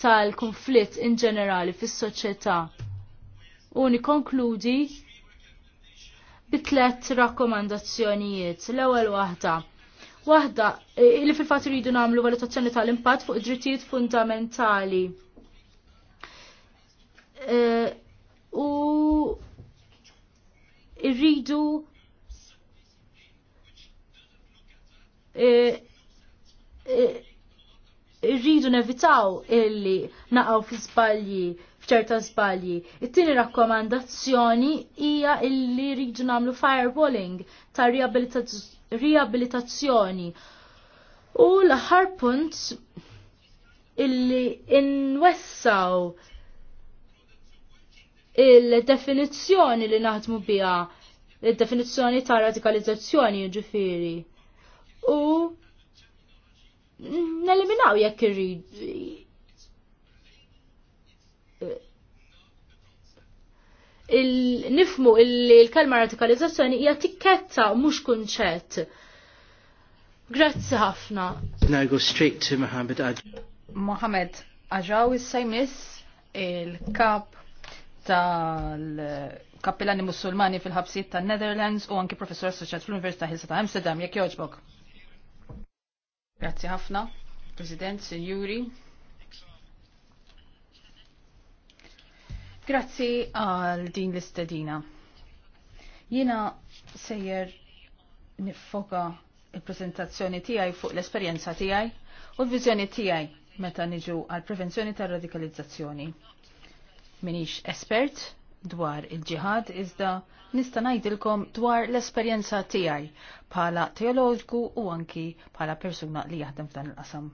Speaker 3: tal-konflitt in ġenerali fis-soċjetà. U nikonkludi bi tliet rakkomandazzjonijiet. L-ewwel waħda Waħda, eh, li fil-fat iridu namlu valutazzjoni tal-impatt fuq id-drittijiet fundamentali Eh, u irridu eh, eh, irridu nevitaw illi naqaw fi sbalji f'ċerta sbalji. It-tieni rakkomandazzjoni hija illi rridu nagħmlu fireballing ta' riabilitazzjoni. U l-aħħar punt illi inwessaw il-definizzjoni li naħdmu biha, il-definizzjoni ta' radikalizzazzjoni ġifiri. U neliminaw jekk irrid. nifmu illi l kelma radikalizzazzjoni hija tikketta mhux kunċett. Grazzi ħafna.
Speaker 1: Now go straight to Mohammed
Speaker 3: Mohammed Ajaw issa jmiss
Speaker 4: il-kap tal-kappilani musulmani fil-ħabsijiet tan netherlands u anki professor assoċjat fl-Università Hilsa ta' Amsterdam, jekk joġbok. Grazzi ħafna, President, Sinjuri. Grazzi għal din l-istedina. Jina sejjer nifoka il-prezentazzjoni tiegħi fuq l-esperjenza tiegħi u l-viżjoni tiegħi meta niġu għal prevenzjoni tar radikalizzazzjoni Minix espert dwar il-ġihad iżda nista' ngħidilkom dwar l-esperjenza tiegħi bħala teoloġiku u anki bħala persuna li jaħdem f'dan il-qasam.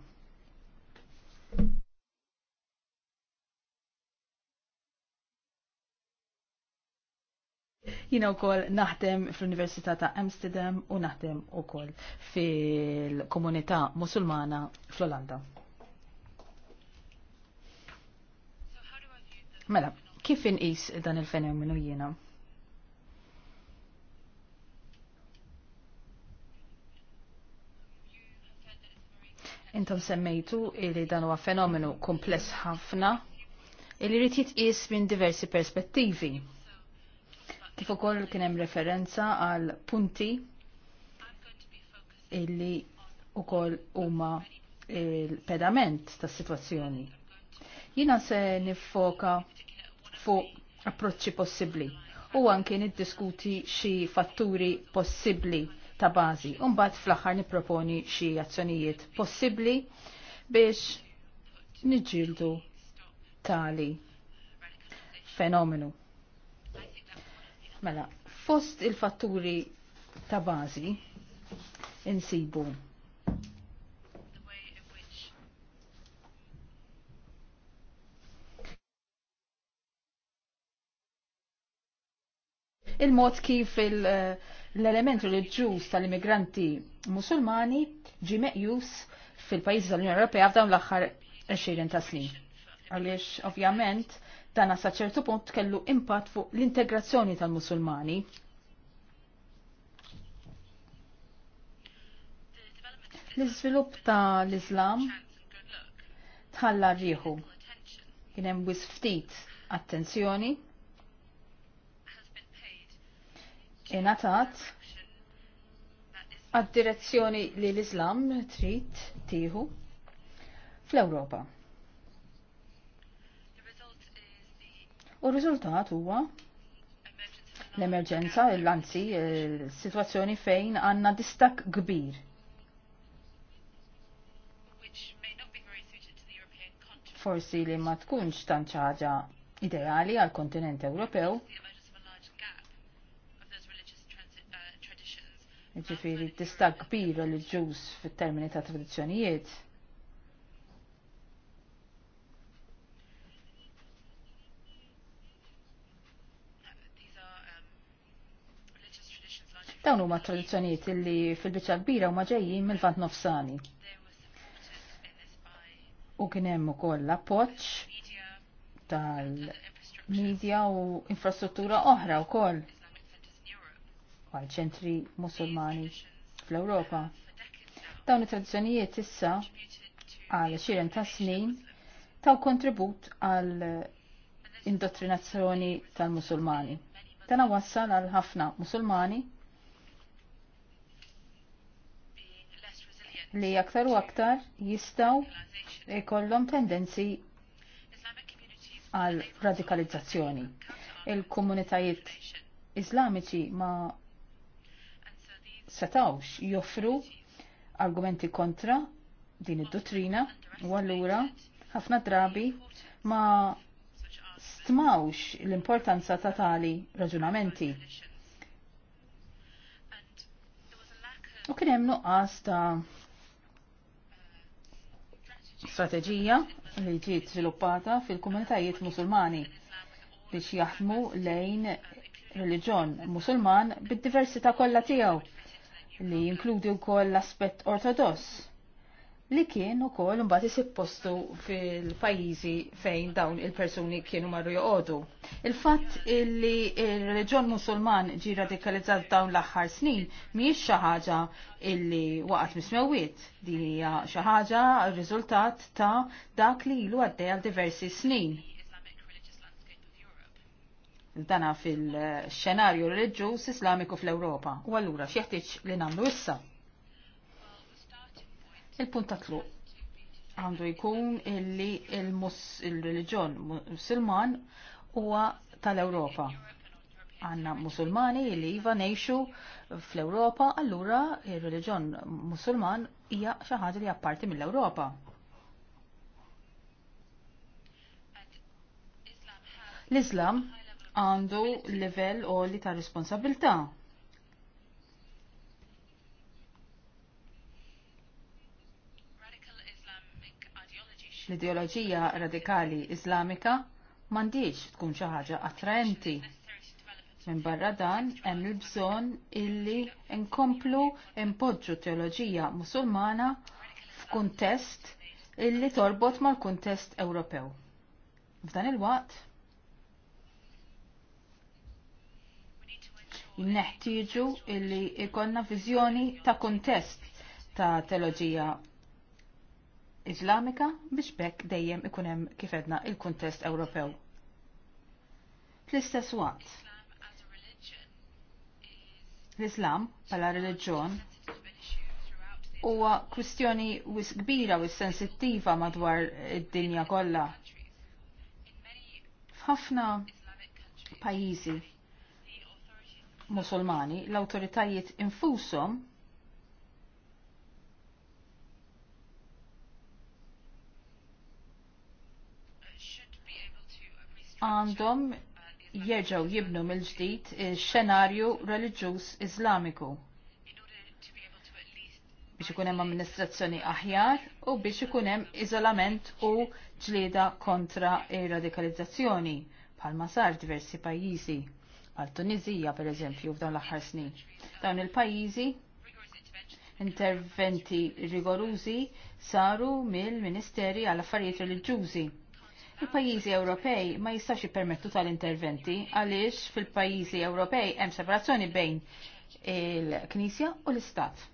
Speaker 4: jina u koll naħdem fl-Università ta' Amsterdam u naħdem u koll fil-komunità musulmana fl-Olanda. Mela, kif inqis dan il-fenomenu jiena? Intom semmejtu li dan huwa fenomenu kumpless ħafna li rrid jitqies minn diversi perspettivi. Kif ukoll kien hemm referenza għal punti illi ukoll huma il-pedament tas-sitwazzjoni Jina se nifoka fuq approċċi possibbli u anke niddiskuti xi fatturi possibbli ta' bażi. Umbagħad fl-aħħar nipproponi xi azzjonijiet possibbli biex niġġieldu tali fenomenu. Mela, fost il-fatturi ta' bażi insibu il-mod kif l-element reliġjuż tal-immigranti musulmani ġi meqjus fil-pajjiżi tal-Unjoni Ewropea f'dawn l-aħħar 20 ta' snin. Għaliex ovvjament dan sa ċertu punt kellu impatt fuq l-integrazzjoni tal-Musulmani. L-iżvilupp ta' l-Islam tħalla rieħu. Kien hemm wisftit attenzjoni ingħatat għad-direzzjoni li l-Islam trid tieħu fl-Ewropa. U r-riżultat huwa l-emerġenza, l-anzi, situazzjoni fejn għanna distak kbir. Forsi li ma tkunx tant ħaġa ideali għal kontinent Ewropew, ġifiri tista' kbir reliġjuż fit-termini ta' tradizzjonijiet. Dawn huma tradizzjonijiet li fil-biċċa kbira huma ġejjin mill-vant nofsani. U kien hemm ukoll appoġġ tal-medja u infrastruttura oħra wkoll għal ċentri musulmani fl-Ewropa. Dawn it-tradizzjonijiet issa għal xiren ta' snin taw kontribut għal indottrinazzjoni tal-musulmani. Tana wassal għal ħafna musulmani li aktar u aktar jistaw ikollhom tendenzi għal radikalizzazzjoni. Il-komunitajiet islamiċi ma setawx joffru argumenti kontra din id-dottrina u allura ħafna drabi ma stmawx l-importanza ta' tali raġunamenti. U kien hemm nuqqas ta' strateġija li ġiet sviluppata fil-komunitajiet musulmani biex jaħdmu lejn reliġjon musulman bid-diversità kollha tiegħu li jinkludi wkoll l-aspett ortodoss li kien ukoll imbagħad isib postu fil-pajjiżi fejn dawn il-persuni kienu marru joqogħdu. Il-fatt illi il reġjon Musulman ġi radikalizzat dawn l-aħħar snin mhijiex xi ħaġa illi waqgħet mismewit Din hija xi ħaġa riżultat ta' dak li ilu għaddej għal diversi snin dana fil-xenarju reliġjuż islamiku fl-Ewropa. U allura x'jeħtieġ li nagħmlu issa? Il-punt ta' tluq għandu jkun illi il-reliġjon musulman huwa tal-Ewropa. Għanna musulmani li jiva nejxu fl-Ewropa, allura il-reliġjon musulman hija xi ħaġa li apparti mill europa L-Islam għandu livell għoli ta' responsabilta. L-ideoloġija radikali islamika mandiċ tkun xi ħaġa attraenti. Minn barra dan hemm il-bżonn illi nkomplu impoġġu teoloġija musulmana f'kuntest illi torbot mal-kuntest Ewropew. F'dan il-waqt, neħtieġu illi ikonna viżjoni ta' kuntest ta' teoloġija Iżlamika biex bekk dejjem ikun hemm kif edna il-kuntest Ewropew. Fl-istess waqt, l-Islam bħala reliġjon huwa kwistjoni wis kbira u sensittiva madwar id-dinja kollha. F'ħafna pajjiżi Musulmani, l-autoritajiet infushom għandhom jerġaw jibnu mill-ġdid xenarju reliġjuż Iżlamiku biex ikun hemm amministrazzjoni aħjar u biex ikun hemm iżolament u ġlieda kontra ir-radikalizzazzjoni bħalma sar diversi pajjiżi għal Tunizija per eżempju f'dawn l-aħħar snin. Dawn il-pajjiżi interventi rigorużi saru mill-Ministeri għal affarijiet reliġjużi. Il-pajjiżi Ewropej ma jistax jippermettu tal-interventi għaliex fil-pajjiżi Ewropej hemm separazzjoni bejn il-Knisja u l-Istat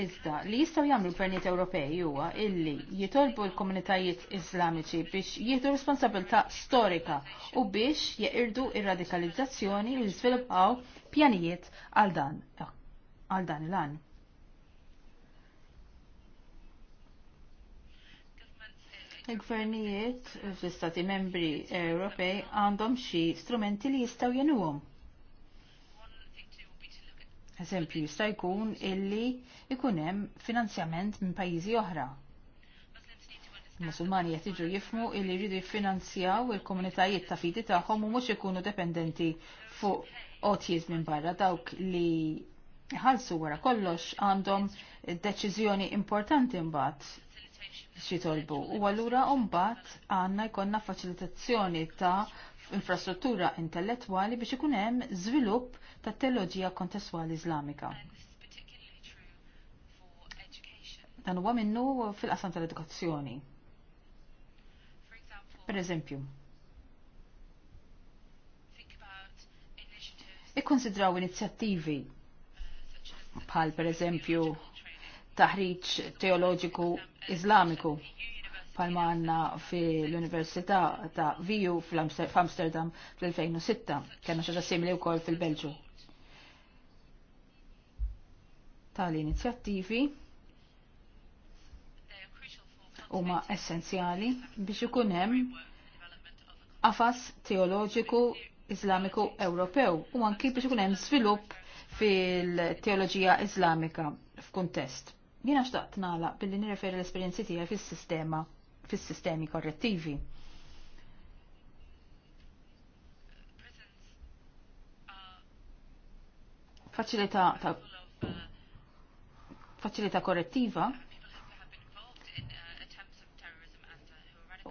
Speaker 4: Iżda, li jistaw jagħmlu l-gvernijiet Ewropej huwa illi jitolbu l-komunitajiet Iżlamiċi biex jieħdu responsabilità storika u biex jeqirdu ir-radikalizzazzjoni u jiżviluppaw pjanijiet għal dan għal dan il an Il-gvernijiet fl-istati membri Ewropej għandhom xi strumenti li jistaw jenuhom Eżempju jista' jkun illi ikun hemm finanzjament minn pajjiżi oħra. Il-Musulmani qed jiġu jifmu illi jridu jiffinanzjaw il-komunitajiet ta' fidi tagħhom u mhux ikunu dependenti fuq qotjiż minn barra dawk li ħalsu wara kollox għandhom deċiżjoni importanti mbagħad xi tolbu. U allura mbagħad għandna jkollna faċilitazzjoni ta' infrastruttura intellettwali biex ikun hemm żvilupp ta' teoloġija kontestwali Iżlamika. Dan huwa minnu fil-qasam tal-edukazzjoni. Per eżempju, ikkonsidraw inizjattivi bħal per eżempju taħriġ teoloġiku iżlamiku palma għanna fil-Università ta' Viju f'Amsterdam amsterdam fl-2006. kena xaġa simili u kol fil-Belġu. Tali inizjattivi huma essenzjali biex ikun hemm qafas teoloġiku Islamiku Ewropew u anki biex ikun hemm żvilupp fil-teoloġija Islamika f'kuntest. Jiena xtaqt nagħlaq billi nirreferi l-esperjenzi tiegħi fis-sistema fis-sistemi korrettivi. Faċilità ta' faċilità korrettiva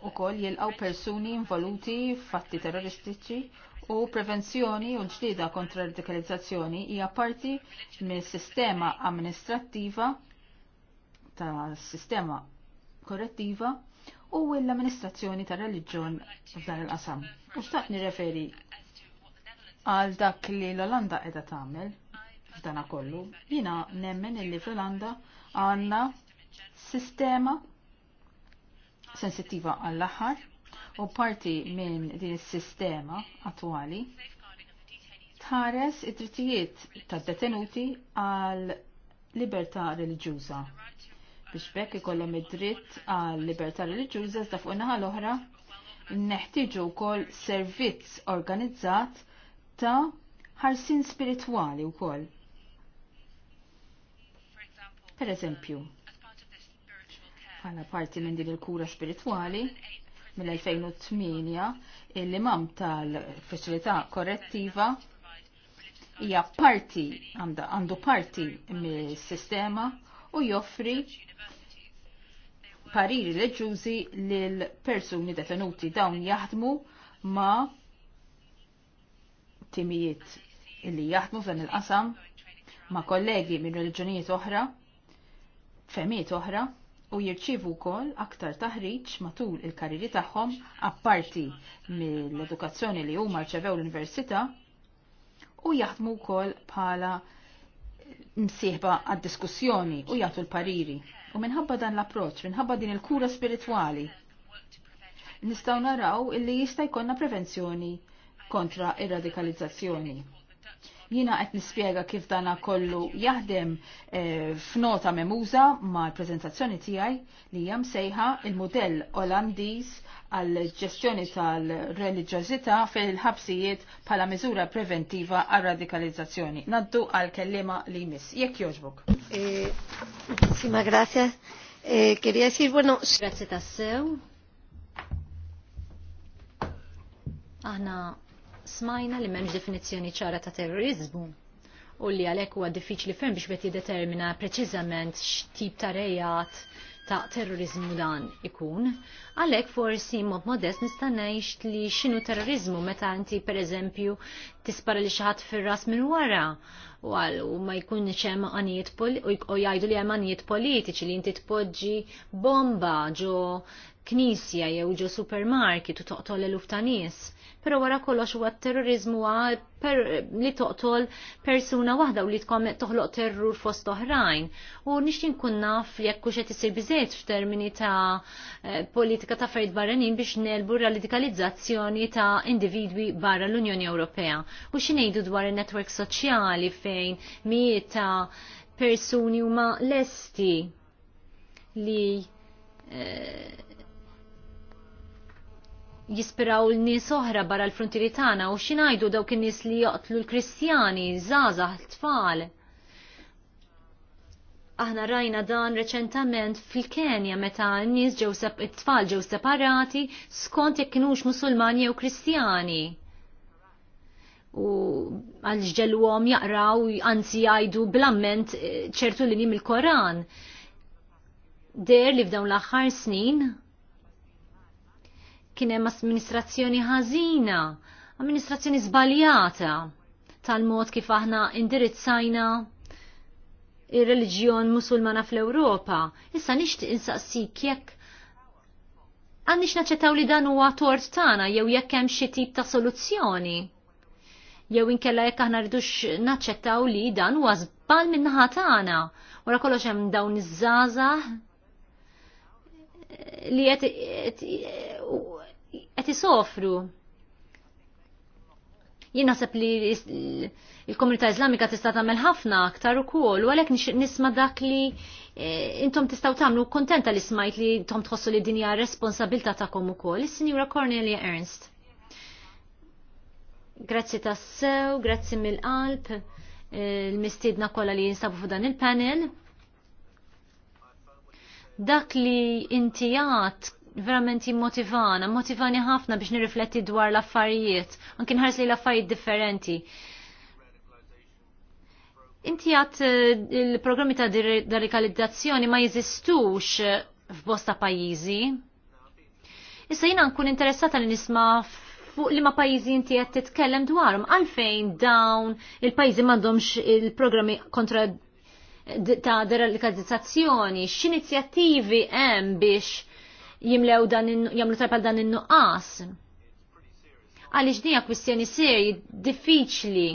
Speaker 4: u koll jilqaw persuni involuti fatti terroristiċi u prevenzjoni u ġdida kontra radikalizzazzjoni hija parti mill sistema amministrattiva ta' sistema korrettiva u l-amministrazzjoni ta' reliġjon f'dan il-qasam. U xtaqt nirreferi għal dak li l-Olanda qiegħda tagħmel f'dana kollu. Jina nemmen illi fl-Olanda għandna sistema sensittiva għall-aħħar u parti minn din is-sistema attwali tħares id-drittijiet tad-detenuti għal libertà reliġjuża biex bekk ikollhom id-dritt għal libertà reliġjuża iżda fuq naħa l-oħra neħtieġu wkoll servizz organizzat ta' ħarsin spiritwali wkoll. Per eżempju, bħala parti minn din il-kura spiritwali, mill-2008 l-imam tal-facilità korrettiva hija parti għandu parti mis-sistema u joffri pariri leġużi lil persuni detenuti dawn jaħdmu ma timijiet illi jaħdmu f'dan il-qasam ma kollegi minn reliġjonijiet oħra, femijiet oħra u jirċivu kol aktar taħriġ matul il-karriri tagħhom apparti mill-edukazzjoni li huma rċevew l-università u jaħdmu kol bħala msieħba għad-diskussjoni u jagħtu l-pariri. U minħabba dan l-approċ, minħabba din il-kura spiritwali, nistaw naraw illi jista' jkollna prevenzjoni kontra ir-radikalizzazzjoni. Jina qed nispjega kif dana kollu jaħdem e, f'nota memuża mal prezentazzjoni tiegħi li jam sejħa il-modell Olandiż għal ġestjoni tal-reliġjożità fil-ħabsijiet bħala miżura preventiva għal radikalizzazzjoni. Naddu għal kellima li jmiss. Jekk joġbuk. Eh,
Speaker 2: Sima grazie. Eh, Kerja jisir, bueno, grazie tassew. Aħna smajna li m'hemmx definizzjoni ċara ta' terrorizmu u li għalhekk huwa diffiċli ferm biex qed jiddetermina preċiżament x'tip ta' rejat ta' terrorizmu dan ikun. Għalhekk forsi mod modest nista' li x'inhu terrorizmu meta inti pereżempju tispara li xi ħadd ras minn wara u ma jkun hemm għanijiet u jgħidu li hemm għanijiet politiċi li inti tpoġġi bomba ġo knisja jew ġo supermarket u toqtol eluf ta' nies pero wara kollox huwa terrorizmu per, li toqtol persuna waħda u li tkom toħloq terror fost oħrajn. U nixtin kun naf jekk qed isir biżejt f'termini ta' eh, politika ta' affarijiet barranin biex nelbu radikalizzazzjoni ta' individwi barra l-Unjoni Ewropea. U xinejdu dwar in-netwerk soċjali fejn mijiet ta' persuni huma lesti li eh, jispiraw l-nies oħra barra l-frontieri tagħna u xinajdu dawk in-nies li joqtlu l-Kristjani, żgħażagħ tfal. Aħna rajna dan reċentament fil-Kenja meta n-nies ġew it-tfal ġew separati skont jekk kinux Musulmani jew Kristjani. U għal ġelwom jaqraw anzi jgħidu blamment eh, ċertu li mill-Koran. Der li f'dawn l-aħħar snin kien hemm amministrazzjoni ħażina, amministrazzjoni żbaljata tal-mod kif aħna indirizzajna ir-reliġjon musulmana fl-Ewropa. Issa nixtieq insaqsik jekk għandix naċċettaw li dan huwa tort tagħna jew jekk hemm xi tip ta' soluzzjoni. Jew inkella jekk aħna rridux naċċettaw li dan huwa żball min-naħa tagħna. Wara kollox hemm dawn iż-żgħażagħ li qed jisofru. Jien naħseb li il-komunità Islamika tista' tagħmel ħafna aktar ukoll, u għalhekk nisma' dak li eh, intom tistgħu tagħmlu kontenta li smajt li intom tħossu li dinja responsabilità tagħkom ukoll. Is-Sinjura Cornelia Ernst. Grazzi tassew, grazzi mill-qalb, il eh, mistiedna kollha li jinsabu f'dan il-panel dak li inti għat verament jimmotivana, motivani ħafna biex nirrifletti dwar l-affarijiet, anki nħarż li l-affarijiet differenti. Inti għat eh, il-programmi ta' radikalizzazzjoni ma jeżistux f'bosta pajjiżi. Issa jina nkun interessata li nisma fuq li ma pajizi inti qed titkellem dwarhom għalfejn dawn il-pajjiżi m'għandhomx il-programmi kontra ta' deradikalizzazzjoni, x'inizjattivi hemm biex jimlew dan jagħmlu tarpal dan in-nuqqas. Għaliex dinja kwistjoni serji diffiċli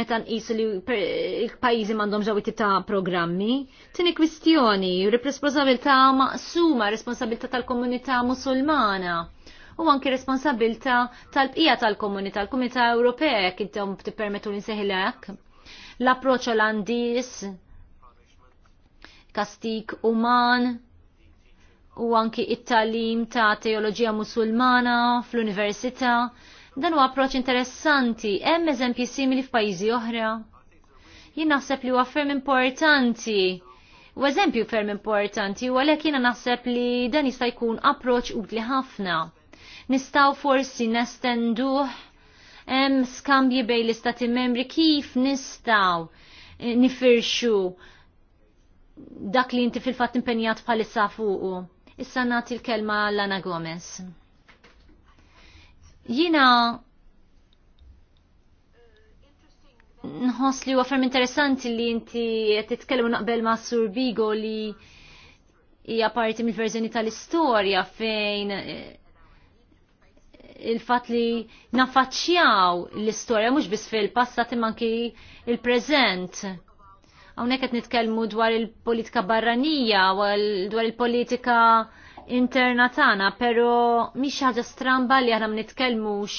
Speaker 2: meta nqisu li l-pajjiżi m'għandhom ġewwi ta' programmi. Tieni kwistjoni, responsabilità maqsuma, responsabilità tal-komunità musulmana u anki responsabilta tal-bqija tal-komunità, l-Komunità Ewropea kif tippermettu li nseħilek. L-approċċ Olandis kastik uman u anki it-talim ta' teoloġija musulmana fl-università. Dan huwa approċ interessanti, hemm eżempji simili f'pajjiżi oħra. Jien naħseb li huwa ferm importanti u eżempju ferm importanti u għalhekk jiena naħseb li dan jista' jkun approċ utli ħafna. Nistgħu forsi nestenduh hemm skambji bejn l-istati membri kif nistgħu nifirxu dak li inti fil-fat impenjat bħalissa fuqu. Issa nagħti l-kelma Lana Gomez. Jina nħoss li ferm interessanti li inti titkellmu naqbel ma' Sur Bigo li hija parti mill-verżjoni tal-istorja fejn eh, il-fat li nafaċċjaw l-istorja mhux biss fil-passat imma anki il-preżent Hawnhekk qed nitkellmu dwar il-politika barranija u dwar il-politika interna tagħna, però mhix ħaġa stramba li aħna nitkellmux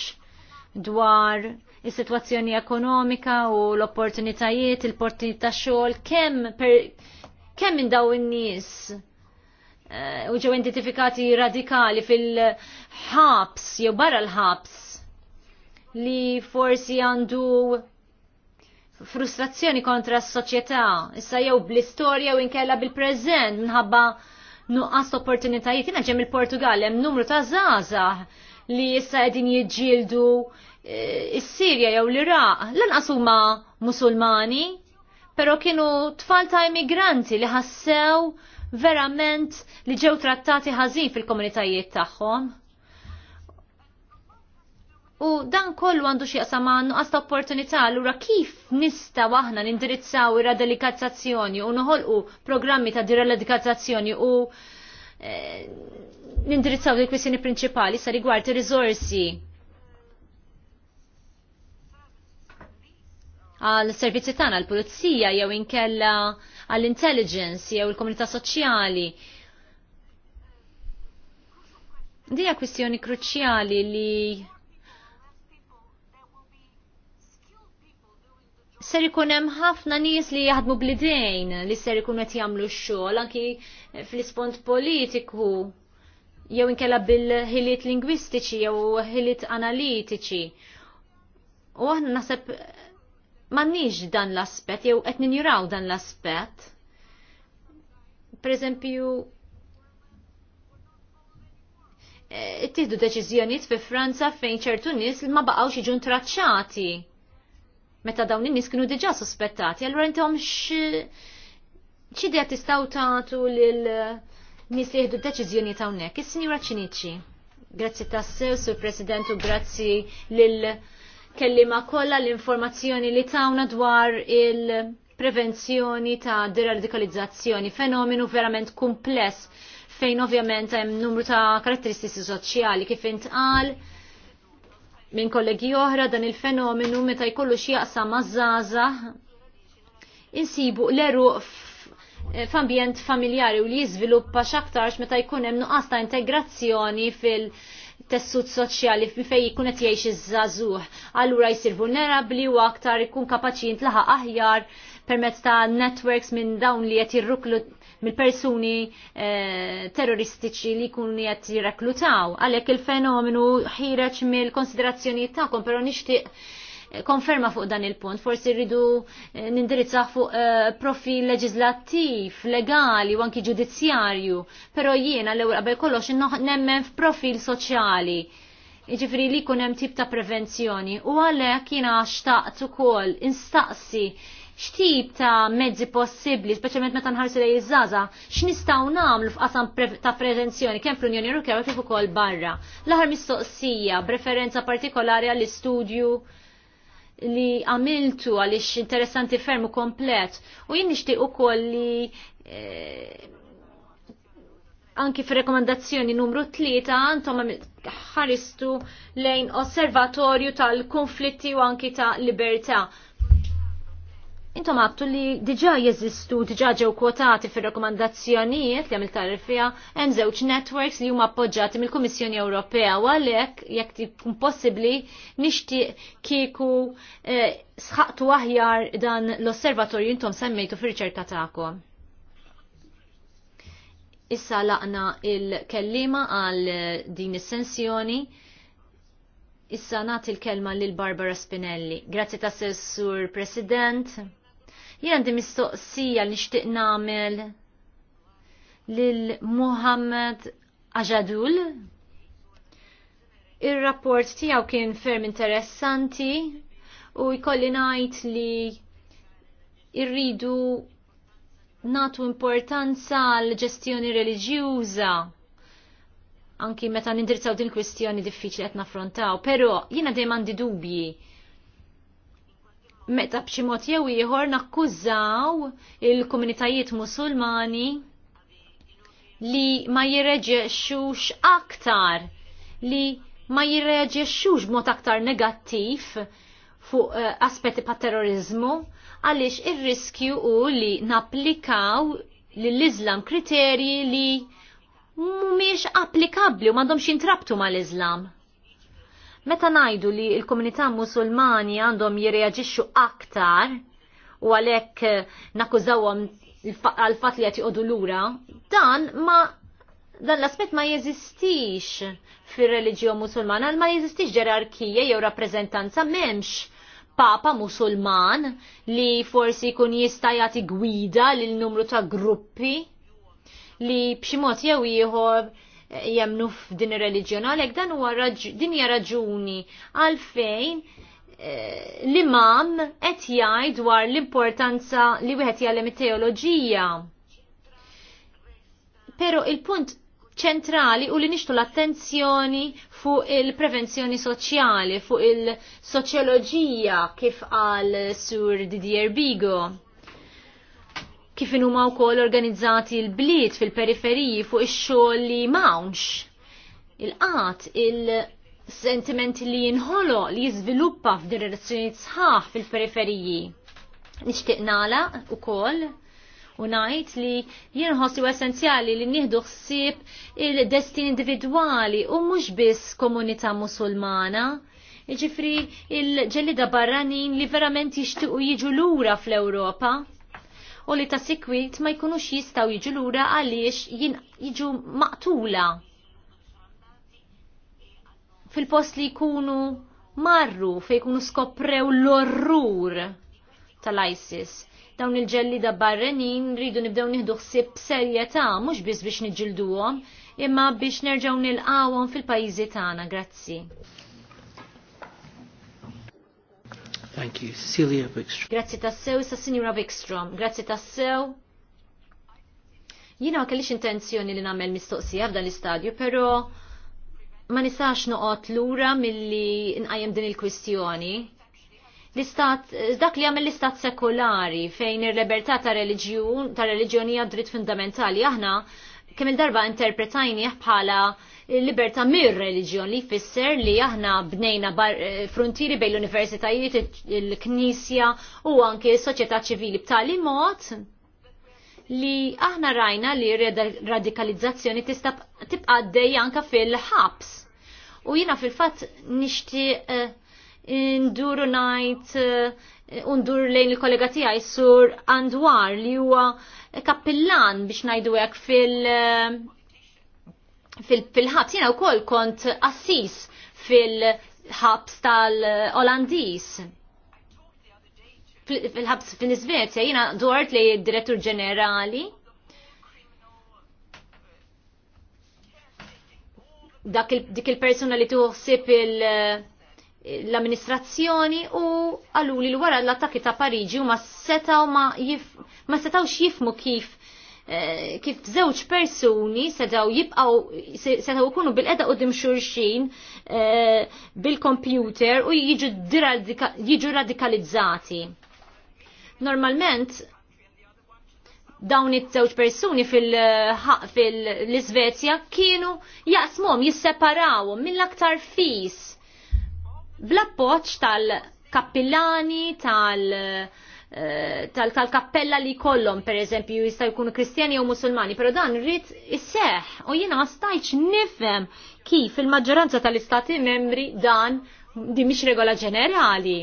Speaker 2: dwar is-sitwazzjoni ekonomika u l-opportunitajiet, il-opportunità xogħol, kemm kemm minn daw in-nies eh, u ġew identifikati radikali fil-ħabs jew barra l-ħabs li forsi għandu frustrazzjoni kontra s-soċjetà, issa jew bl-istorja u inkella bil-preżent minħabba nuqqas opportunitajiet. Jiena ġem il-Portugal hemm numru ta' żgħażagħ li issa qegħdin jiġġieldu eh, is-Sirja jew l-Iraq. Lanqas huma Musulmani, però kienu tfal ta' immigranti li ħassew verament li ġew trattati ħażin fil-komunitajiet tagħhom. U dan kollu għandu xieqsam għannu għasta opportunità l-ura kif nista waħna nindirizzaw ir-radikazzazzjoni u noħolqu programmi ta' dir-radikazzazzjoni u e, nindirizzaw il kwissjoni prinċipali sa' rigward ir rizorsi għal servizzi tan għal pulizija jew inkella għall intelligence jew il-komunità soċjali. Dija kwistjoni kruċjali li ser ikun hemm ħafna nies li jaħdmu blidejn li ser ikun qed jagħmlu x-xogħol anki fl-ispont politiku jew inkella bil-ħiliet lingwistiċi jew ħiliet analitiċi. U aħna naħseb m'għandniex dan l-aspett jew qed ninjuraw dan l-aspett. Pereżempju eh, ittieħdu deċiżjonijiet fi Franza fejn ċertu nies ma baqgħux jiġu traċċati meta dawn in-nies kienu diġà suspettati, allura intom x'idea tistgħu tagħtu lil nies li jieħdu deċiżjoni ta' hawnhekk. Is-Sinjura Ċiniċi, Grazzi tassew, Sur President, u grazzi lil kellima kollha l-informazzjoni li tawna dwar il-prevenzjoni ta' deradikalizzazzjoni, fenomenu verament kumpless fejn ovvjament hemm numru ta' karatteristiċi soċjali kif intqal minn kollegi oħra dan il-fenomenu meta jkollu x'jaqsa mażaza insibu l-eru f'ambjent familjari u li jiżviluppa x'aktarx meta jkun hemm nuqqas ta' integrazzjoni fil- tessut soċjali fej jkun qed jgħix iż-żagħżugħ. Allura jsir vulnerabbli u aktar ikun kapaċi jintlaħaq aħjar permezz ta' networks minn dawn li qed jirruklu mill-persuni eh, terroristiċi li jkunu qed jirreklutaw. Għalhekk il-fenomenu ħireċ mill-konsiderazzjonijiet tagħkom, però nixtieq eh, konferma fuq dan il-punt, forsi rridu eh, nindirizza fuq profil leġislattiv, legali u anki ġudizzjarju, pero jiena l-ewwel qabel kollox nemmen f'profil soċjali. Iġifri li kunem hemm tip ta' prevenzjoni u għalhekk jiena xtaqt ukoll instaqsi xtib ta' mezzi possibli, speċjalment meta nħarsu lej iż-żaza, x'nistgħu nagħmlu f'qasam ta' prevenzjoni kemm fl-Unjoni Ewropea kif ukoll barra. L-aħħar mistoqsija, preferenza partikolari għall-istudju li għamiltu għaliex interessanti ferm u komplet u jien nixtieq ukoll li eh, anki fi rekomendazzjoni numru 3 għantom ħaristu lejn osservatorju tal-konflitti u anki ta' libertà. Intom għabtu li diġa jeżistu, diġa ġew kwotati fir rekomandazzjonijiet li għamil tarifija, hemm żewġ networks li huma appoġġati mill-Kummissjoni Ewropea u għalhekk jekk tkun possibbli nixtieq kieku eh, sħaqtu aħjar dan l-osservatorju intom semmejtu fir-riċerka tagħkom. Issa laqna il-kellima għal din is-sensjoni. Issa nagħti l-kelma lil Barbara Spinelli. Grazzi tas Sur President. Jien għandi mistoqsija li xtiq nagħmel lil Muhammad Ajadul. Ir-rapport tiegħu kien ferm interessanti u jkolli ngħid li irridu natu importanza l ġestjoni reliġjuża anki meta nindirizzaw din kwistjoni diffiċli qed naffrontaw, però jiena dejjem għandi dubji meta b'xi mod jew ieħor nakkużaw il-komunitajiet musulmani li ma jirreġexxux aktar li ma jirreġexxux b'mod aktar negattiv fuq uh, aspetti pa' terrorizmu għaliex ir-riskju u li napplikaw lill-Iżlam kriterji li mhumiex applikabbli u m'għandhomx jintrabtu mal-Iżlam. Meta najdu li il-komunità musulmani għandhom jirreagġixxu aktar u għalhekk eh, nakkużawhom għal fatt li qed joqogħdu lura, dan ma dan l-aspett ma jeżistix fir-reliġjon musulmana, ma jeżistix ġerarkija jew rappreżentanza m'hemmx papa musulman li forsi kun jista' jagħti gwida lil numru ta' gruppi li b'xi mod jew ieħor jemnu f'din ir reliġjona għalhekk dan huwa din hija raġuni għalfejn eh, l-imam qed jgħid dwar l-importanza li wieħed jgħallem it-teoloġija. Però il-punt ċentrali u li nixtu l-attenzjoni fuq il-prevenzjoni soċjali, fuq il-soċjoloġija kif għal Sur Didier Bigo kif huma wkoll organizzati l-bliet fil-periferiji fuq ix-xogħol li m'hawnx. Il-qat, il-sentimenti li jinħolo li jiżviluppa f'direzzjoni sħaħ fil-periferiji. Nixtieq nagħlaq ukoll u ngħid li jinħossi essenzjali li nieħdu ħsieb il-destin individwali u mhux biss komunità musulmana. Iġifri il-ġellida barranin li verament jixtiequ jiġu lura fl-Ewropa u li ta' sikwit ma jkunux jistaw jiġu lura għaliex jiġu maqtula fil-post li jkunu marru fej jkunu skoprew l-orrur tal-ISIS dawn il-ġellida barrenin rridu nibdew nieħdu ħsieb serjetà mhux biss biex niġilduhom imma biex nerġgħu nilqawhom fil-pajjiżi tagħna. Grazzi.
Speaker 1: Thank you. Cecilia Wickstrom.
Speaker 2: Grazie tassew, sa Signora Wickstrom. Grazie tassew. Jina ma kellix intenzjoni li namel mistoqsija f'dan l-istadju, pero ma nistax noqot lura milli nqajjem din il-kwistjoni. L-istat, dak li għamil l-istat sekolari fejn ir-libertà ta' reliġjon, ta' reliġjoni għad dritt fundamentali, aħna kemm il-darba interpretajni bħala libertà mir reliġjon li jfisser li aħna bnejna eh, frontieri bejn l-universitajiet, il-knisja u anke s-soċjetà ċivili b'tali mod li aħna rajna li radikalizzazzjoni tista' tibqa' dej anka fil-ħabs. U jina fil-fatt nixtieq uh, eh, nduru najt uh, eh, undur lejn il-kollega tiegħi sur Andwar li huwa kappillan biex ngħidu hekk fil- eh, fil-ħabs jina jiena wkoll kont assis fil-ħabs tal-Olandiż. Fil-ħabs fil-Iżvezja jiena dort li direttur ġenerali dak il, dik il-persuna li tuħsib il- l-amministrazzjoni u għaluli l-wara l-attakki ta' Pariġi u ma setaw ma, jif, ma setaw xifmu kif eh, kif żewġ persuni setaw jibqaw setaw ikunu bil-qeda u dimxurxin eh, bil-computer u jiġu radikalizzati. Normalment dawn it-żewġ persuni fil-Svezja kienu jaqsmhom jisseparawhom mill-aktar fis bl-appoċ tal-kappillani, tal- eh, tal-kappella li kollom, per eżempju, jistaj jkunu kristjani u musulmani, pero dan rrit isseħ u jina ma stajċ nifem kif il-maġġoranza tal-istati membri dan di mish regola ġenerali.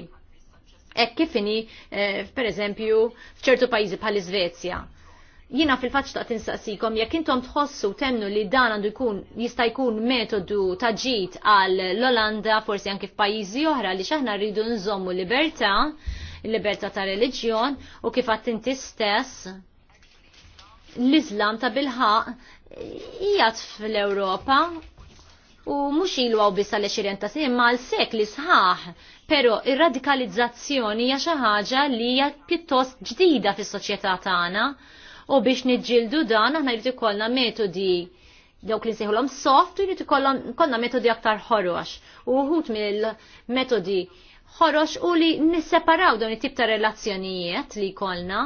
Speaker 2: Ek kifini, eh, per eżempju, fċertu pajizi pal izvezja jina fil-faċ ta' tinsaqsikom, jekk intom tħossu temnu li dan għandu jkun jista' jkun metodu ta' ġid għal l-Olanda, forsi anke f'pajjiżi oħra li xaħna rridu nżommu libertà, libertà ta' reliġjon u kif għat inti stess l-Islam ta' bilħaq jgħat fl-Ewropa u mhux ilu għaw bisa l ta' imma għal sekli sħaħ, però ir-radikalizzazzjoni hija xi ħaġa li hija pjuttost ġdida fis-soċjetà tagħna. Ta u biex nidġildu dan aħna jrid ikollna metodi dawk li seħulhom soft u jrid ikollna metodi aktar ħorox. U wħud mill-metodi ħorox u li nisseparaw dawn it-tip ta' relazzjonijiet li jkollna.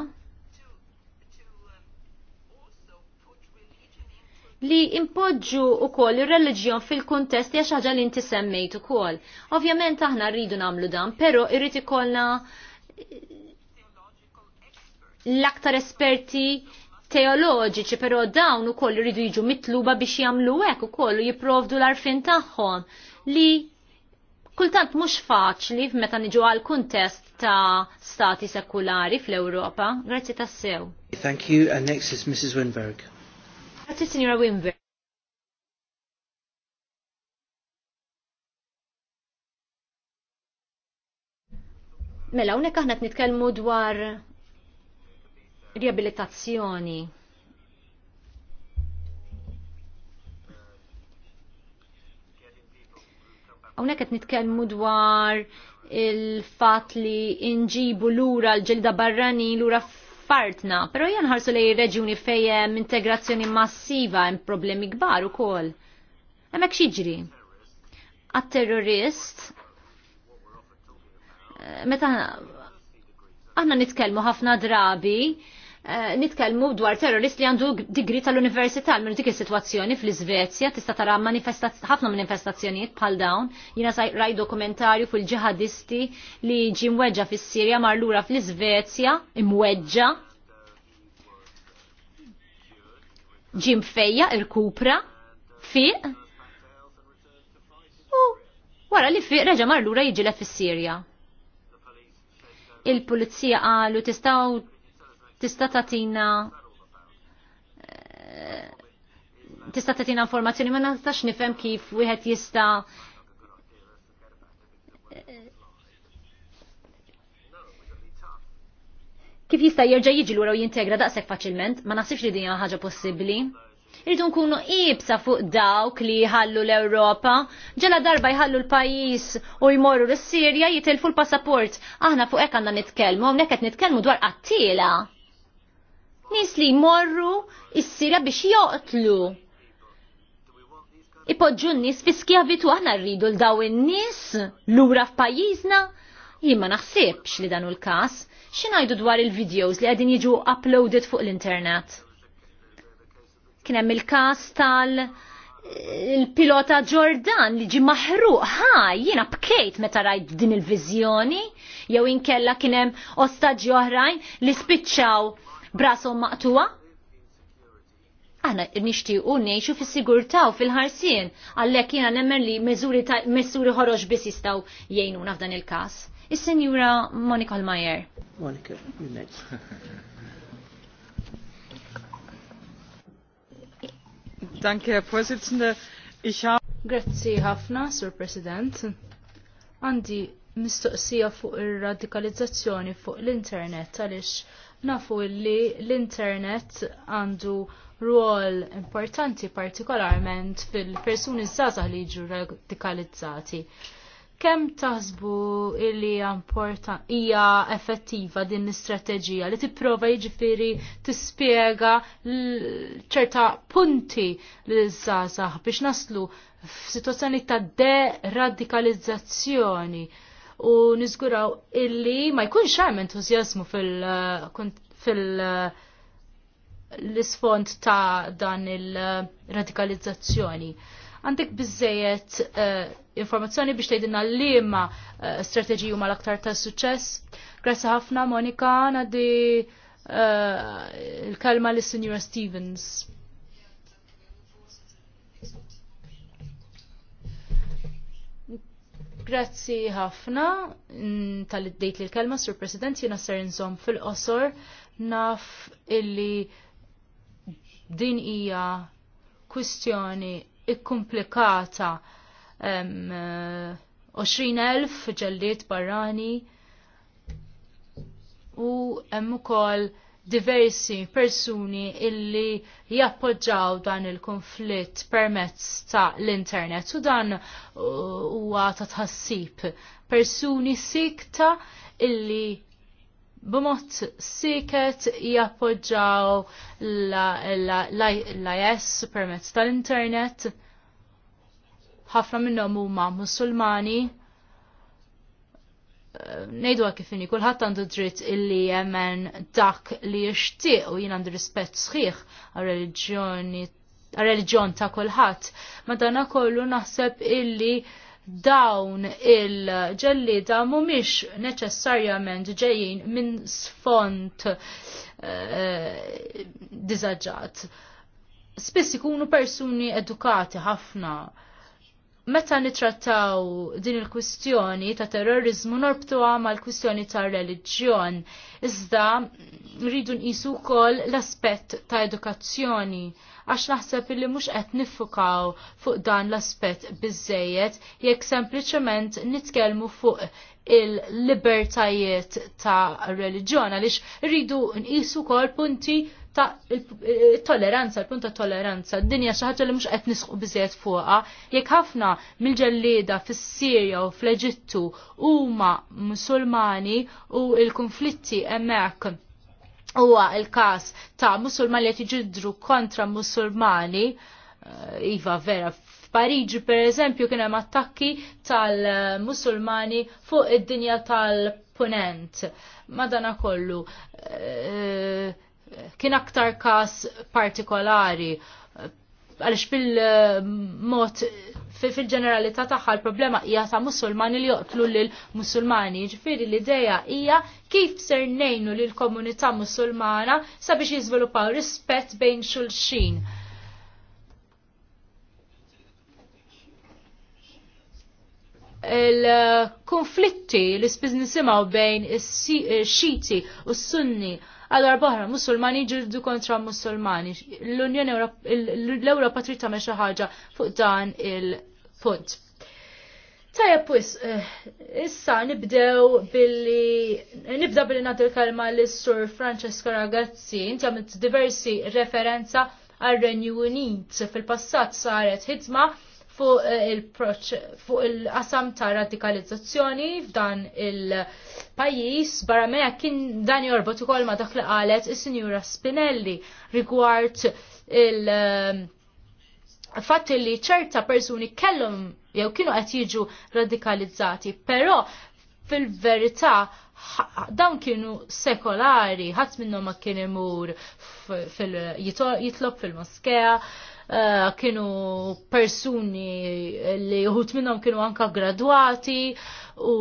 Speaker 2: li impoġġu u koll il-reġjon fil-kontest jax ħaġa li inti semmejt u koll. Ovvjament aħna rridu namlu dan, pero irrit ikollna l-aktar esperti teoloġiċi, pero dawn u koll rridu jiġu mitluba biex jamlu ek u koll jiprovdu l-arfin taħħon li kultant mux faċli meta niġu għal kuntest ta' stati sekulari fl-Europa. Grazzi ta' sew.
Speaker 1: Thank you, and next is Mrs. Winberg.
Speaker 2: Grazzi, Signora Winberg. Mela, unek aħna t-nitkelmu dwar riabilitazzjoni. Hawnhekk qed nitkellmu dwar il-fat li inġibu lura l-ġilda barrani lura fartna, pero janħarsu li ir-reġjuni fejem integrazzjoni massiva hemm problemi kbar ukoll. Hemmhekk xiġri. Għat-terrorist eh, meta aħna nitkellmu ħafna drabi Eh, nitkellmu dwar terrorist li għandu digri tal-università minn dik is-sitwazzjoni fl-Iżvezja tista' tara ħafna manifestazzjonijiet bħal dawn. Jiena raj dokumentarju fuq il-ġihadisti li ġi mweġġa fis-Sirja mar lura fl-Iżvezja imweġġa ġi mfejja irkupra fiq u wara li fiq reġa' mar lura fis-Sirja. Il-pulizija qalu tistgħu tista' tagħtina eh, tista' tagħtina informazzjoni ma nistax nifhem kif wieħed jista' kif jista' jerġa' jiġi lura u jintegra daqshekk faċilment, ma naħsibx li hija ħaġa possibbli. Irridu nkunu ibsa fuq dawk li jħallu l-Ewropa, ġela darba jħallu l-pajis u jmorru l-Sirja jitilfu l-passaport. Aħna fuq hekk għandna nitkellmu, hawnhekk qed nitkellmu dwar qattila. Nis li morru issira biex joqtlu. Ipoġġu n-nis fi skjavitu aħna rridu l-daw n-nis lura f'pajjiżna. Jien ma naħsibx li dan hu l-każ. Xinajdu dwar il-videos li qegħdin jiġu uploaded fuq l-internet? Kien hemm il-każ tal- eh, il-pilota Jordan li ġi maħruq, ħaj jiena bkejt meta rajt din il-vizjoni, jew inkella kienem ostaġġi oħrajn li spiċċaw brasom maqtuwa? Aħna nixtiequ ngħixu fis sigurta u fil-ħarsien, għalhekk jiena nemmen li mezzuri miżuri ħoroġ biss jistgħu jgħinuna f'dan il-każ. Is-Sinjura Monika Almajer.
Speaker 1: Monika,
Speaker 3: minnet. Danke, Herr Vorsitzender. Ich habe Grazzi ħafna, Sur President. Għandi mistoqsija fuq ir-radikalizzazzjoni fuq l-internet għaliex nafu li l-internet għandu ruol importanti partikolarment fil-persuni żgħażagħ li jiġu radikalizzati. Kemm taħsbu li hija effettiva din l-istrateġija li tipprova jiġifieri tispjega ċerta punti li żgħażagħ biex naslu f'sitwazzjoni ta' deradikalizzazzjoni. radikalizzazzjoni u niżguraw illi ma jkunx hemm entużjażmu fil uh, uh, l-isfond ta' dan il-radikalizzazzjoni. Għandek bizzejet uh, informazzjoni biex tgħidilna liema uh, strateġiju ma l-aktar ta' suċċess. Grazzi ħafna Monika, għandi uh, il-kelma lis sinjura Stevens. Grazzi ħafna mm, tal-iddejt li l-kelma, Sur President, jina ser nżom fil-qosor naf illi din hija kwistjoni ikkomplikata 20.000 eh, ġelliet barrani u hemm ukoll diversi persuni illi jappoġġaw dan il-konflitt permezz ta' l-internet u dan uh, huwa ta' tħassib persuni sikta illi b'mod siket jappoġġaw l-IS permezz tal-internet. ħafna minnhom huma Musulmani nejdu għakifini, kullħat għandu dritt illi jemmen dak li jishtiq u jien għandu rispett sħiħ għal-reġjoni għal-reġjon ta' kullħat. Madana kollu naħseb illi dawn il-ġellida mumiex neċessarjament ġejjin minn sfond uh, eh, dizaġġat. Spiss ikunu persuni edukati ħafna meta nitrattaw din il-kwistjoni ta' terrorizmu norbtuha mal-kwistjoni ta' reliġjon. Iżda rridu nqisu wkoll l-aspett ta' edukazzjoni għax naħseb illi mhux qed niffukaw fuq dan l-aspett biżejjed jekk sempliċement nitkellmu fuq il-libertajiet ta' reliġjon għaliex rridu nqisu kol punti ta' tolleranza, il punt ta' tolleranza. D-dinja xi ħaġa li mhux qed nisqu biżejjed fuqha. Jekk ħafna mill-ġellieda fis-Sirja u fl-Eġittu huma Musulmani u l-konflitti hemmhekk huwa il-każ ta' Musulmani li jtiġidru kontra Musulmani, eh, iva vera F'Pariġi per eżempju kien hemm attakki tal-Musulmani fuq id-dinja tal-Punent. Madana kollu. Eh, kien aktar kas partikolari għalix fil-mod fil-ġeneralità tagħha l-problema hija ta' musulmani li joqtlu lil musulmani. ġifiri l-idea hija kif ser nejnu lil komunità musulmana sabiex jiżviluppaw rispett bejn xulxin. il-konflitti li spiznisimaw bejn is-xiti eh, u s-sunni għadar boħra musulmani ġirdu kontra musulmani. L-Unjoni l-Europa trid tagħmel xi ħaġa fuq dan il-punt. Tajja pwis, eh, issa nibdew billi nibda billi nadu l-kalma lis-Sur Francesco Ragazzi, inti għamilt diversi referenza għal-Renju Unit fil-passat saret ħidma Eh, fuq il-qasam ta' radikalizzazzjoni f'dan il-pajis barra meja kien dan jorbot ukoll ma dak li qalet is-Sinjura Spinelli rigward il- eh, fatt li ċerta persuni kellhom jew kienu qed jiġu radikalizzati, però fil-verità dawn kienu sekolari, ħadd minnhom ma kien imur jitlob fil-moskea, Eh, kienu persuni li uħut minnhom kienu anka gradwati u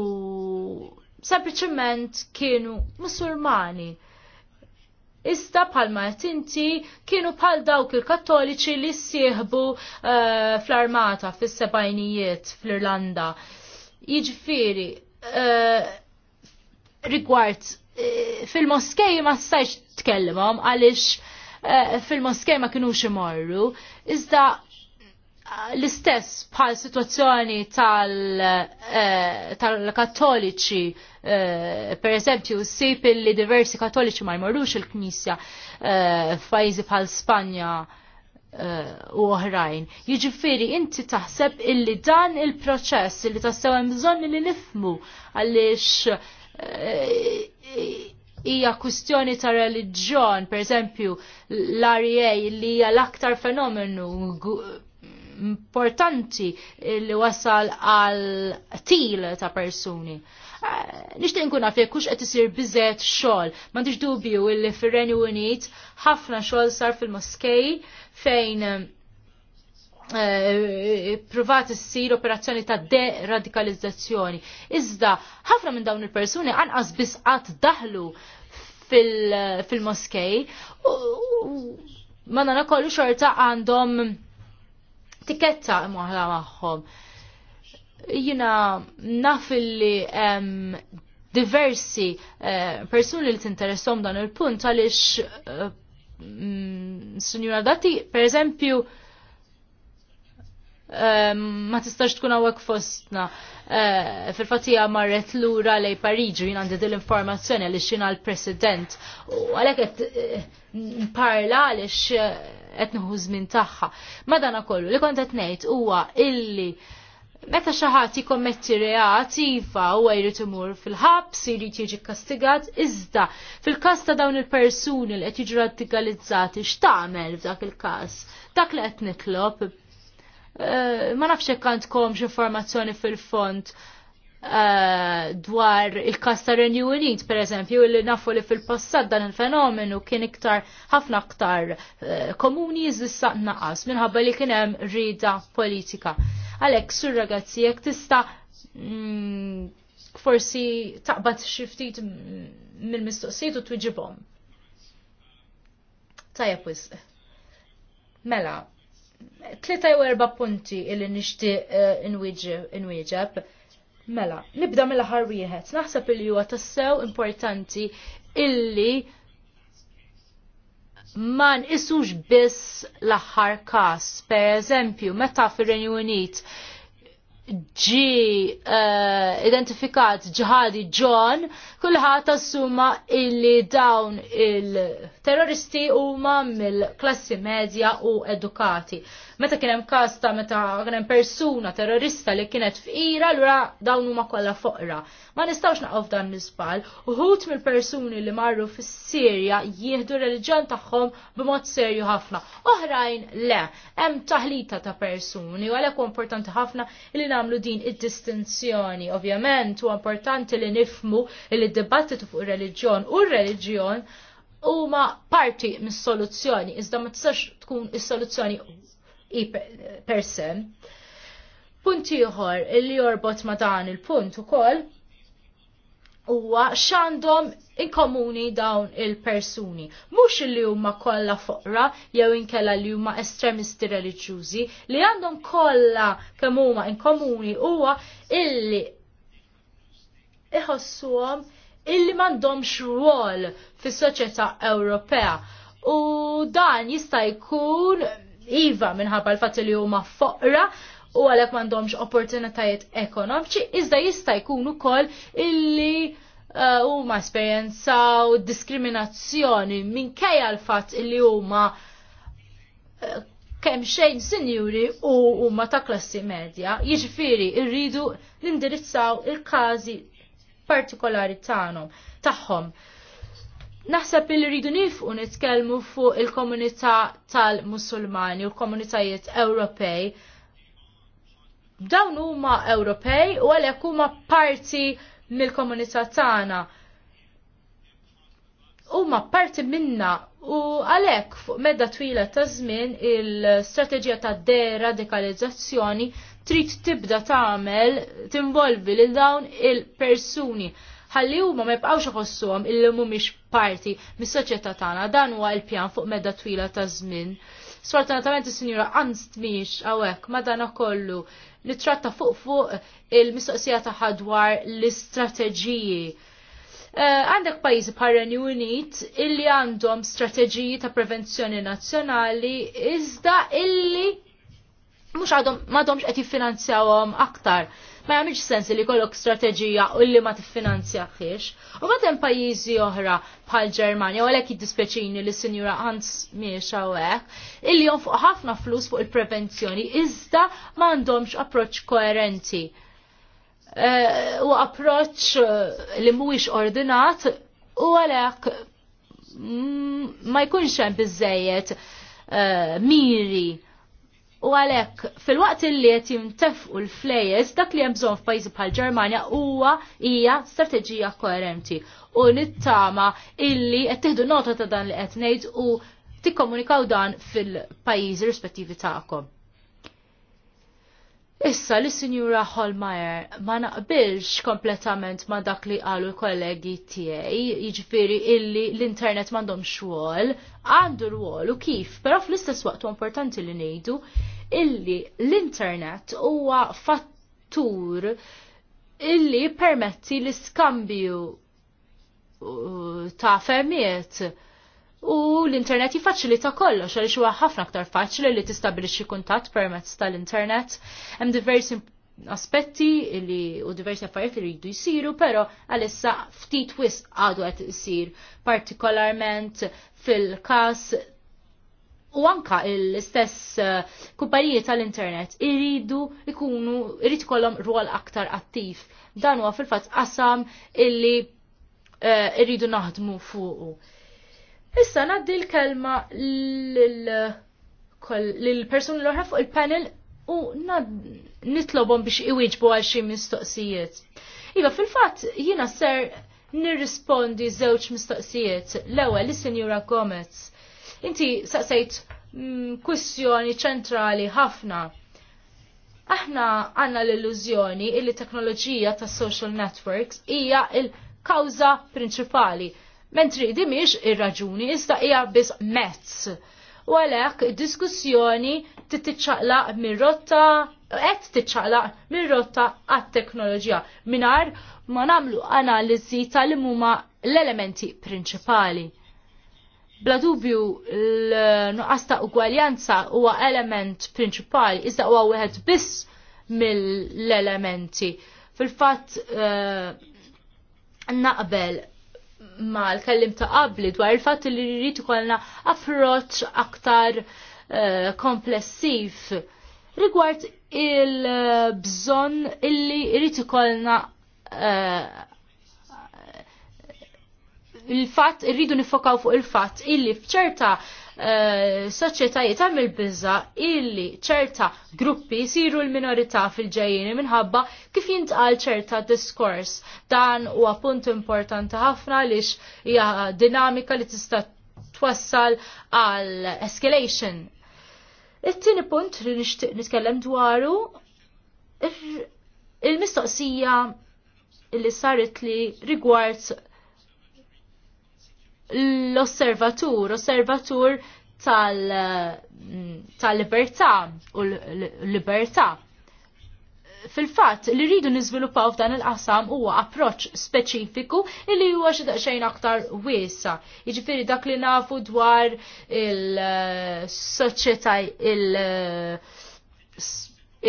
Speaker 3: sempliċement kienu musulmani. Ista bħalma tinti kienu bħal dawk il-kattoliċi li sieħbu uh, eh, fl-armata fis-sebajnijiet fl-Irlanda. Jiġifieri uh, rigward uh, fil-moskej ma stajx tkellimhom għaliex fil-moskej ma kinux imorru, Iżda ah, l-istess bħal situazzjoni eh, tal-kattoliċi, eh, per eżempju, sip li diversi kattoliċi ma jmorrux il-knisja eh, f'pajjiżi bħal Spanja u oħrajn. Jiġifieri inti taħseb illi dan il-proċess illi tassew hemm bżonn li nifmu għaliex hija kwistjoni ta' reliġjon, pereżempju l ria li hija l-aktar fenomenu importanti li wasal għal til ta' persuni. Eh, Nishtiq nkun naf jekk għet qed isir biżgħet xogħol. M'għandix dubju illi fir-Renju Unit ħafna xogħol sar fil-moskej fejn s eh, issir operazzjoni ta' deradikalizzazzjoni. Iżda, ħafna minn dawn il-persuni anqas bisqat daħlu fil-moskej. Ma nara kollu xorta għandhom tiketta moħla maħħom. Jina naf li diversi eh, persuni li t-interessom dan il-punt għalix eh, mm, Sinjura Dati, per eżempju, Ehm, ma tistax tkun għawek fostna. Ehm, Fil-fatija marret l-ura lej Parigi jina għandi dil-informazzjoni eh, eh, li xina l-president. U għalek għet parla li nħuż nħużmin taħħa. Madana kollu, li kontet nejt huwa illi meta xaħat jikommetti reat iva u jrid imur fil-ħabs, jrid jiġi kastigat, iżda fil kasta ta' dawn il-persuni li qed jiġu radikalizzati x'tagħmel f'dak il-każ. Dak li qed nitlob Eh, ma nafx hekk informazzjoni fil-font eh, dwar il-kas ta' Unit, per eżempju, li nafu li fil-passat dan il-fenomenu kien iktar, ħafna iktar eh, komuni jizzissa naqas minħabba li kien hemm rida politika. Għalek, sur ragazzi, jek tista mm, forsi taqbad xiftit mill-mistoqsijiet u twiġibhom. Tajja wisq. Mela, Tlita jew erba' punti illi nixtieq eh, inwieġeb. Mela, nibda mill-aħħar wieħed. Naħseb illi huwa tassew importanti illi ma nqisux biss l-aħħar każ. Per eżempju, meta fir-Renju Unit ġi uh, identifikat ġihadi ġon, kullħat tassuma illi dawn il-terroristi huma mill-klassi medja u edukati. Meta kienem kasta, meta kienem persuna terrorista li kienet f'ira, l-ura dawn huma kollha foqra. Ma nistawx naqof dan nisbal, uħut mill-persuni li marru fis-Sirja jieħdu reliġjon tagħhom b'mod serju ħafna. Oħrajn le, hemm taħlita ta' persuni, u għalhekk importanti ħafna li namlu din id-distinzjoni. Ovvjament, u importanti li nifmu li d-dibattitu fuq il-reliġjon u r-reliġjon huma parti mis-soluzzjoni, iżda ma tistax tkun is-soluzzjoni per se. Punt ieħor li jorbot ma dan il-punt ukoll huwa x'għandhom inkomuni dawn il-persuni. Mhux li huma kollha foqra jew inkella li huma estremisti reliġjużi, li għandhom kollha kemm huma inkomuni huwa illi iħossuhom illi m'għandhomx rwol fis-soċjetà Ewropea. U dan jista' jkun iva minħabba l-fatt li huma foqra, u għalhekk m'għandhomx opportunitajiet ekonomiċi, iżda jista' jkun ukoll illi uh, huma uh, esperjenzaw diskriminazzjoni kajja l fat illi huma uh, kemm xejn sinjuri u huma ta' klassi medja, jiġifieri rridu nindirizzaw il-każi partikolari tagħhom tagħhom. Naħseb li rridu nifqu nitkellmu fuq il-komunità tal-Musulmani u l-komunitajiet Ewropej dawn huma Ewropej u għalhekk huma parti mill-komunità tagħna. Huma parti minna u għalhekk fuq medda twila ta' żmien il-strateġija ta' deradikalizzazzjoni trid tibda tagħmel tinvolvi lil dawn il-persuni ħalli huma ma jibqgħux iħossuhom illi mhumiex parti mis-soċjetà tagħna dan huwa l-pjan fuq medda twila ta' żmien. Sfortunatament is-sinjura Anst miex hawnhekk ma dan kollu nitratta fuq fuq il-mistoqsija ta' ħadwar l-istrateġiji. Eh, għandek uh, pajjiżi bħal Unit illi għandhom strateġiji ta' prevenzjoni nazzjonali iżda illi mhux għadhom m'għadhomx qed jiffinanzjawhom aktar ma jamiġ sens li jkollok strateġija u li ma xiex. U mbagħad hemm pajjiżi oħra bħal Ġermanja u għalhekk dispeċini li sinjura Hans u għek, illi fuq ħafna flus fuq il-prevenzjoni iżda m'għandhomx approċċ koerenti. Eh, u approċċ eh, li mhuwiex ordinat u għalhekk mm, ma jkunx hemm biżejjed eh, miri U għalek, fil-waqt li qed jintefqu l-flejes, dak li hemm bżonn f'pajjiżi bħal Ġermanja huwa hija strateġija koerenti. U nittama illi qed tieħdu nota ta' dan li qed ngħid u tikkomunikaw dan fil-pajjiżi rispettivi tagħkom. Issa li sinjura Holmeyer ma naqbilx kompletament ma dak li qalu l-kollegi tiegħi, jiġifieri illi l-internet m'għandhom xogħol, għandu rwol u kif, però fl-istess waqt importanti li ngħidu illi l-internet huwa fattur illi permetti l-iskambju uh, ta' fermiet u l-internet jifaċilita kollox għaliex huwa ħafna aktar faċli li tistabilixxi kuntatt permezz tal-internet. Hemm diversi aspetti li u diversi affarijiet li jridu jisiru, pero għalissa ftit wis għadu għed jisir, partikolarment fil-kas u anka l-istess eh, kumpaniji tal-internet irridu ikunu, irrid kollom rwol aktar attiv. Dan huwa fil-fatt qasam illi uh, eh, irridu naħdmu fuqu. Issa naddi l-kelma l-persuni l-oħra fuq il-panel u nitlobom biex iwieġbu għal xi mistoqsijiet. Iva, fil-fatt jiena ser nirrispondi żewġ mistoqsijiet. L-ewwel lis sinjura Gomez. Inti saqsejt mm, kwissjoni ċentrali ħafna. Aħna għanna l-illużjoni illi teknoloġija tas social networks hija il-kawża prinċipali mentri di miex ir-raġuni iżda hija biss mezz. U għalhekk diskussjoni titċaqlaq mir-rotta qed tiċċaqlaq mir-rotta għat-teknoloġija mingħajr ma nagħmlu analiżi tal-huma l-elementi prinċipali. Bla dubju l-nuqqas ta' ugwaljanza huwa element prinċipali, iżda huwa wieħed biss mill-elementi. Fil-fatt eh, naqbel ma l-kellim ta' qabli dwar il-fatt li rrid ikollna approċċ aktar eh, komplessiv rigward il-bżonn illi rrid ikollna eh, il-fatt irridu nifokaw fuq il-fatt illi fċerta Eh, soċjetajiet għamil il-biża illi ċerta gruppi jsiru l-minorità fil-ġejjini minħabba kif jintqal ċerta diskors. Dan huwa punt importanti ħafna lix hija dinamika li tista' twassal għal escalation. It-tieni punt li nixtieq nitkellem dwaru il-mistoqsija li saret li rigward l-osservatur, osservatur tal-libertà u l-libertà. Fil-fatt li rridu nizviluppaw f'dan il-qasam huwa approċċ speċifiku li huwa xi daqsxejn aktar wiesa. Jiġifieri dak li nafu dwar il-soċjetà il-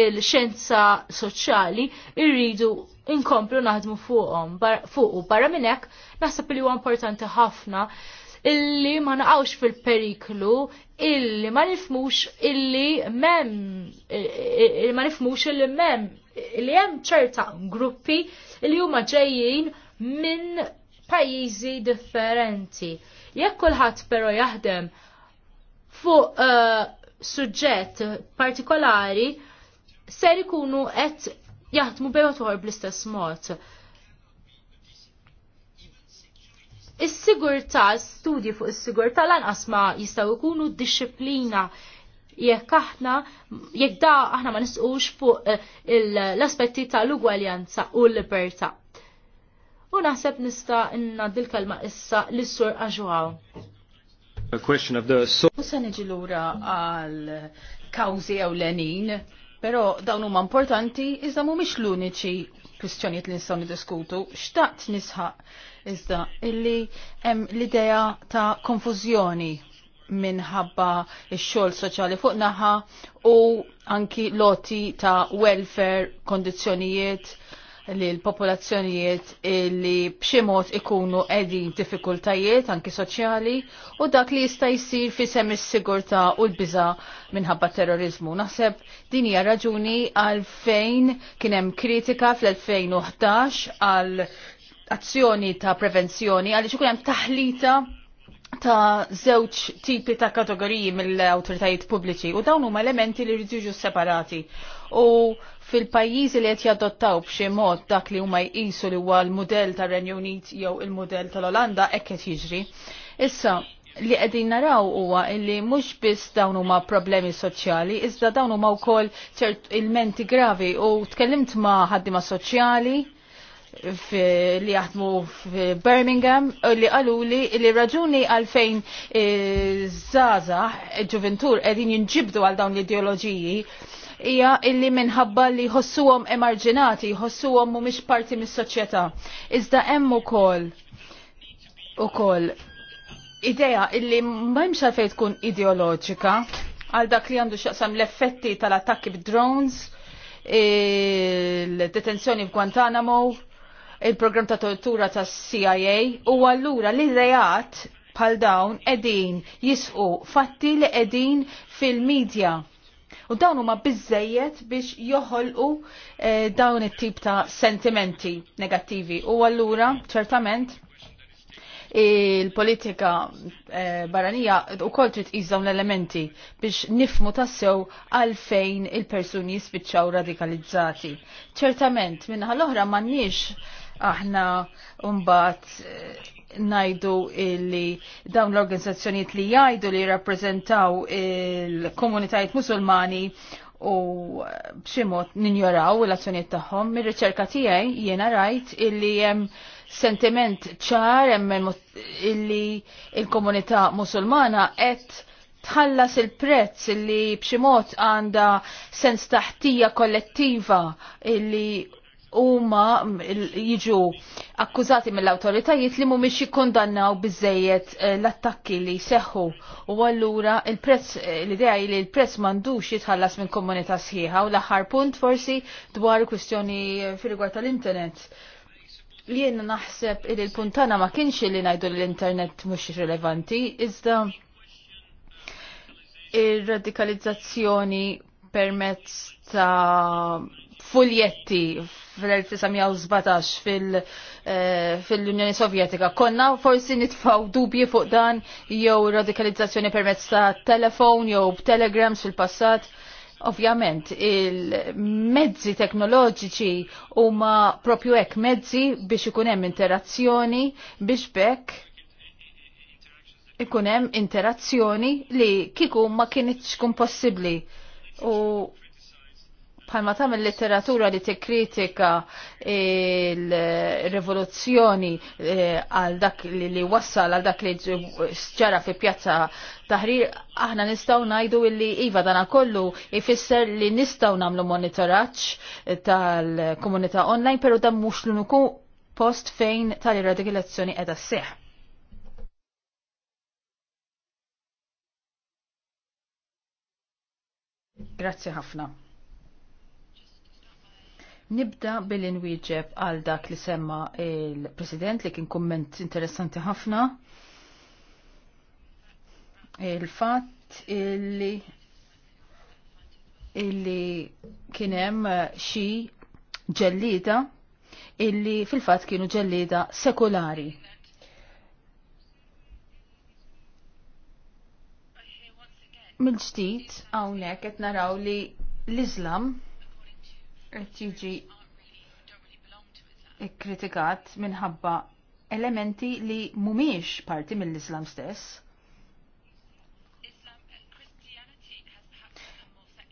Speaker 3: il-xenza soċjali irridu inkomplu naħdmu fuqhom fuq u barra minn hekk naħseb li huwa importanti ħafna illi ma naqgħux fil-periklu illi ma nifmux illi mem illi ma nifmux illi mem illi hemm ċerta gruppi illi huma ġejjin minn pajjiżi differenti. Jekk kulħadd però jaħdem fuq uh, suġġett partikolari ser ikunu qed jaħdmu bejn uħor bl-istess mod. Is-sigurtà, studji fuq is-sigurtà lanqas ma jistgħu jkunu disciplina jekk aħna jekk da aħna ma nisqux fuq eh, l-aspetti tal-ugwaljanza u l-libertà. U naħseb nista' inna dil kelma issa lis-sur Aġwaw.
Speaker 4: U
Speaker 3: se niġi lura għal
Speaker 4: kawżi ewlenin Pero dawn huma importanti iżda mhumiex l-uniċi kwistjonijiet li nistgħu niddiskutu. Xtaqt nisħaq iżda illi hemm l-idea ta' konfużjoni minħabba x-xogħol soċjali fuq naħa u anki loti ta' welfare, kondizzjonijiet li l-popolazzjonijiet li bximot ikunu edin diffikultajiet anki soċjali u dak li jista' jsir fi semmi s-sigurta u l-biża minħabba terrorizmu. Naħseb din hija raġuni għal fejn kien hemm kritika fl-2011 għal azzjoni ta' prevenzjoni għaliex ikun hemm taħlita ta' żewġ tipi ta' kategoriji mill-awtoritajiet pubbliċi u dawn huma elementi li rridu separati. U fil-pajjiżi li qed jadottaw b'xi mod dak li huma jqisu li huwa l-mudell tar-Renju Unit jew il-mudell tal-Olanda hekk qed jiġri. Issa, li qegħdin naraw huwa li mhux biss dawn huma problemi soċjali, iżda dawn huma wkoll ċert ilmenti gravi u tkellimt ma' ħaddima soċjali li jaħdmu f'Birmingham u li qalu li li raġuni għalfejn eh, zaza ġuventur qegħdin jinġibdu għal dawn l-ideoloġiji hija illi minħabba li jħossuhom emarġinati, jħossuhom mhumiex parti mis-soċjetà. Iżda hemm ukoll ukoll idea illi m'hemmx fejn tkun ideoloġika għal dak li għandu xaqsam l-effetti tal-attakki b'drones, il-detenzjoni f'Guantanamo, il-program ta' tortura ta' CIA u għallura li reat pal dawn edin jisqu fatti li edin fil-medja U dawn huma biżejjed biex joħolqu eh, dawn it-tip ta' sentimenti negattivi. U allura ċertament il-politika eh, barranija u kol trid l-elementi biex nifmu tassew għalfejn il-persuni jispiċċaw radikalizzati. Ċertament minnaħa l-oħra m'għandniex aħna mbagħad eh, najdu li dawn l-organizzazzjoniet li jajdu li rappresentaw il-komunitajiet musulmani u bximot ninjoraw l-azzjoniet tagħhom. Mir-riċerka tiegħi jena rajt illi hemm sentiment ċar hemm illi il-komunità musulmana qed tħallas il-prezz illi bximot għanda sens taħtija kollettiva illi huma jiġu akkużati mill-awtoritajiet li mhumiex jikkondannaw biżejjed eh, l-attakki li seħħu u allura il-prezz eh, l-idea li l-prezz m'għandux jitħallas minn komunità sħiħa u l-aħħar punt forsi dwar kwistjoni eh, fil-rigward tal-internet. Li jiena naħseb li l-puntana ma kienx li ngħidu l-internet mhux rilevanti, iżda ir-radikalizzazzjoni permezz ta' fuljetti fil-1917 eh, fil-Unjoni Sovjetika. Konna forsi nitfaw dubji fuq dan jew radikalizzazzjoni permezz ta' telefon jew telegrams fil-passat. Ovvjament, il-mezzi teknoloġiċi huma propju hekk mezzi biex ikun hemm interazzjoni biex bekk ikun hemm interazzjoni li kieku ma kienitx kun possibbli. U bħalma tagħmel letteratura li tikkritika il-rivoluzzjoni eh, għal dak li wassal għal dak li ġara fi pjazza taħrir aħna nistgħu ngħidu li iva dana kollu ifisser li nistgħu nagħmlu monitoraġġ tal-komunità online però dan mhux l-uniku post fejn tal-irradikalazzjoni qiegħda sseħħ. Grazie ħafna. Nibda bil-inwieġeb għal dak li semma il-President li kien komment interessanti ħafna. Il-fatt illi illi kienem uh, xi ġellida illi fil-fat kienu ġellida sekolari. Mil-ġdid, għawnek, etnaraw li l-Islam tiġi kritikat minħabba elementi li mhumiex parti mill-Islam stess.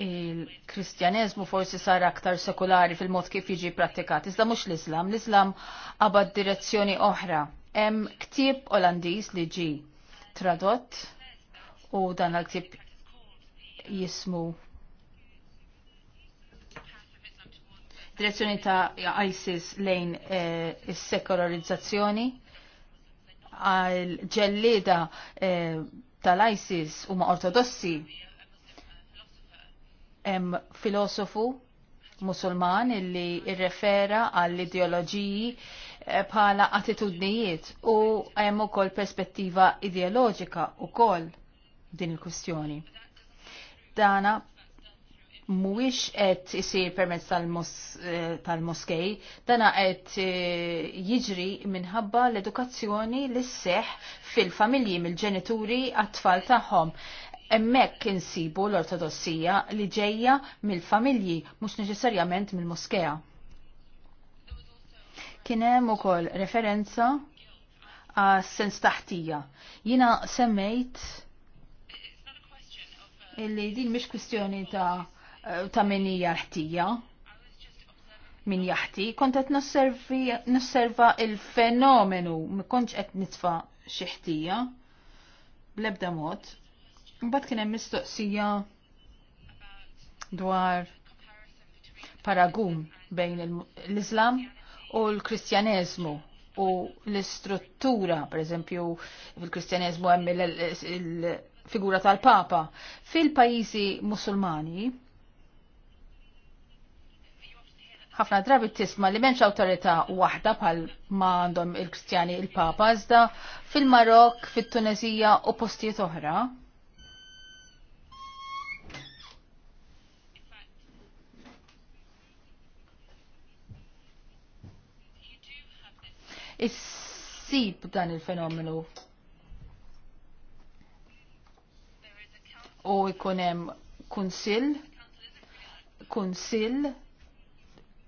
Speaker 4: il kristjanizmu forsi sar aktar sekulari fil-mod kif jiġi pratikat. Iżda mhux l-Islam, l-Islam qabad direzzjoni oħra. Hemm ktieb Olandiż li ġi tradott u dan l-ktieb jismu direzzjoni ta' ISIS lejn eh, is-sekolarizzazzjoni għal ġellida eh, tal-ISIS huma ortodossi hemm filosofu musulman illi irrefera għall-ideoloġiji eh, bħala attitudnijiet u hemm ukoll perspettiva ideoloġika ukoll din il-kwistjoni. Dana mhuwiex qed isir permezz eh, tal-moskej, dana qed eh, jiġri minħabba l-edukazzjoni li sseħħ fil-familji mill-ġenituri għat-tfal tagħhom. Hemmhekk insibu l-ortodossija li ġejja mill-familji mhux neċessarjament mill moskeja Kien hemm ukoll referenza għas sens taħtija. Jiena semmejt illi din mhix kwistjoni ta' Eh, ta' min jaħtija ħtija min jaħti, kont qed nosserva il-fenomenu, mi kontx qed nitfa' xi ħtija bl-ebda mod. Mbagħad kien hemm mistoqsija dwar paragum bejn l-Islam u l-Kristjaneżmu u l-istruttura, per eżempju, fil-Kristjaneżmu hemm il-figura tal-Papa. Fil-pajjiżi Musulmani, ħafna drabi tisma li menx autorità waħda bħal ma għandhom il-Kristjani il-Papa iżda fil-Marok, fit-Tunezija u postijiet oħra. Is-sib dan il-fenomenu u jkun hemm kunsill, kunsill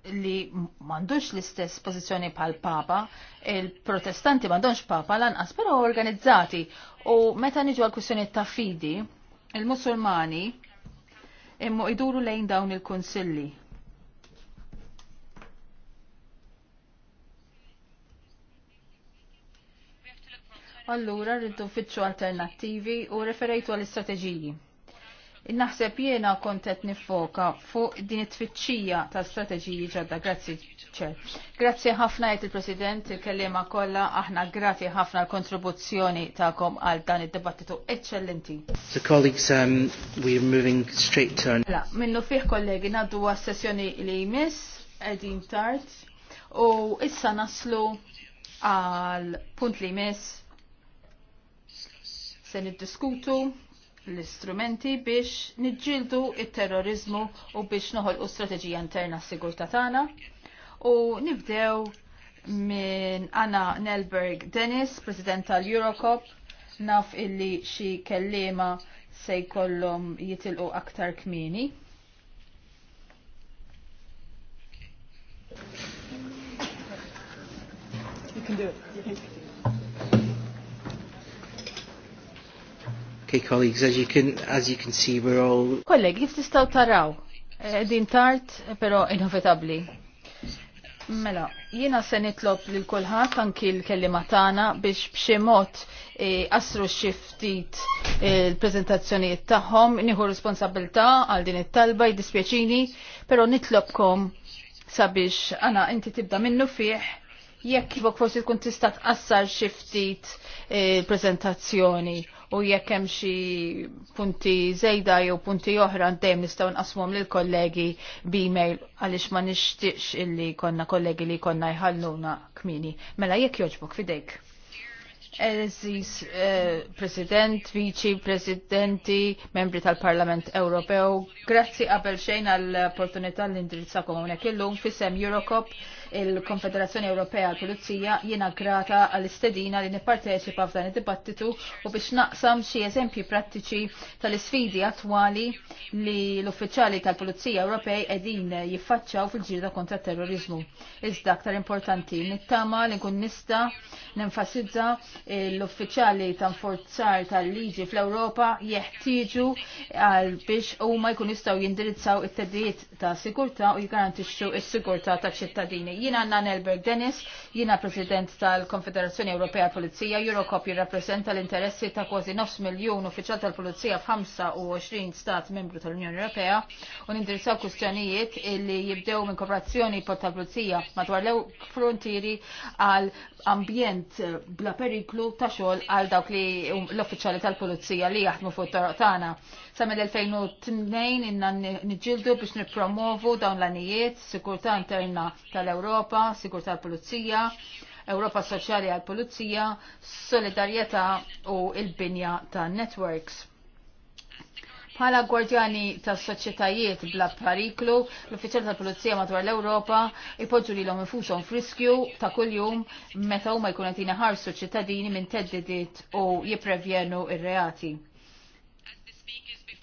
Speaker 4: li mandux l-istess pozizjoni pal papa, il-protestanti mandux papa lanqas, però organizzati. U meta niġu għal kussjoni ta' fidi, il-musulmani immu iduru lejn dawn il-konsilli. Allura rridu fitxu alternattivi u referejtu għall-istrateġiji. Naħseb jiena kont qed nifoka fuq din it-tfittxija ta' strateġiji ġodda. Grazzi, ċer. Grazzi ħafna jgħid il-President il-kellima kollha aħna grazzi ħafna l-kontribuzzjoni tagħkom għal dan id debattitu eċċellenti.
Speaker 1: So colleagues, um, we're moving straight to La, mela,
Speaker 4: minnu fiħ kollegi ngħaddu għas-sessjoni li jmiss qegħdin tard u issa naslu għal punt li jmiss se niddiskutu l-istrumenti biex niġġieldu il-terrorizmu u biex noħolqu strateġija interna s-sigurta tagħna. U nibdew minn Anna Nelberg Dennis, President tal-Eurocop, naf illi xi kellima se jkollhom jitilqu aktar kmini.
Speaker 5: You can do it.
Speaker 1: Okay, colleagues, as you can, as you can see, we're all...
Speaker 4: Kollegi, kif tistaw taraw? Eh, din tart, pero inhovetabli. Mela, jina se nitlob lil kulħadd anki l kelliema tagħna biex b'xi mod eh, qasru xi ftit il-preżentazzjonijiet eh, tagħhom, nieħu responsabilità għal din it-talba jiddispjaċini, però nitlobkom sabiex ana inti tibda minnu fih jekk kifok forsi tkun tista' tqassar xi ftit il-preżentazzjoni u jekk hemm xi punti żejda jew punti oħra dejjem nistgħu nqasmhom lil kollegi b'email għaliex ma nixtieqx illi konna kollegi li konna jħalluna kmini. Mela jekk joġbok fidejk. Eżis, eh, President, Viċi Presidenti, membri tal-Parlament Ewropew, grazzi qabel xejn għall-opportunità l-indirizzakom għonek illum fissem Eurocop il-Konfederazzjoni Ewropea pulizija jiena grata għall-istedina li nipparteċipa f'dan id-dibattitu u biex naqsam xi eżempji prattiċi tal-isfidi attwali li l-uffiċjali tal-Pulizija Ewropej qegħdin jiffaċċaw fil-ġirda kontra terrorizmu. Iżda aktar importanti nittama li nkun nista' nenfasizza l-uffiċjali ta' forzar tal-liġi fl-Ewropa jeħtieġu għal biex huma jkun jistgħu jindirizzaw it tedijiet ta' sigurtà u jgarantixxu s-sigurtà taċ-ċittadini. Jina Anna Nelberg Dennis, jina President tal-Konfederazzjoni Ewropea Polizija, Eurocop jirrappreżenta l-interessi ta' kważi 9 miljun uffiċjal tal-Pulizija f'25 stat membru tal-Unjoni Ewropea u nindirizzaw kwistjonijiet li jibdew minn kooperazzjoni tal-Pulizija madwar lew frontieri għal ambjent bla periklu ta' xogħol għal dawk li l-uffiċjali tal-Pulizija li jaħdmu fuq toroq tagħna. Sa mill-2002 inna nġildu biex nipromovu dawn l-anijiet, sigurtà interna tal-Europa, sigurtà l-Pulizija, Europa Soċjali għal-Pulizija, solidarjetà u il-binja tan-networks. Bħala gwardjani tas soċjetajiet bla pariklu, l-uffiċjal tal-Pulizija madwar l-Ewropa ipoġġu li l-om infushom friskju ta' kuljum meta huma jkun qed ħarsu ċittadini minn teddidiet u jipprevjenu ir-reati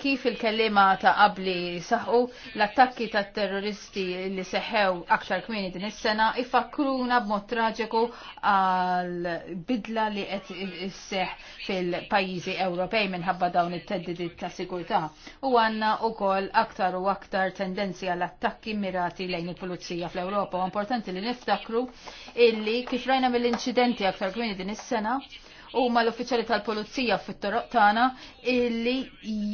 Speaker 4: kif il-kellima ta' qabli saħu l-attakki ta' terroristi li seħew aktar kmini din is-sena ifakruna b'mod traġiku għal bidla li qed isseħ fil-pajjiżi Ewropej minħabba dawn it-teddidiet ta' sigurtà. U għandna wkoll aktar u aktar tendenzi għal attakki mirati lejn il-pulizija fl-Ewropa. U importanti li niftakru illi kif rajna mill-inċidenti aktar kmini din is-sena u l uffiċjali tal-polizija fit-toroq tagħna illi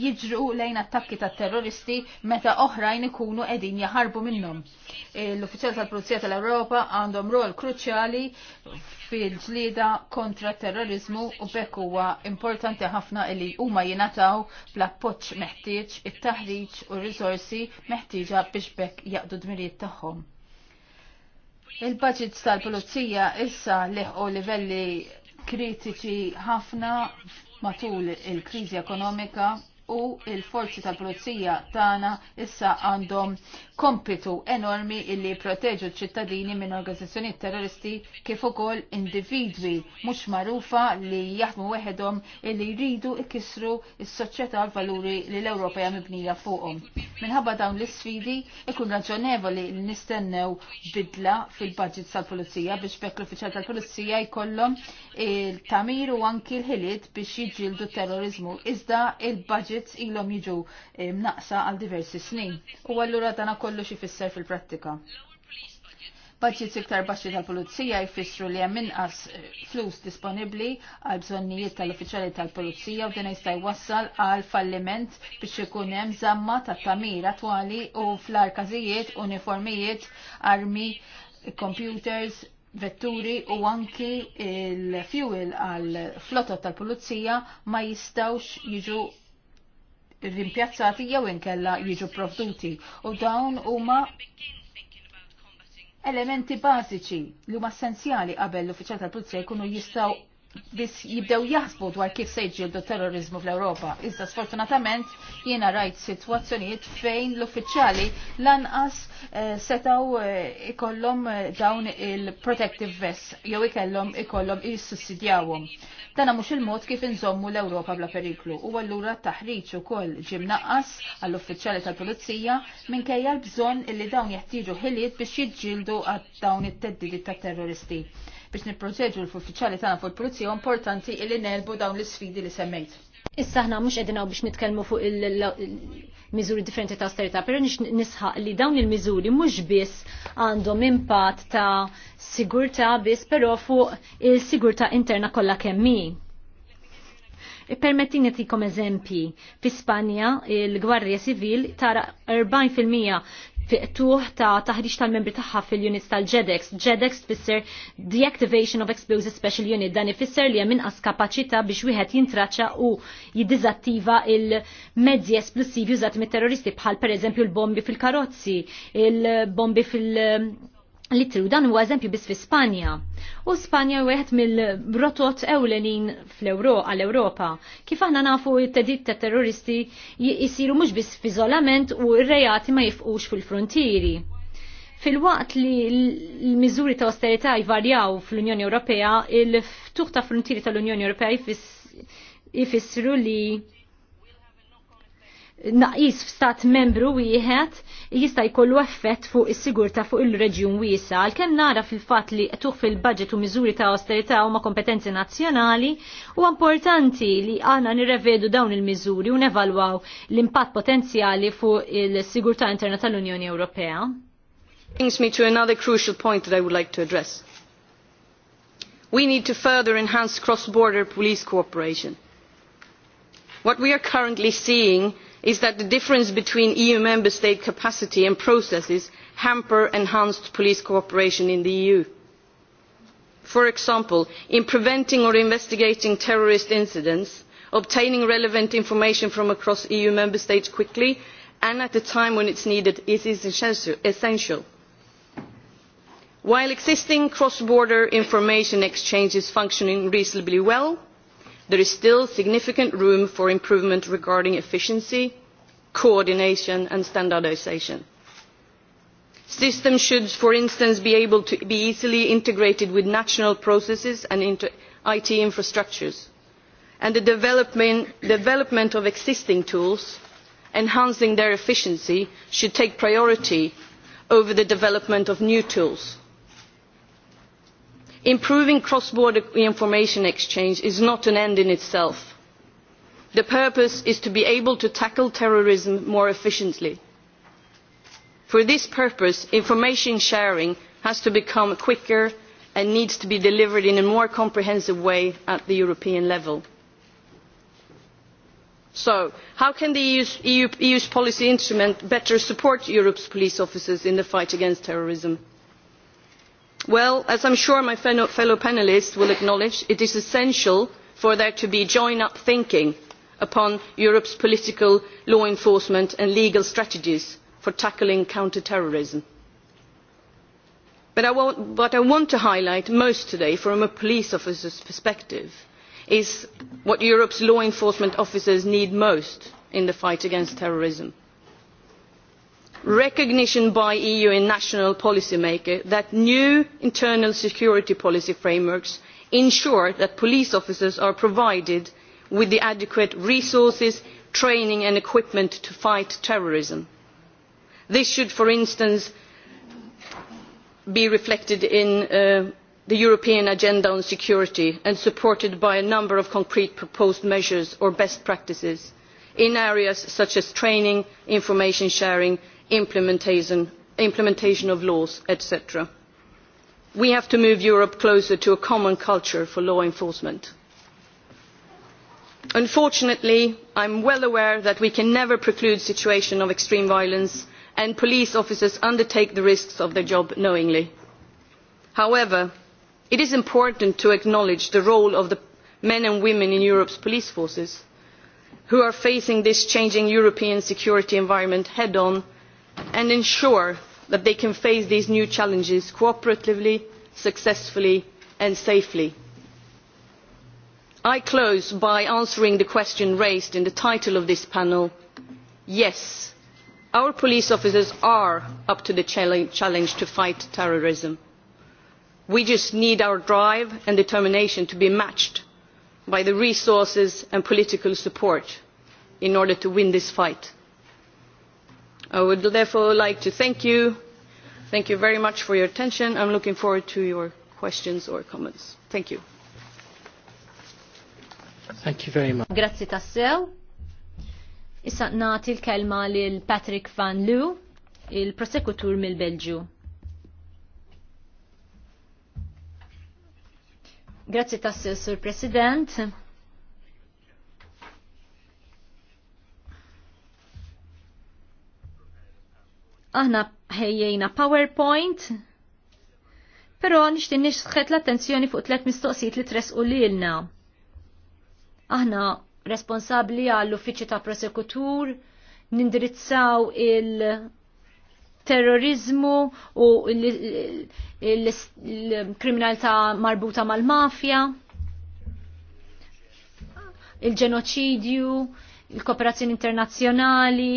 Speaker 4: jiġru lejn attakki ta' terroristi meta oħrajn ikunu qegħdin jaħarbu minnhom. Eh, l-uffiċjali tal-Pulizija tal-Ewropa għandhom rol kruċjali fil-ġlieda kontra terrorizmu u bekk huwa importanti ħafna li huma jingħataw bl-appoġġ meħtieġ, it-taħriġ u r-riżorsi meħtieġa biex bekk jaqdu dmirijiet tagħhom. Il-budgets tal-Pulizija issa leħqu livelli kritiċi ħafna matul il-kriżi ekonomika u il-forzi tal-polizija tagħna issa għandhom kompitu enormi illi proteġu ċittadini minn organizzazzjoni terroristi kif ukoll individwi mhux magħrufa li jaħdmu weħedhom illi jridu ikisru s-soċjetà l-valuri li l-Ewropa hija mibnija fuqhom. Minħabba dawn l-isfidi ikun raġonevoli li nistennew bidla fil-budget tal-pulizija biex bekk l-uffiċjal tal-pulizija jkollhom il-tamir u anki l-ħiliet biex jiġġieldu terrorizmu. Iżda il-budget deposits ilhom jiġu eh, mnaqsa għal diversi snin. U allura dana kollu fisser fil-prattika. Budgets iktar baxxi tal-Pulizija jfissru li hemm inqas eh, flus disponibbli għal bżonnijiet tal-uffiċjali tal-Pulizija u din jista' jwassal għal falliment biex ikun hemm żamma ta' tamir atwali u fl arkażijiet uniformijiet, armi, computers, vetturi u anki il-fuel għal flotta tal-Pulizija ma jistawx jiġu rimpjazzati jew inkella jiġu provduti u dawn huma elementi bażiċi li huma essenzjali qabel l-uffiċjal tal-pulizija jkunu jistgħu biss jibdew jaħsbu dwar kif se jġildu terrorizmu fl-Ewropa. Iżda sfortunatament jiena rajt situazzjoniet fejn l-uffiċjali lanqas eh, setaw eh, ikollhom eh, dawn il-protective vests jew ikellhom ikollhom jissussidjawhom. Dana mhux il-mod kif inżommu l-Ewropa bla periklu. U allura taħriġ ukoll ġim naqqas għall-uffiċjali tal-Pulizija minkejja l-bżonn illi dawn jeħtieġu ħiliet biex jiġġieldu għad dawn it-teddidi tat-terroristi biex nipproteġu l-uffiċjali tagħna fuq il-pulizija importanti illi nelbu dawn l-isfidi li
Speaker 2: semmejt. Issa aħna mhux qegħdin biex nitkellmu fuq il-miżuri differenti ta' austerità, però nix nisħaq li dawn il-miżuri mhux biss għandhom impatt ta' sigurtà biss, però fuq il-sigurtà interna kollha kemm e Permettini tikom eżempji. Fi Spanja il-Gwardja Sivil tara 40% fiqtuħ ta' taħriġ tal-membri tagħha fil-units tal-JEDEX. JEDEX tfisser Deactivation of Explosive Special Unit dan ifisser li hemm inqas kapaċità biex wieħed jintraċċa u jiddiżattiva il-mezzi esplosivi użati mit-terroristi bħal pereżempju l-bombi fil-karozzi, il-bombi fil-, -bombi fil li tru dan huwa eżempju biss fi Spanja. U Spanja wieħed mill-rotot ewlenin fl-Ewro għall-Ewropa. Kif aħna nafu t-tedit ta' terroristi jisiru mhux biss f'iżolament u r-rejati ma jifqux fil-frontieri. Fil-waqt li l-miżuri ta' austerità jvarjaw fl-Unjoni Ewropea, il-ftuħ ta' frontieri tal-Unjoni Ewropea jfissru li naqis f'stat membru wieħed jista' jkollu effett fuq is-sigurta fuq il-reġjun wiesa. Għalkemm nara fil-fatt li tuħ fil-budget u miżuri ta' austerità huma kompetenzi nazzjonali, u importanti li aħna nirrevedu dawn il-miżuri u nevalwaw l-impatt potenzjali fuq il-sigurtà
Speaker 5: interna tal-Unjoni Ewropea. Brings me to another crucial point that I would like to address. We need to further enhance cross-border police cooperation. What we are currently seeing is that the difference between EU member state capacity and processes hamper enhanced police cooperation in the EU. For example, in preventing or investigating terrorist incidents, obtaining relevant information from across EU member states quickly and at the time when it is needed is essential. While existing cross-border information exchange is functioning reasonably well, there is still significant room for improvement regarding efficiency, coordination and standardisation. Systems should, for instance, be able to be easily integrated with national processes and IT infrastructures, and the development, development of existing tools, enhancing their efficiency, should take priority over the development of new tools Improving cross-border information exchange is not an end in itself. The purpose is to be able to tackle terrorism more efficiently. For this purpose, information sharing has to become quicker and needs to be delivered in a more comprehensive way at the European level. So, how can the EU's, EU, EU's policy instrument better support Europe's police officers in the fight against terrorism? Well, as I am sure my fellow, panellists will acknowledge, it is essential for there to be joined up thinking upon Europe's political, law enforcement and legal strategies for tackling counter terrorism. But what I want to highlight most today from a police officer's perspective is what Europe's law enforcement officers need most in the fight against terrorism recognition by EU and national policymakers that new internal security policy frameworks ensure that police officers are provided with the adequate resources, training and equipment to fight terrorism. This should, for instance, be reflected in uh, the European agenda on security and supported by a number of concrete proposed measures or best practices in areas such as training, information sharing implementation, implementation of laws, etc. We have to move Europe closer to a common culture for law enforcement. Unfortunately, I am well aware that we can never preclude situations of extreme violence and police officers undertake the risks of their job knowingly. However, it is important to acknowledge the role of the men and women in Europe's police forces who are facing this changing European security environment head on and ensure that they can face these new challenges cooperatively, successfully and safely. I close by answering the question raised in the title of this panel. Yes, our police officers are up to the challenge to fight terrorism. We just need our drive and determination to be matched by the resources and political support in order to win this fight. I would therefore like to thank you. Thank you very much for your attention. I'm looking forward to your questions or comments. Thank you.
Speaker 1: Thank you very much.
Speaker 2: Grazie tassew. Issa nati l-kelma lil Patrick Van Lu, il-prosekutur mill-Belġu. Grazie tassew, Sur President. Aħna ħejjejna PowerPoint, pero nixtin nisħet l-attenzjoni fuq tlet mistoqsijiet li u lilna. Aħna responsabli għall-uffiċċju ta' prosekutur, nindirizzaw il-terrorizmu u l kriminalità marbuta mal-mafja, il-ġenoċidju, il-kooperazzjoni internazzjonali,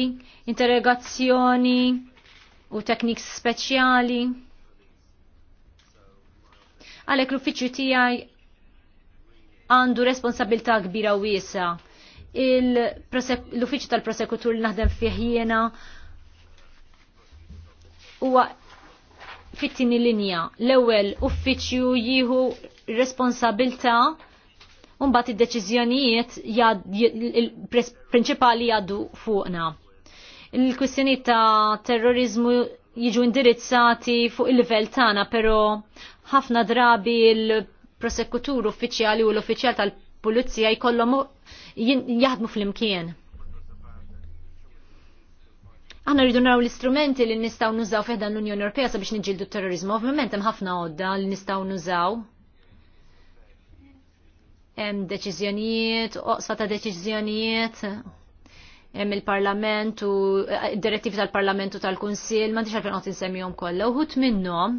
Speaker 2: interrogazzjoni, u teknik speċjali. Għalek l-uffiċju tijaj għandu responsabilta kbira u wiesa. L-uffiċju tal-prosekutur li naħdem fiħjena huwa fit-tini linja. L-ewwel uffiċju jieħu responsabilta un bat id-deċiżjonijiet prinċipali jaddu fuqna il-kwistjoni ta' terrorizmu jiġu indirizzati fuq il-livell tagħna, però ħafna drabi il-prosekutur uffiċjali u l-uffiċjal tal-pulizija jkollhom jaħdmu fl-imkien. Aħna rridu naraw l-istrumenti li nistgħu nużaw fih l-Unjoni Ewropea sabiex niġġieldu t-terrorizmu. Ovvjament hemm ħafna għodda li nistgħu nużaw hemm deċiżjonijiet, oqsa ta' deċiżjonijiet, hemm il-Parlament u eh, id-direttivi tal-Parlament u tal-Kunsill, ma ntix għalfejn qed insemmihom kollha, uħut minnhom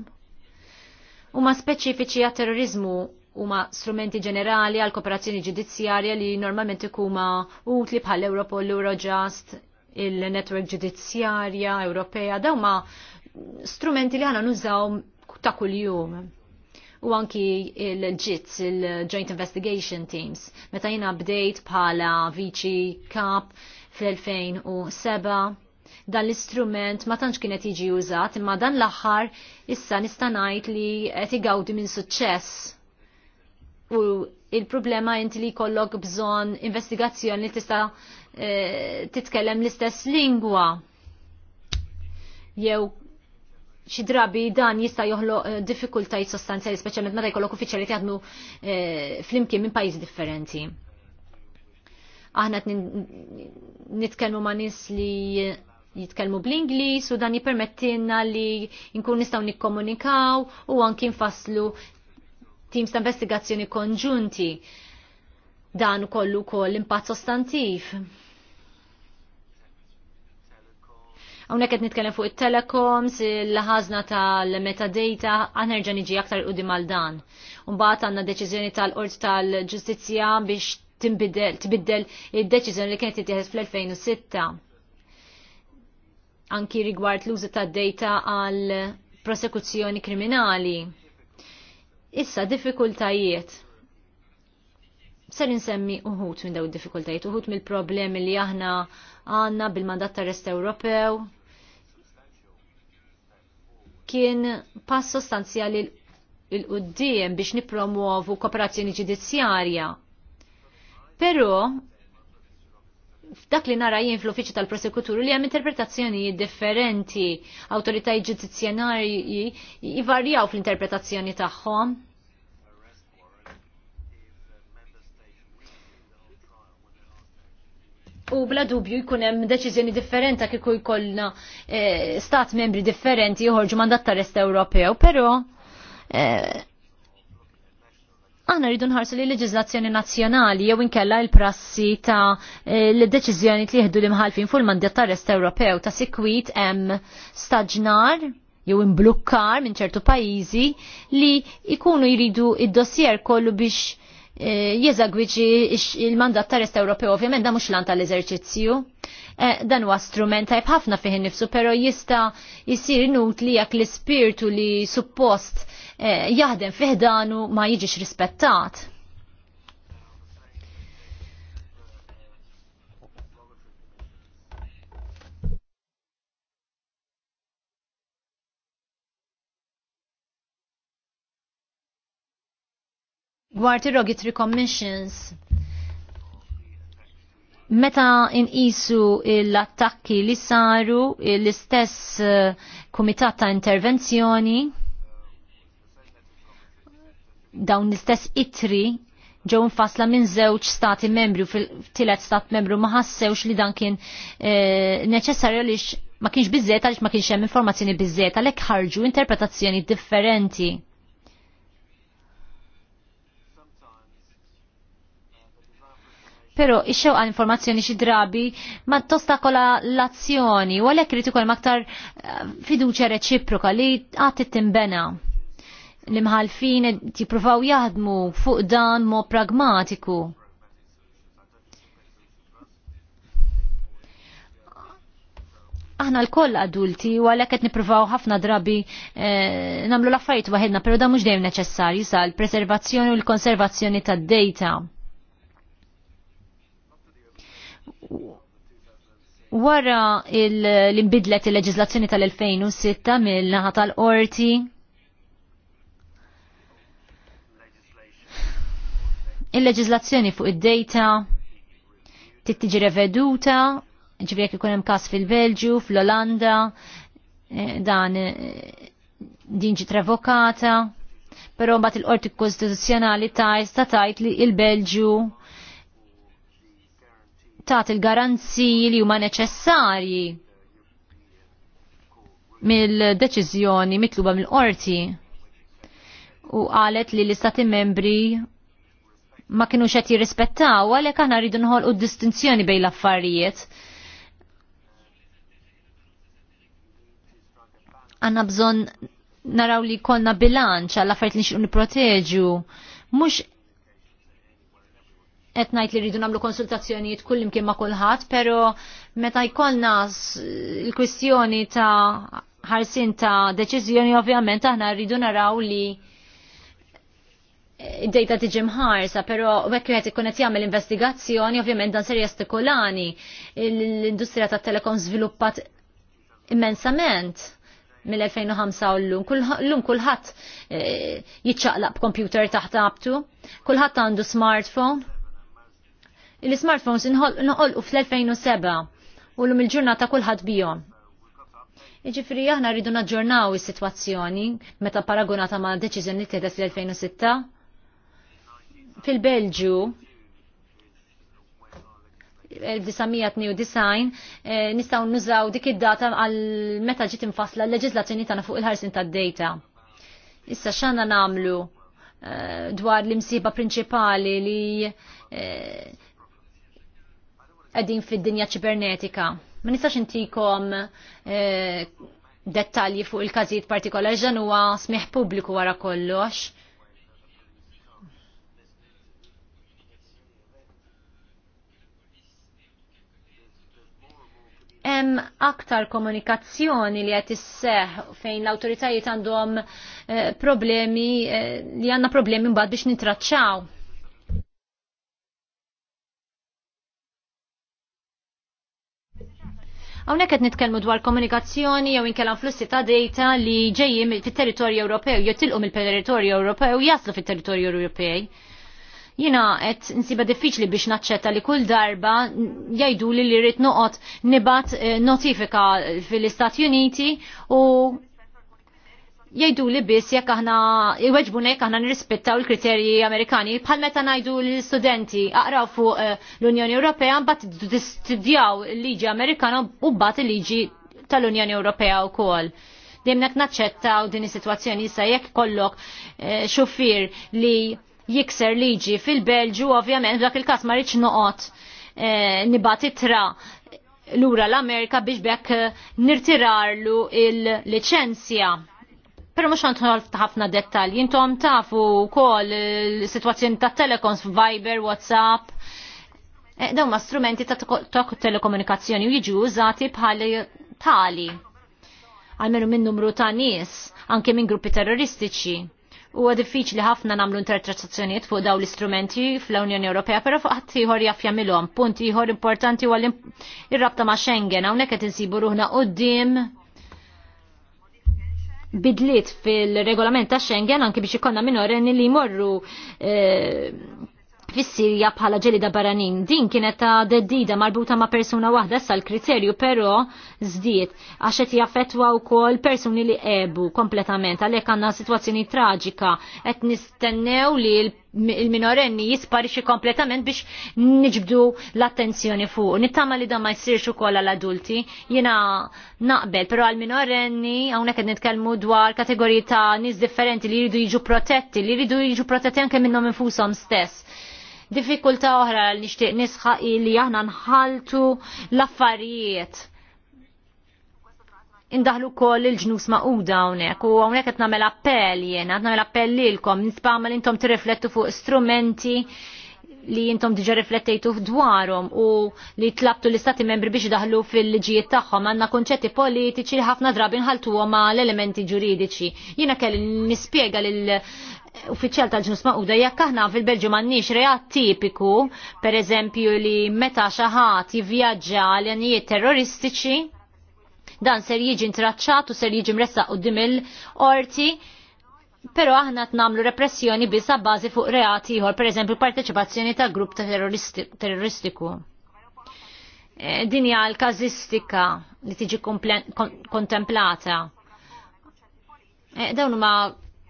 Speaker 2: huma speċifiċi għat terrorizmu huma strumenti ġenerali għal kooperazzjoni ġudizzjarja li normalment ikuma utli bħal Europol, Eurojust, il-network ġudizzjarja Ewropea, da ma strumenti li għana nużaw ta' kuljum u anki il-ġitz, il-Joint Investigation Teams. Meta jina bdejt bħala viċi kap fl-2007 dan l-istrument ma tantx kienet jiġi użat, imma dan l-aħħar issa nista' ngħid li qed igawdi minn suċċess. U il-problema inti li jkollok bżonn investigazzjoni li tista' e, titkellem l-istess lingwa. Jew xi drabi dan jista' joħloq eh, diffikultajiet sostanzjali speċjalment meta jkollok uffiċjali jaħdmu e, flimkien minn pajjiż differenti aħna nitkellmu ma' nis li jitkellmu bl-Inglis u dan jipermettina li nkun nistgħu nikkomunikaw u anki nfasslu teams ta' investigazzjoni konġunti. Dan kollu koll impatt sostantiv. Għonek għed nitkellem fuq il-telecoms, il-ħazna tal-metadata, għanerġan niġi aktar u għal dan. bat għanna deċizjoni tal ord tal-Ġustizja biex timbidel, tbiddel id-deċiżjoni li kienet titieħed fl-2006. Anki rigward l-użu ta' data għal prosekuzzjoni kriminali. Issa diffikultajiet. Ser insemmi uħut minn daw diffikultajiet, uħut mill-problemi li aħna għanna bil-mandat ta' rest Ewropew kien pass sostanzjali il-qoddim biex nipromuovu kooperazzjoni ġudizzjarja Però f'dak li nara jien fl-uffiċċju tal-prosekuturu li hemm interpretazzjonijiet differenti, awtoritajiet ġudizzjanarji jivarjaw fl-interpretazzjoni tagħhom. U bla dubju jkun hemm deċiżjoni differenti kieku jkollna eh, stat membri differenti joħorġu mandat tal-Est Ewropew, però eh, Aħna rridu nħarsu li leġizlazzjoni nazzjonali jew inkella l-prassi ta' eh, l-deċiżjoni li jihdu li mħalfin fuq il-mandat ta' rest Ewropew ta' sikwit hemm staġnar jew imblukkar minn ċertu pajjiżi li jkunu jridu id-dossier kollu biex eh, jeżagwiġi il-mandat ta' rest Ewropew, ovvjament da mhux lan tal-eżerċizzju. Eh, dan huwa strument tajb ħafna fih innifsu, però jista' jsir inutli jekk l-ispirtu li suppost Eh, jaħdem fiħdanu ma jiġix rispettat. Gwarti Rogitri commissions. Meta inqisu l-attakki li saru l-istess eh, kumitat ta' intervenzjoni, dawn l-istess itri ġew infasla minn żewġ stati membri u fil-tielet stat membru ma ħassewx li dan kien neċessarja eh, neċessarju li ma kienx biżżejjed għaliex ma kienx hemm informazzjoni biżżejjed għalhekk ħarġu interpretazzjoni differenti. Pero ixew għal informazzjoni xi drabi ma tostakola l-azzjoni u għalhekk irid ikun aktar eh, fiduċja reċiproka li għad tinbena l-imħalfin jippruvaw jaħdmu fuq dan mo pragmatiku. aħna l-koll adulti u għalek qed nippruvaw ħafna drabi eh, namlu l-affarijiet waħedna, però da mhux dejjem neċessarju sa l-preservazzjoni u l-konservazzjoni tad-data. Wara l-imbidlet il-leġizlazzjoni tal-2006 mill-naħa tal-qorti, il-leġizlazzjoni fuq id-data tittiġi reveduta, ġivjek ikun hemm każ fil-Belġju, fl-Olanda, eh, dan eh, din ġiet revokata, però mbagħad il-Qorti Kostituzzjonali tajt ta' tajt li il-Belġju tat il-garanziji li huma neċessarji mill-deċiżjoni mitluba mill-qorti u qalet li l-istati membri ma kienu xet jirrispettaw, għalek aħna rridu nħolqu distinzjoni bej l-affarijiet. Għanna bżon naraw li konna bilanċ għall affarijiet li nxqu proteġu Mux qed ngħid li rridu nagħmlu konsultazzjonijiet kullim kien ma' kulħadd, però meta jkollna l-kwistjoni ta' ħarsin ta' deċiżjoni ovvjament aħna rridu naraw li id-dejta tiġi mħarsa, pero bekk wieħed ikun qed jagħmel investigazzjoni, ovvjament dan ser jestikolani. L-industrija tat-telekom żviluppat immensament mill-2005 u l-lum. L-lum kulħadd eh, jiċċaqlaq b'kompjuter taħt abtu, kulħadd għandu smartphone. Il-smartphones inħolqu fl-2007 u l-lum il-ġurnata kulħadd bihom. Jiġifieri aħna rridu naġġornaw is-sitwazzjoni meta paragunata ma' deċiżjoni li teħdes l-2006. Fil-Belġu 1992 eh, nistaw nużaw dik id-data għal meta ġiet infasla l-leġislazzjoni tagħna fuq il-ħarsin tad-data. Issa x'għandna nagħmlu eh, dwar l-imsiba prinċipali li eh, qegħdin fid-dinja ċibernetika. Ma nistax intikom dettalji fuq il-każijiet partikolari ġan huwa smih pubbliku wara kollox hemm aktar komunikazzjoni li qed isseħ fejn l-awtoritajiet għandhom eh, problemi eh, li għandna problemi mbagħad biex nitraċċaw. Hawnhekk qed nitkellmu dwar komunikazzjoni jew inkella flussi ta' data li ġejjin fit-territorju Ewropew jew tilqu mill-territorju Ewropew jaslu fit-territorju Ewropej. Jina qed insiba diffiċli biex naċċetta li kull darba jajdu li li rrid nuqot nibat eh, notifika fil-Istati Uniti u jajdu li biss jekk aħna jweġbuna jekk aħna nirrispettaw il-kriterji Amerikani bħal meta ngħidu l-studenti aqraw fuq eh, l-Unjoni Ewropea mbagħad tistudjaw il-liġi Amerikana u bat il-liġi tal-Unjoni Ewropea wkoll. Dejjem naċċettaw din is-sitwazzjoni issa jekk kollok eh, xufir li jikser liġi fil-Belġu, ovvjament, dak il-kas ma rridx noqot e, eh, nibati tra lura l-Amerika biex bekk eh, nirtirarlu il-licenzja. Per mux għant ħafna dettalji, intom tafu kol il-situazzjoni ta' telekoms, Viber, Whatsapp, e, dawn ma' strumenti ta' telekomunikazzjoni u jiġu użati bħal tali, għalmenu minn numru ta' nies, anke minn gruppi terroristiċi Huwa diffiċli ħafna nagħmlu interpretazzjonijiet fuq dawn l-istrumenti fl-Unjoni Ewropea, però fuq ħadd ieħor jaf Punt ieħor importanti huwa ir-rabta ma' Schengen hawnhekk qed insibu ruħna quddiem bidliet fil-regolament ta' Schengen anke biex ikonna minorenni li jmorru eh, fis-Sirja bħala ġelida baranin. Din kienet ta' deddida marbuta ma' persuna waħda sa' l-kriterju, però zdiet għax qed jaffettwa wkoll persuni li ebu kompletament għalhekk għandna sitwazzjoni traġika qed nistennew li il-minorenni jisparixi kompletament biex niġbdu l-attenzjoni fuq. Nittama li da ma jsirx ukoll għall-adulti, jiena naqbel, però għall-minorenni hawnhekk qed nitkellmu dwar kategoriji ta' nies differenti li jridu jiġu protetti, li jridu jiġu protetti anke minnhom infushom stess Diffikultà oħra li nixtieq nisħaq li aħna nħaltu l-affarijiet. Indaħlu wkoll il-ġnus maquda hawnhekk u hawnhekk qed nagħmel appell jien, għet namel appell lilkom, nispamma li intom tirriflettu fuq strumenti li jintom diġa riflettejtu f'dwarom u li tlabtu l-istati membri biex daħlu fil-liġijiet tagħhom għandna konċetti politiċi li ħafna drabi nħaltuhom ma l-elementi ġuridiċi. Jiena kelli nispjega lil uffiċjal tal-ġnus maquda jekk aħna fil-Belġu m'għandniex reat tipiku, pereżempju li meta xi ħadd jivvjaġġa għal terroristiċi, dan ser jiġi intraċċat u ser jiġi mressaq qudiem il-qorti, Pero aħna t-namlu repressjoni bisa bazi fuq reati ieħor, per eżempju, parteċipazzjoni ta' grupp terroristiku. E, Dinja l-kazistika li tiġi kontemplata. E, dawn huma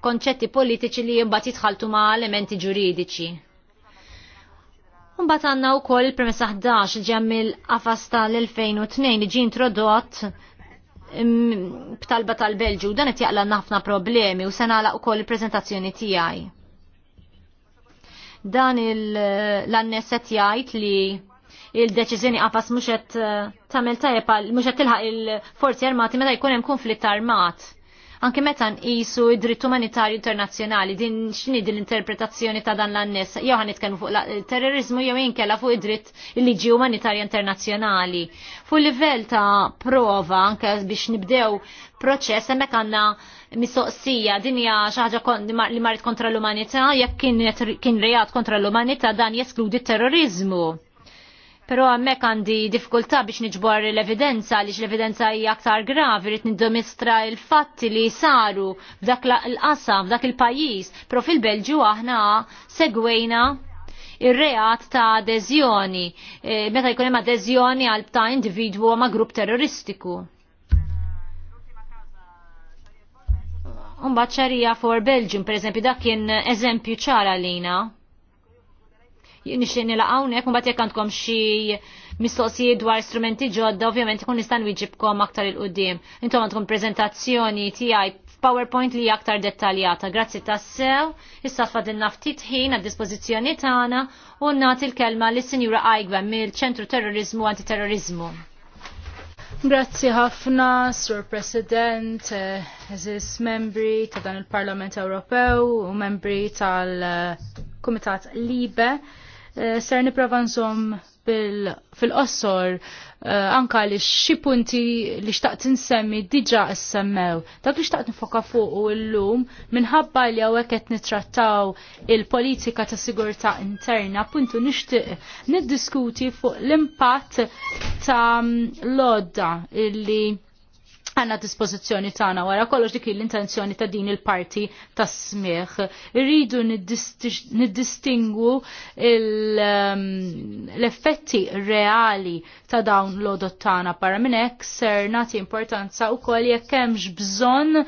Speaker 2: konċetti politiċi li jimbat jitħaltu ma' elementi ġuridiċi. għanna għandna wkoll premessa 11 ġemm il-qafas tal-2002 li ġie introdott mm, b'talba tal-Belġu dan qed jaqla ħafna problemi u se nagħlaq ukoll il-preżentazzjoni tiegħi. Dan l-annes qed jgħid li il-deċiżjoni qafas mhux qed eh, tagħmel tajjeb mhux qed tilħaq il-forzi armati meta jkun hemm konflitt armat anke meta nqisu id-dritt umanitarju internazzjonali din x'inhi din l-interpretazzjoni ta' dan l-annes jew ħan nitkellmu fuq terrorizmu jew inkella fuq id-dritt il-liġi umanitarja internazzjonali. Fuq livell ta' prova anke biex nibdew proċess hemmhekk għandna mistoqsija din hija xi ħaġa li marit kontra l-umanità jekk kien reat kontra l-umanità dan jeskludi terrorizmu Pero għammek għandi diffikultà biex niġbor l-evidenza, għaliex l-evidenza hija aktar gravi, rrit niddomistra il-fatti li saru f'dak l-qasam, f'dak il-pajis. Pero fil-Belġu aħna segwejna il reat ta' adeżjoni, e, meta jkun hemm adeżjoni għal ta' individwu ma' grupp terroristiku. Un ċarija for Belgium, per eżempju, dak kien eżempju ċara lina nixtieq nilaqgħu hawnhekk mbagħad jekk għandkom xi mistoqsijiet dwar strumenti ġodda, ovvjament ikun nista' nwieġibkom aktar il qudiem Intom għandkom preżentazzjoni tiegħi PowerPoint li aktar dettaljata. Grazzi tassew, issa tfadilna ftit ħin għad dispożizzjoni tagħna u nagħti l-kelma lis sinjura Ajgwa mill-Ċentru Terrorizmu Antiterrorizmu.
Speaker 3: Grazzi ħafna, Sur President, eżis membri ta' dan il-Parlament Ewropew u membri tal-Kumitat Libe. Eh, ser niprofa nsom fil-qossor eh, anka li xi punti li xtaqt insemmi diġa semmew. Dak li xtaqt nifoka fuq u l-lum minħabba li hawnhekk qed nittrattaw il-politika ta' sigurtà interna puntu nixtieq niddiskuti fuq l-impatt ta' mm, lodda illi għanna dispozizjoni tagħna wara kollox dik l-intenzjoni ta' din il-parti ta' smieħ. Irridu niddistingu um, l-effetti reali ta' dawn l-odot tagħna para minn hekk ser nagħti importanza wkoll jekk hemmx bżonn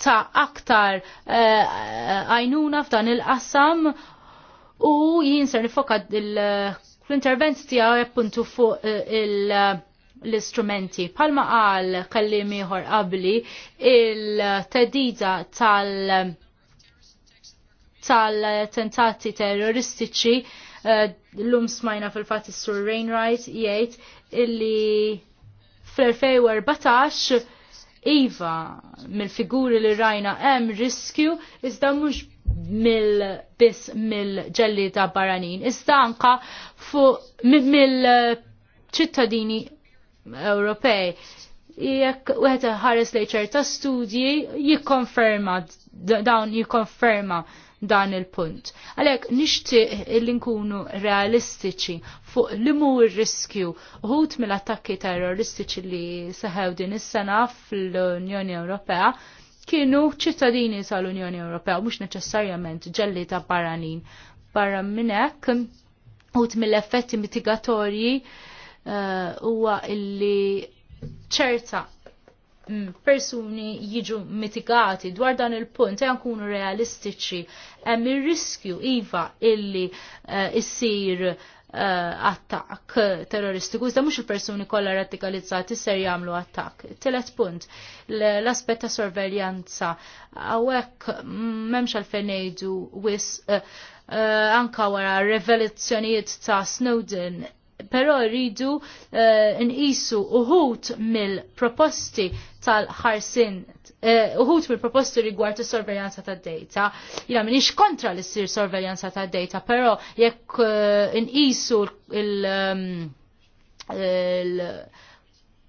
Speaker 3: ta' aktar eh, għajnuna uh, f'dan il-qasam u jien ser l-intervent tiegħu appuntu fuq eh, il- uh, l-istrumenti. Palma għal kellimi miħor qabli il-tedida tal- tal-tentati terroristiċi eh, l-lum smajna fil-fat sur Rainwright jgħid illi fl-2014 Iva mill-figuri li rajna hemm riskju iżda mhux mill biss mill-ġelli ta' baranin, iżda anka fuq mill ċittadini Ewropej. Jekk wieħed ħares lejn ċerta studji jikkonferma dawn jikkonferma dan il-punt. Għalhekk nixtieq li nkunu realistiċi fuq li r riskju uħut mill-attakki terroristiċi li seħew din is-sena fl-Unjoni Ewropea kienu ċittadini tal-Unjoni Ewropea, mhux neċessarjament ġelli ta' barranin. Barra minnek, uħut mill-effetti mitigatorji Eh, huwa illi ċerta mm, persuni jiġu mitigati dwar dan il-punt għan e kunu realistiċi hemm ir-riskju iva illi eh, issir eh, attak terroristiku, iżda mhux il-persuni kollha radikalizzati ser jagħmlu attak. Telet punt, l-aspett ta' sorveljanza hawnhekk mm, m'hemmx għalfejn ngħidu wis anka wara r revelazzjonijiet ta' Snowden però rridu uh, nqisu uħut mill-proposti tal-ħarsin uh, uħut mill-proposti rigward is-sorveljanza tad-data. Jina m'iniex kontra li ssir sorveljanza tad-data, però jekk uh, nqisu il-, ehm, il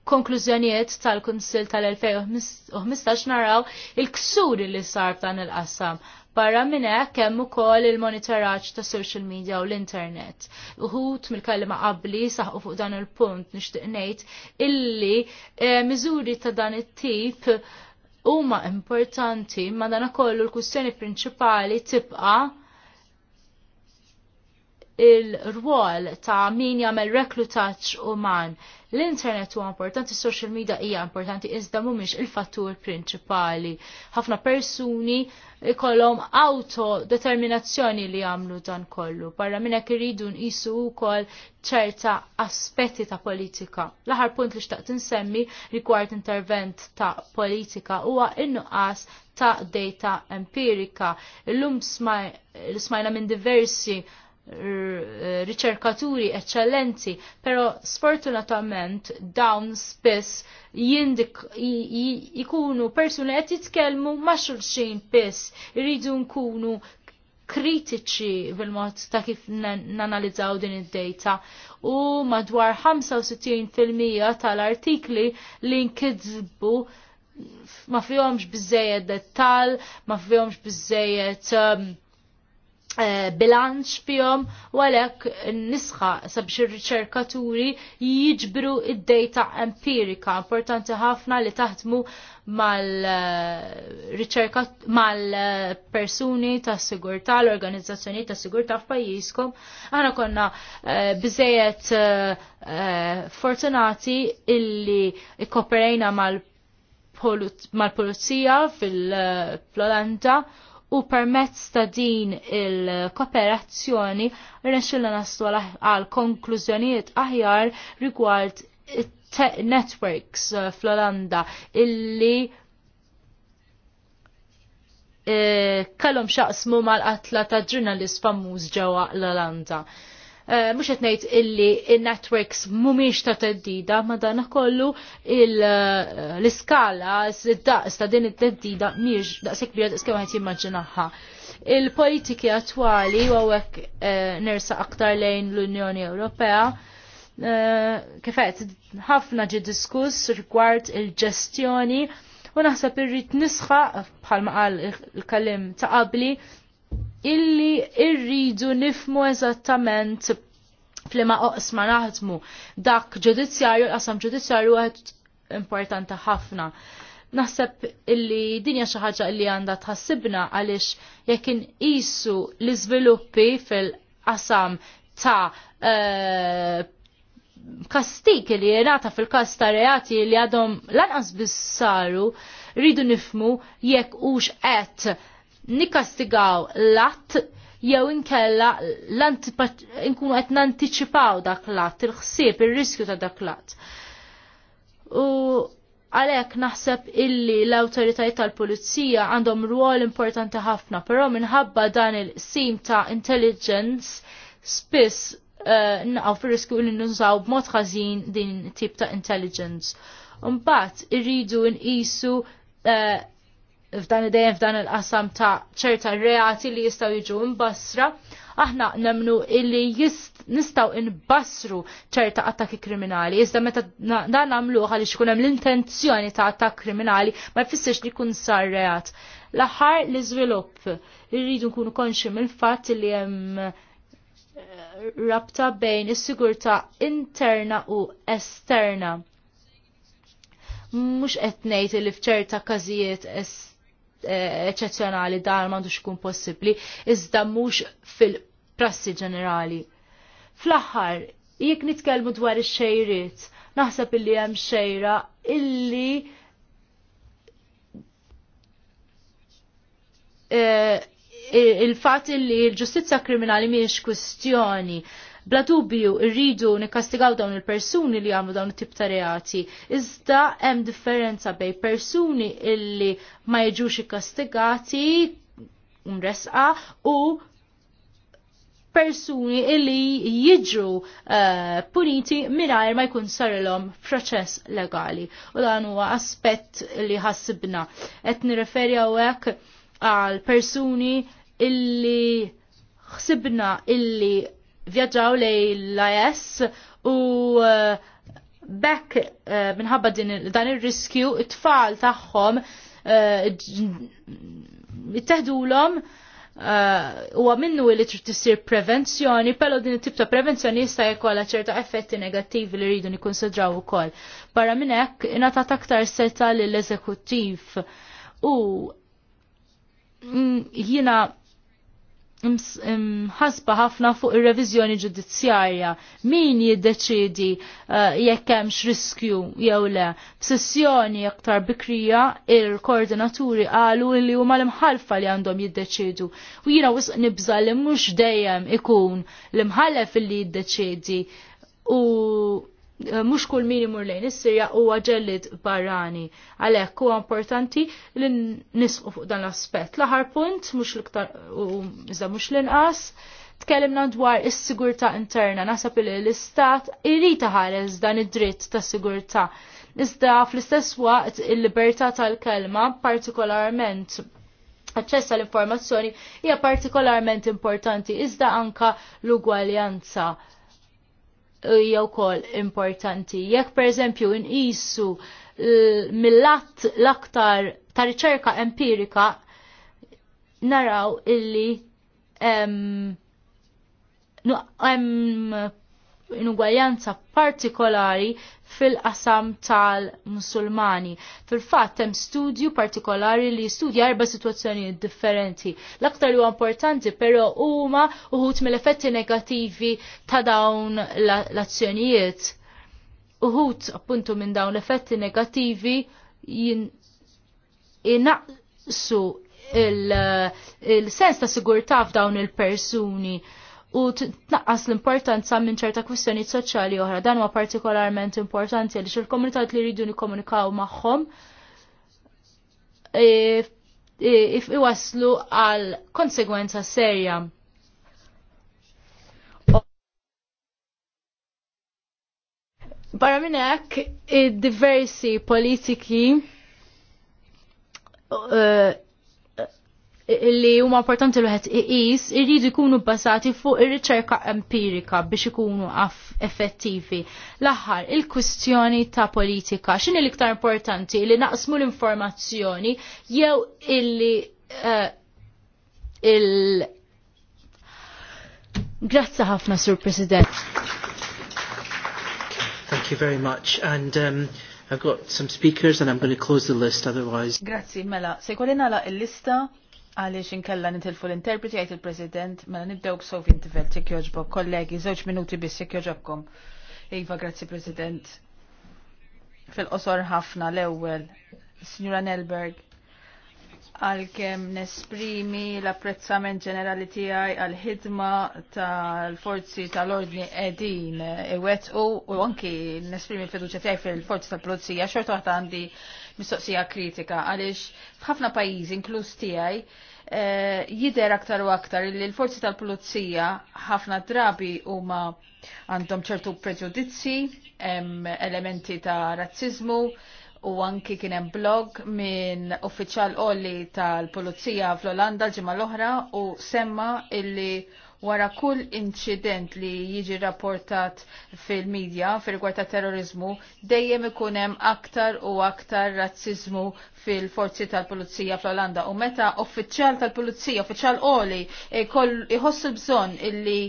Speaker 3: konklużjonijiet tal-Kunsil tal-2015 naraw il-ksuri li sar f'dan il-qassam. Barra minn hekk hemm ukoll il-monitoraġġ ta' social media u l-internet. Uħut mill-kelma qabli saħqu fuq dan il-punt nixtieq ngħid illi eh, miżuri ta' dan it-tip huma importanti ma dan kollu l-kwistjoni prinċipali tibqa' il-rwol ta' min jagħmel reklutaġġ uman. L-internet huwa importanti, social media hija importanti, iżda mhumiex il-fattur prinċipali. Ħafna persuni ikollhom autodeterminazzjoni li jagħmlu dan kollu. Barra minn hekk iridu nqisu wkoll ċerta aspetti ta' politika. L-aħar punt li xtaqt insemmi rigward intervent ta' politika huwa in-nuqqas ta' data empirika. Illum smajna minn diversi riċerkaturi eccellenti, pero sfortunatament dawn spiss jindik jikunu persuni qed jitkellmu ma' xulxin biss, iridu nkunu kritiċi bil-mod ta' kif nanalizzaw din id-data u madwar 65% tal-artikli li nkidbu ma fihomx biżejjed dettal, ma fihomx biżejjed um, Eh, bilanċ fjom u għalhekk nisħa sabiex il riċerkaturi jiġbru id-data empirika. Importanti ħafna li taħdmu mal-riċerkat eh, mal-persuni eh, ta' sigurtà, l-organizzazzjoni ta' sigurtà f'pajjiżkom. Aħna konna biżejjed fortunati illi ikkoperejna mal-polizija fil-Polanda u permezz ta' din il-kooperazzjoni rnexxilna naslu għal konklużjonijiet aħjar rigward networks eh, fl-Olanda illi kallum eh, kellhom xaqsmu mal-qatla ta' ġurnalist famuż ġewwa l-Olanda. Eh, mux għetnejt illi il-networks mumiex ta' teddida, ma dana kollu eh, l-iskala, s-daqs ta' din it-teddida miex daqsek bira daqsek għu jimmaġinaħħa. Il-politiki attuali u għek eh, nersa aktar lejn l-Unjoni Ewropea, kifet, ħafna ġi diskuss rigward il-ġestjoni u naħseb irrit nisħa bħalma qal il-kallim ta' qabli illi irridu nifmu eżattament flima oqsma naħdmu dak ġudizzjarju, qasam ġudizzjarju għed importanti ħafna. Naħseb illi dinja xi ħaġa illi għanda tħassibna għaliex jekk inqisu l-iżviluppi fil-qasam ta' eh, kastik li jenata fil-kas ta' reati li għadhom lanqas bissaru rridu nifmu jekk ux qed nikastigaw l-att jew inkella nkunu qed nantiċipaw dak l-att, il-ħsieb, ir-riskju ta' dak l-att. U għalhekk naħseb illi l-awtoritajiet tal-pulizija għandhom rwol importanti ħafna, però minħabba dan il-sim ta' intelligence spiss eh, naqgħu fir-riskju li nużaw b'mod ħażin din tip ta' intelligence. Mbagħad irridu nqisu eh, f'dan id-dejjem f'dan il-qasam ta' ċerta reati li jistaw jiġu mbasra, aħna nemnu illi jist, nistaw inbasru ċerta attakki kriminali. Iżda meta dan namluħ għaliex ikun hemm l-intenzjoni ta' attak kriminali ma jfissirx li kun sar reat. L-aħħar li żvilupp irridu nkunu konxi mill-fatt li hemm eh, rabta bejn is-sigurtà interna u esterna. Mhux qed ngħid li f'ċerta każijiet esterna Eh, eccezjonali dar m'għandux ikun possibbli, iżda mhux fil-prassi ġenerali. Fl-aħħar, jekk nitkellmu dwar ix-xejriet, naħseb illi hemm xejra illi eh, il-fat illi l ġustizja kriminali miex kwestjoni Bla dubju rridu nikkastigaw dawn il-persuni li għamlu dawn it-tip ta' reati, iżda hemm differenza bej persuni illi ma jiġux ikkastigati mresqa u persuni illi jiġu uh, eh, puniti mingħajr ma jkun sarilhom proċess legali. U dan huwa aspett li ħassibna. Qed nirreferi hawnhekk għal persuni illi ħsibna illi vjaġġaw lej l-IS u uh, bekk uh, minħabba dan ir-riskju it-tfal tagħhom uh, itteħdulhom uh, huwa minnu li trid tisir prevenzjoni, però din it-tip ta' prevenzjoni jista' jkollha ċerta effetti negattivi li rridu nikkonsidraw ukoll. Barra minn hekk ingħatat aktar seta' lill-eżekuttiv u mm, jiena ħasba ħafna fuq ir-reviżjoni ġudizzjarja. Min jiddeċidi eh, jekk hemmx riskju jew le. F'sessjoni aktar bikrija il-koordinaturi qalu li huma l-imħalfa li għandhom jiddeċidu. U jiena wisq nibża li mhux dejjem ikun l-imħallef li jiddeċidi u Eh, mux kull min imur lejn is-Sirja huwa ġellid barrani. Għalhekk huwa importanti li nisqu fuq dan l-aspett. L-aħħar punt mhux l-iktar iżda mhux l-inqas tkellimna dwar is-sigurtà interna nasab li l-istat irid ħares dan id-dritt tas sigurtà. Iżda fl-istess waqt il-libertà tal-kelma partikolarment aċċess għall informazzjoni hija partikolarment importanti iżda anka l-ugwaljanza hija wkoll importanti. Jekk pereżempju nqisu eh, mill-att l-aktar ta' riċerka empirika naraw illi hemm inugwaljanza partikolari fil-qasam tal-Musulmani. Fil-fatt hemm studju partikolari li studja erba' situazzjoni differenti. L-aktar li huwa importanti però huma uħut mill-effetti negattivi ta' dawn l-azzjonijiet. Uħut appuntu minn dawn l-effetti negattivi jinaqsu il-sens ta' sigurtà f'dawn il-persuni. il persuni u tnaqqas l-importanza minn ċerta kwistjonijiet soċjali oħra. Dan huwa partikolarment importanti għaliex il-komunitat li jridu nikkomunikaw magħhom e, e, if iwaslu għal konsegwenza serja. Barra minn hekk id diversi politiki e, li huma importanti l wieħed iqis irridu jkunu bbażati fuq ir-riċerka empirika biex ikunu effettivi. L-aħħar, il-kwistjoni ta' politika, x'inhi l-iktar importanti li naqsmu l-informazzjoni jew illi uh, il Grazzi ħafna, Sur President.
Speaker 1: Thank you very much. And um, I've got some speakers and I'm going to close the list otherwise.
Speaker 4: Grazzi, mela. Se kolina la il-lista Għaliex inkella nitilfu l-interpreti għajt il-President, mela nibdew b'Sofi Intifel, ċek joġbok, kollegi, zewċ minuti biss ċek joġobkom. Iva, grazzi President. Fil-qosor ħafna l-ewel, Signora Nelberg, għal-kem nesprimi l-apprezzament ġenerali tijaj għal-ħidma tal-forzi tal-ordni edin e u u anki nesprimi fiduċa tijaj fil-forzi tal-polizija, xorta għandi mistoqsija kritika għaliex f'ħafna pajjiżi inkluż tiegħi eh, jider aktar u aktar li l-forzi tal-pulizija ħafna drabi huma għandhom ċertu preġudizzi, elementi ta' razzizmu, u anki kien hemm blog minn uffiċjal qolli tal-Pulizija fl-Olanda l-ġimgħa l-oħra u semma illi wara kull incident li jiġi rapportat fil-medja fil gwarta terrorizmu dejjem ikun hemm aktar u aktar razzizmu fil-forzi tal-Pulizija fl-Olanda u meta uffiċjal tal-Pulizija, uffiċjal qoli iħossu bżonn illi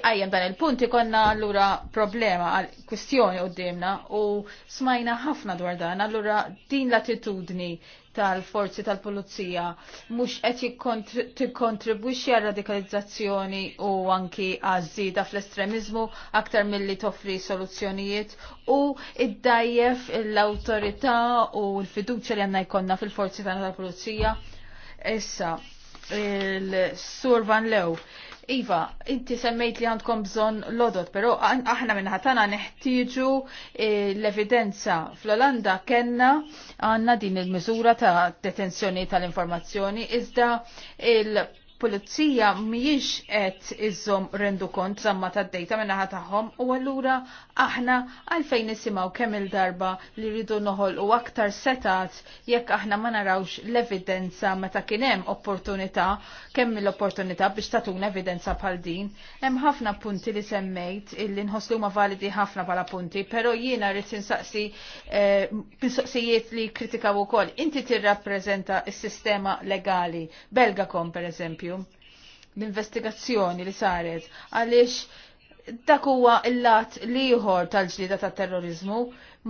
Speaker 4: iqajjem dan il-punt ikonna allura problema għal kwistjoni qudiemna u smajna ħafna dwar dan allura din l-attitudni tal-forzi tal-pulizija mhux qed tikkontribwixxi għal radikalizzazzjoni u anki għażida fl-estremizmu aktar milli toffri soluzzjonijiet u iddajjef l-awtorità u l-fiduċja li għandna jkollna fil-forzi tal-pulizija. Issa, il-Sur Van Lew, Iva, inti semmejt li għandkom bżon lodot, pero aħna minn ħatana neħtieġu eh, l-evidenza. Fl-Olanda kena għanna din il-mizura ta' detenzjoni tal-informazzjoni, iżda il- pulizija mhijiex qed iżżomm rendu kont żamma tad-dejta min-naħa tagħhom u allura aħna għalfejn nisimgħu kemm il-darba li rridu u aktar setat jekk aħna ma narawx l-evidenza meta kien hemm opportunità kemm l-opportunità biex tatuna evidenza bħal din. Hemm ħafna punti li semmejt illi nħossu huma validi ħafna bħala punti, però jiena rrid insaqsi eh, mistoqsijiet li kritikaw ukoll. Inti tirrappreżenta s-sistema legali Belgakom pereżempju pereżempju l-investigazzjoni li saret għaliex dak huwa l-lat liħor tal-ġlida ta' terrorizmu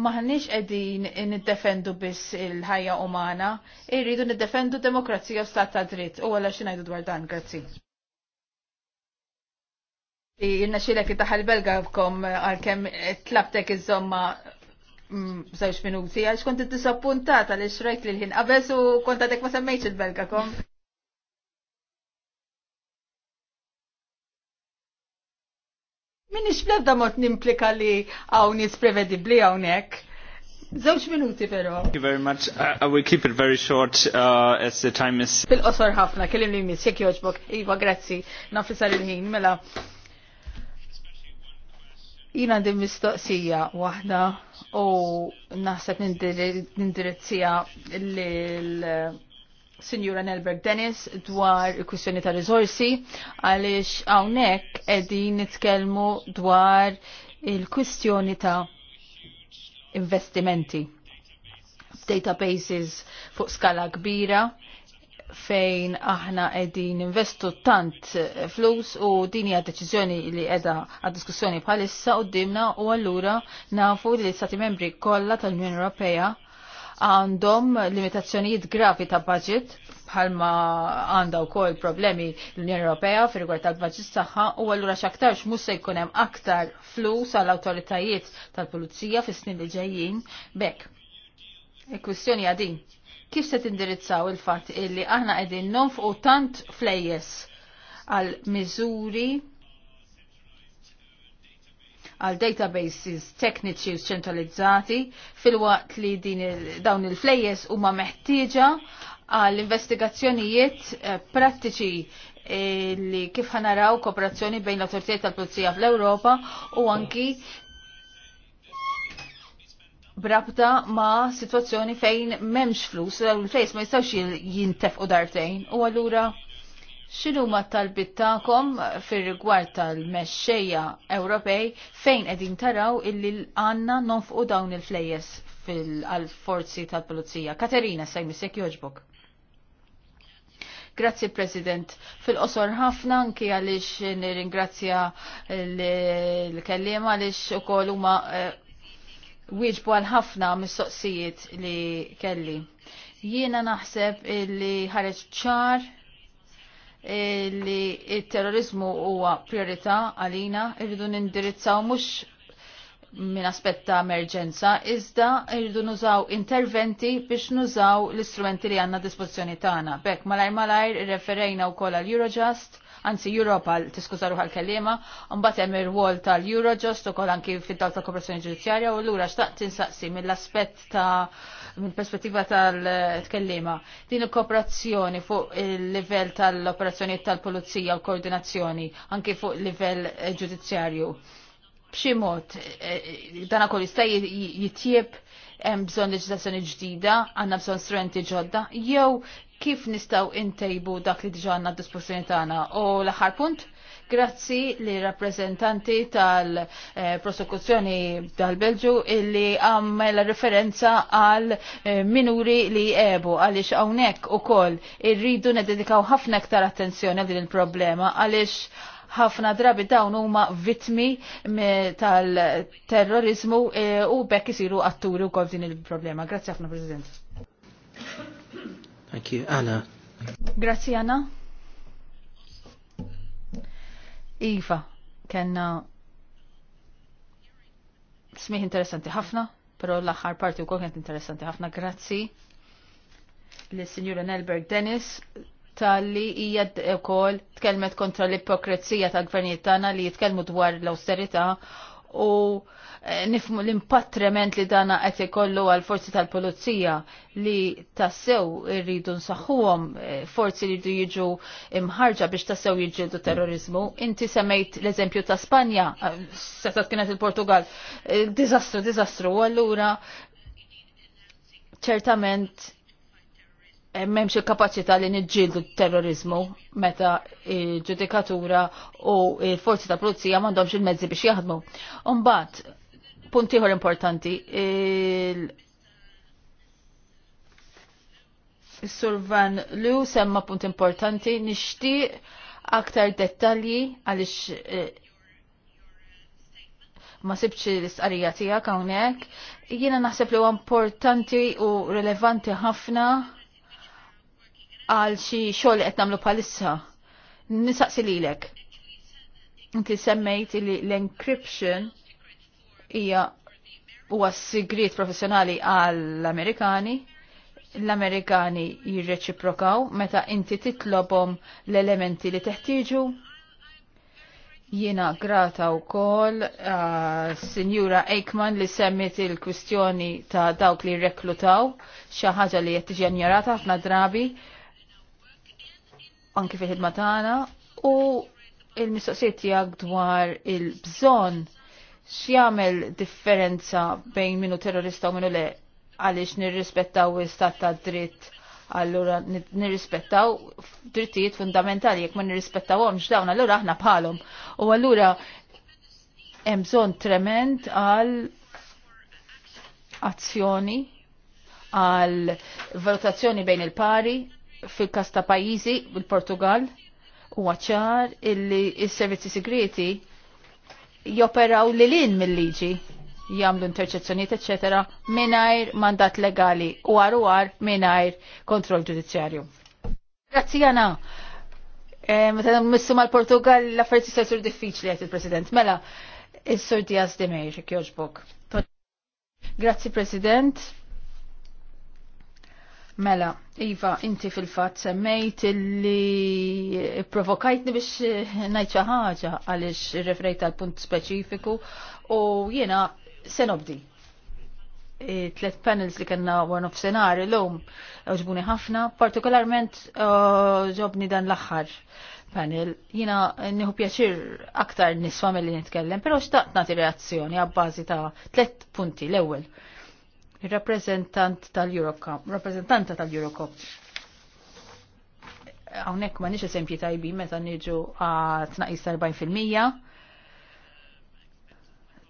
Speaker 4: maħniex qegħdin niddefendu biss il-ħajja umana, irridu niddefendu demokrazija u stat ta' dritt u għala xinajdu dwar dan, grazzi. Jirna xilek taħal belga għabkom għal-kem tlabtek iż zomma zawx mm, minuti, għax konti disappuntata li rajt li l-ħin qabes u kontatek ma semmejx il-belga kom. Minix blebda mot nimplika li għaw nis għaw nek. Zewġ minuti pero. Thank you very much. I will keep it very short uh, as the time is. Bil qosor ħafna, kellim li mis, jek joġbok. Iva, grazzi, nafisar il-ħin, mela. Jina din mistoqsija wahda u naħseb nindirizzija l-, l, l, l, l, l, l, l, l Signora Nelberg Dennis dwar il-kwistjoni ta' rizorsi għaliex hawnhekk qegħdin nitkellmu dwar il-kwistjoni ta' investimenti databases fuq skala kbira fejn aħna qegħdin investu tant flus u din hija deċiżjoni li qiegħda għad diskussjoni bħalissa dimna u allura nafu li l-Stati membri kollha tal-Unjoni Ewropea għandhom limitazzjonijiet gravi ta' budget bħalma għandha wkoll problemi l-Unjoni Ewropea fir rigward tal-budget tagħha u allura x'aktarx mhux se jkun hemm aktar flus għall awtoritajiet tal-pulizija fis-snin li ġejjin bekk. Il-kwistjoni għadin. Kif se tindirizzaw il-fatt illi aħna qegħdin nonfqu tant flejjes għal miżuri għal databases tekniċi u ċentralizzati fil-waqt li din dawn il-flejjes huma meħtieġa għal investigazzjonijiet eh, prattiċi eh, li kif ħanaraw kooperazzjoni bejn l-autoritajiet tal-Pulizija fl-Ewropa u anki brabta ma situazzjoni fejn memx flus, l-flejs ma jistawx jintefqu dartejn u għallura xinu ma talbit ta'kom fir rigward tal-mexxejja Ewropej fejn edin taraw illi għanna nonfqu dawn il-flejjes fil-forzi tal-Polizija. Katerina, sejmis, jek joġbok. Grazzi President. Fil-qosor ħafna anki għalix nir-ingrazzja l-kellima għalix u kol huma eh, wieġbu għal ħafna mistoqsijiet li kelli. Jiena naħseb li ħareġ ċar li il-terrorizmu huwa priorità għalina irridu nindirizzaw mhux minn aspetta emerġenza, iżda irridu nużaw interventi biex nużaw l-istrumenti li għanna dispozzjoni tagħna. Bekk malajr malajr referejna wkoll għal Eurojust, anzi Europol tiskużaru għal-kellima, mbagħad hemm ir-wol tal-Eurojust ukoll anki fid-dawl ta' kooperazzjoni ġudizzjarja u lura xtaqt tinsaqsi mill-aspett ta' mill-perspettiva tal-tkellima. Din il-kooperazzjoni fuq il-livell tal-operazzjoni tal-polizija u koordinazzjoni, anke fuq il-livell eh, ġudizzjarju. B'xi mod, eh, dan ukoll jista' jitjieb hemm bżonn leġislazzjoni ġdida, għandna bżonn strumenti ġodda, jew kif nistgħu intejbu dak li diġà għandna d disposjoni tagħna. U l-aħħar punt, Grazzi li rappresentanti tal-prosekuzzjoni tal-Belġu illi għamela referenza għal eh, minuri li ebu għalix għawnek u koll irridu nededikaw ħafna ktar attenzjoni għal din il-problema għalix ħafna drabi dawn huma vitmi tal-terrorizmu e, u bekk isiru atturi wkoll din il-problema. Grazzi ħafna President.
Speaker 1: Thank you, Anna.
Speaker 4: Grazzi Anna. Iva, kena smih interessanti ħafna, pero l-axar parti u kol kienet interessanti ħafna, grazzi s sinjura Nelberg Dennis tal-li hija wkoll tkellmet kontra l-ipokrezija ta' gvernijiet tagħna li jitkellmu dwar l-awsterità u eh, nifmu l-impatt trement li dana qed ikollu għal forzi tal-pulizija li tassew irridu nsaħħuhom eh, forzi li jridu jiġu imħarġa biex tassew jiġġieldu terrorizmu. Inti semmejt l-eżempju ta' Spanja, eh, seta kienet il-Portugal, dizastru, dizastru, u allura ċertament memx il kapacita li nġildu terrorizmu meta il-ġudikatura u il-forzi ta' polizija mandomx il-mezzi biex jaħdmu. Umbat, puntiħor importanti, il- Survan Lu semma punt importanti, nishti aktar dettalji għalix eh, ma sibċi l-istqarija tijak għawnek. Jiena naħseb li huwa importanti u relevanti ħafna għal xi xogħol qed nagħmlu bħalissa. Nisaqsi lilek. Inti semmejt li l-encryption hija huwa sigriet professjonali għall-Amerikani. L-Amerikani jirreċiprokaw meta inti titlobhom l-elementi li teħtieġu Jiena grata u kol uh, Signora Eichmann li semmit il-kwistjoni ta' dawk li reklutaw, ħaġa li qed tiġi ħafna drabi, anki fil-ħidma tagħna u il-mistoqsijiet tiegħek dwar il-bżonn x'jagħmel differenza bejn minu terrorista u minu le għaliex nirrispettaw istat ta' dritt allura nirrispettaw drittijiet fundamentali jekk ma nirrispettawhomx dawn allura aħna bħalhom. U allura hemm bżonn trement għal azzjoni għal valutazzjoni bejn il-pari fil-kas ta' pajjiżi il-Portugal huwa ċar illi s-servizzi segreti joperaw li lin mill-liġi jagħmlu interċezzjonijiet eċetera mingħajr mandat legali u għar u għar mingħajr kontroll ġudizzjarju. Grazzi għana. Eh, meta missu mal-Portugal l-affarijiet jistgħu jsir diffiċli qed il-President. Mela, is-Sur Diaz de Meir, jogħġbok. Grazzi President. Mela, Iva, inti fil-fat semmejt li provokajtni biex najċa ħaġa għalix referejt għal punt speċifiku u jena senobdi. tlet panels li kanna one of scenario l-lum uġbuni ħafna, partikolarment uh, ġobni dan l-axħar panel. Jina nħu pjaċir aktar niswa mill-li nitkellem, pero xtaqt nati reazzjoni għabbażi ta' tlet punti l-ewel il-rappresentant tal-Eurocom, rappresentanta tal-Eurocom. Hawnhekk ma nix esempi tajbi meta niġu tnaqis 40%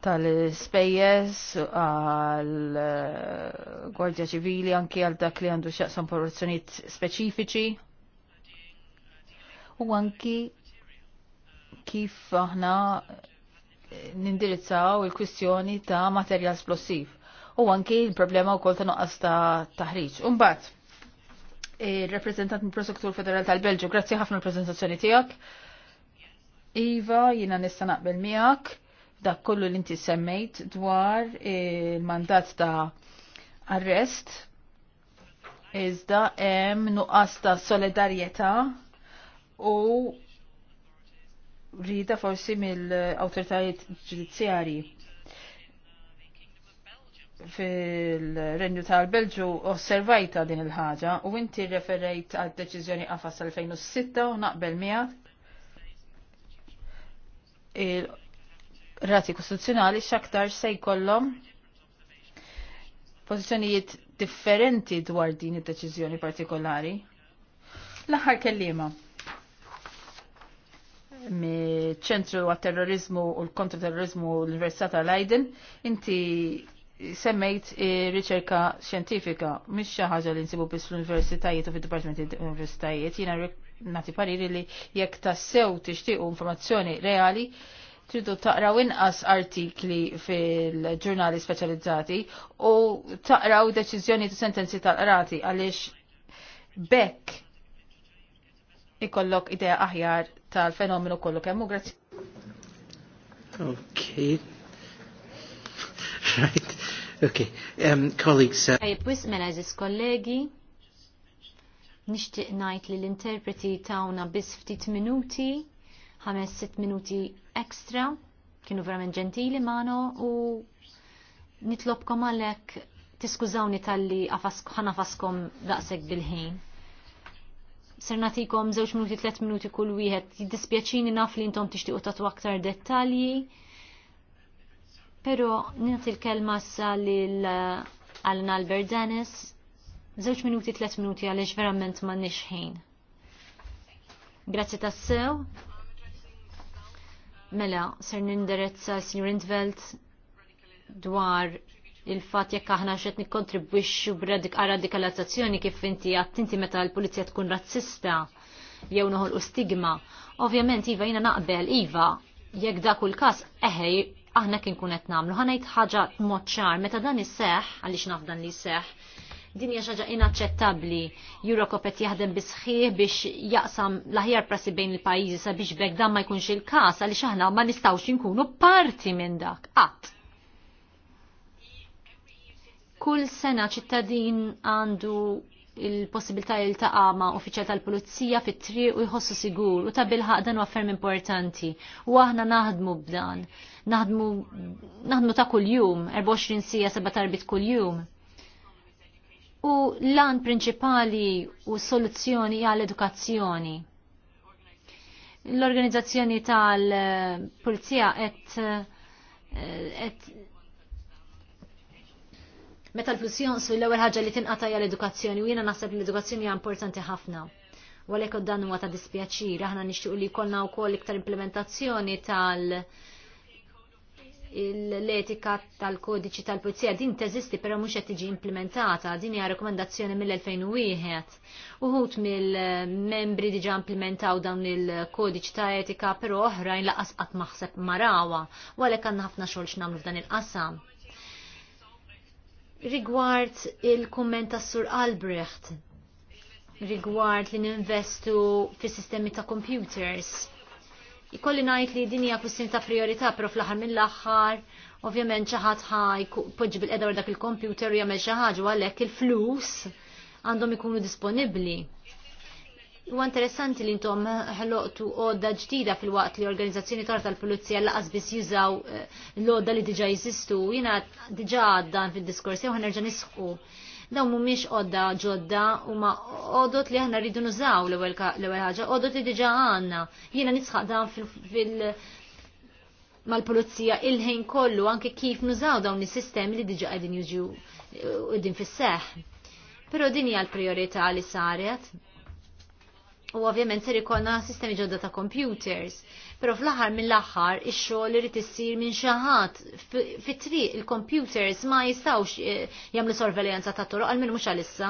Speaker 4: tal spejjes għal eh, gwardja ċivili anke għal dak li għandu xaqsam porzjonijiet speċifiċi. U anki kif aħna nindirizzaw il-kwistjoni ta' materjal splossiv u anki l-problema u kol ta' noqqas ta' taħriġ. Umbat, il-reprezentant mill prosektur Federal tal-Belġu, grazzi ħafna l-prezentazzjoni tijak. Iva, jina nista naqbel miak, dak kollu l-inti semmejt dwar il-mandat ta' arrest, iżda hemm nuqqas ta' solidarjetà u rida forsi mill-awtoritajiet ġudizzjarji fil-renju tal-Belġu osservajta din il-ħaġa u inti referejt għad deċiżjoni qafas 2006 u naqbel miħad il-rati kostituzzjonali x'aktar se jkollhom pożizzjonijiet differenti dwar din id-deċiżjoni partikolari. L-aħħar kellima mi ċentru għat terrorizmu u l-kontraterrorizmu l-Università Leiden, inti semmejt riċerka xjentifika, mhix xi ħaġa li nsibu biss l-universitajiet u fid-dipartimenti universitajiet, jiena nagħti pariri li jekk tassew tixtiequ informazzjoni reali, tridu taqraw inqas artikli fil-ġurnali speċjalizzati u taqraw deċiżjoni u sentenzi tal-qrati għaliex bekk ikollok idea aħjar tal-fenomenu kollu kemmu.
Speaker 2: Grazzi.
Speaker 1: Okay. Okay, um, colleagues.
Speaker 2: Uh, mela eżis kollegi, nishtiq najt li l-interpreti tawna bis ftit minuti, 5-6 minuti ekstra, kienu verament ġentili mano u nitlobkom għalek tiskużawni tal-li ħanafaskom daqsek bil-ħin. Ser natikom 2 minuti 3 minuti kull wieħed, jiddispjaċini naf li intom tixtiequ tatu aktar dettalji Pero ninti l-kelma sa lil uh, Alan Albert Dennis. Żewġ minuti, tlet minuti għaliex verament ma nixħin. Grazzi tassew. Mela, ser nindirezza Sr. Intveld dwar il-fat jekk aħna xed nikkontribwixxu b'rad-radikalizzazzjoni kif inti għattinti meta l-pulizija tkun razzista jew noħolqu stigma. Ovvjament iva jiena naqbel iva jekk dak il każ aħna kien kunet namlu. Ħanajt ħaġa moċċar, meta dan is-seħ, għalix dan li seħ, din hija ħaġa inaċċettabbli. Eurocop qed jaħdem bisħieħ biex jaqsam l-aħjar prassi bejn il-pajjiżi sabiex b'ek dan ma jkunx il-każ għaliex aħna ma nistgħux jinkunu parti minn dak. Qatt. Kull sena ċittadin għandu il-possibilità li il ma' uffiċjal tal-pulizija fit-triq u jħossu sigur u ta' bilħaq dan affermi importanti. U aħna naħdmu b'dan, naħdmu, naħdmu ta' kuljum, 24 sija seba' tarbit kuljum. U lan prinċipali u soluzzjoni għal edukazzjoni. L-organizzazzjoni tal-pulizija qed eh, Meta l-flus jonsu l-ewwel ħaġa li tinqata' hija l-edukazzjoni u jiena naħseb li l-edukazzjoni hija importanti ħafna. U għalhekk dan huwa ta' dispjaċir, aħna nixtieq li jkollna wkoll iktar implementazzjoni tal- l-etika tal-kodiċi tal-pulizija din teżisti però mhux qed tiġi implementata, din hija rekomendazzjoni mill-2001. Uħut mill-membri diġa' implementaw dawn il-kodiċi ta' etika però oħrajn laqas qatt maħseb marawa, u għalhekk għandna ħafna xogħol x'nagħmlu f'dan il-qasam rigward il-komment tas Sur Albrecht rigward li ninvestu fi sistemi ta' computers. Ikolli najt li dinja kussin ta' priorità, pero fl-aħħar mill-aħħar, ovvjament xaħat ħaj poġġi bil-edawar dak il-computer u jagħmel xi ħaġa għalhekk il-flus għandhom ikunu disponibbli. Huwa interessanti li intom eh, ħloqtu għodda ġdida fil-waqt li organizzazzjoni tar tal-pulizija laqas biss jużaw eh, l-għodda li diġa jeżistu. Jina diġa għaddan fil-diskors, jew ħanerġa nisħu. Daw mumiex għodda ġodda u ma għodot li ħana rridu nużaw l-ewel ħagġa, għodot li diġa għanna. Jina nisħaq dan fil- mal-pulizija il-ħin kollu anke kif nużaw dawn is-sistemi li diġa qegħdin jiġu eh, din fis-seħ. Però din hija l-prijorità li saret U ovvjament ser ikonna sistemi ġodda ta' computers. Pero fl-aħħar mill-aħħar ix-xogħol irid issir minn xi ħadd fit-triq il-computers ma jistgħux eh, jagħmlu sorveljanza ta' toroq għal minn mhux għalissa.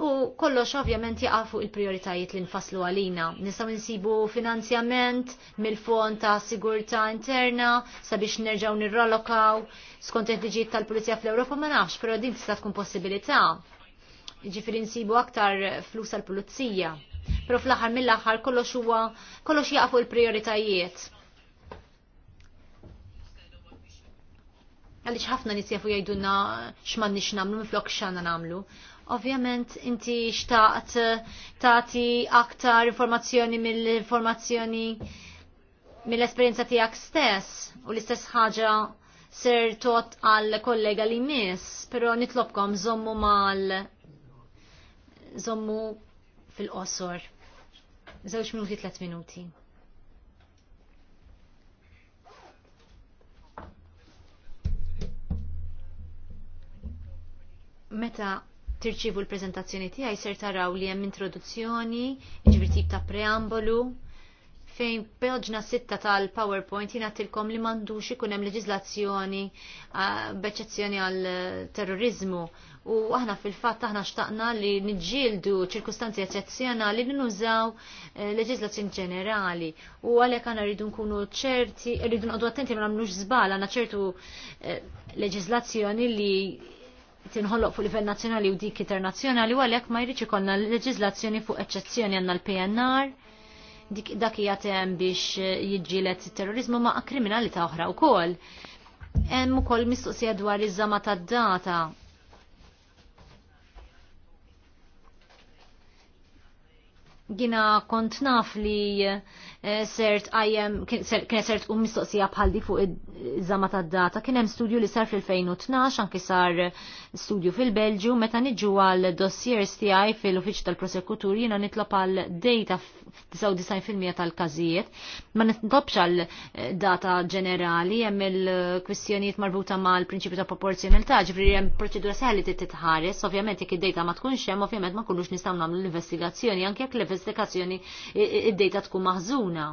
Speaker 2: U kollox ovvjament jaqa' fuq il-prioritajiet li nfaslu għalina. Nistgħu nsibu finanzjament mill-fond ta' sigurtà interna sabiex nerġgħu nirrolokaw skont il tal-Pulizija fl-Ewropa ma nafx, però din tista' tkun possibilità ġifiri nsibu aktar flus għal pulizija Pero fl-aħħar mill-aħħar kollox huwa kollox jaqfu l-prioritajiet. Għaliex ħafna nis jafu jgħidulna x'man nix nagħmlu minflok xanna nagħmlu. Ovvjament inti xtaqt tagħti aktar informazzjoni mill-informazzjoni mill-esperjenza tiegħek stess u l-istess ħaġa ser tot għal kollega li mis, pero nitlobkom zommu mal zommu fil-qosor. Zewġ minuti, tlet minuti. Meta tirċivu l-prezentazzjoni tiegħi ser taraw li hemm introduzzjoni, jiġri tip ta' preambolu, fejn peġna sitta tal-PowerPoint jingħatilkom li m'għandux ikun hemm leġiżlazzjoni ah, b'eċċezzjoni għal terrorizmu u aħna fil-fatt aħna xtaqna li nġildu ċirkustanzi eccezzjonali li nużaw eh, leġislazzjoni ġenerali u għalhekk aħna rridu nkunu ċerti, rridu nqogħdu attenti ma nagħmlux żbal għandna ċertu eh, leġislazzjoni li tinħolloq fuq livell nazzjonali u dik internazzjonali u għalhekk ma jridx ikollna leġislazzjoni fuq eċċezzjoni għandna l-PNR dak hija tem biex eh, jiġġielet terrorizmu ma' kriminalità oħra wkoll. Hemm ukoll mistoqsija dwar iż-żama tad-data Gina kont naf li eh, sert għajem, kien sert u mistoqsija bħal di fuq iż-żama ta' data, kien hemm studju li sar fil-2012, anki sar studju fil-Belġu meta niġu għal dossiers tiegħi fil-Uffiċċju tal-Prosekutur jiena nitlob għal data 99% tal-każijiet, ma nitlobx għal eh, data ġenerali hemm il-kwistjonijiet marbuta mal-prinċipju ta' proporzjonalità, ġifieri hemm proċedura seħli titħares, ovvjament jekk id-data ma tkunx hemm, ovvjament ma kunux nistgħu nagħmlu l-investigazzjoni, anke jekk l-investigazzjoni id-data tkun maħżuna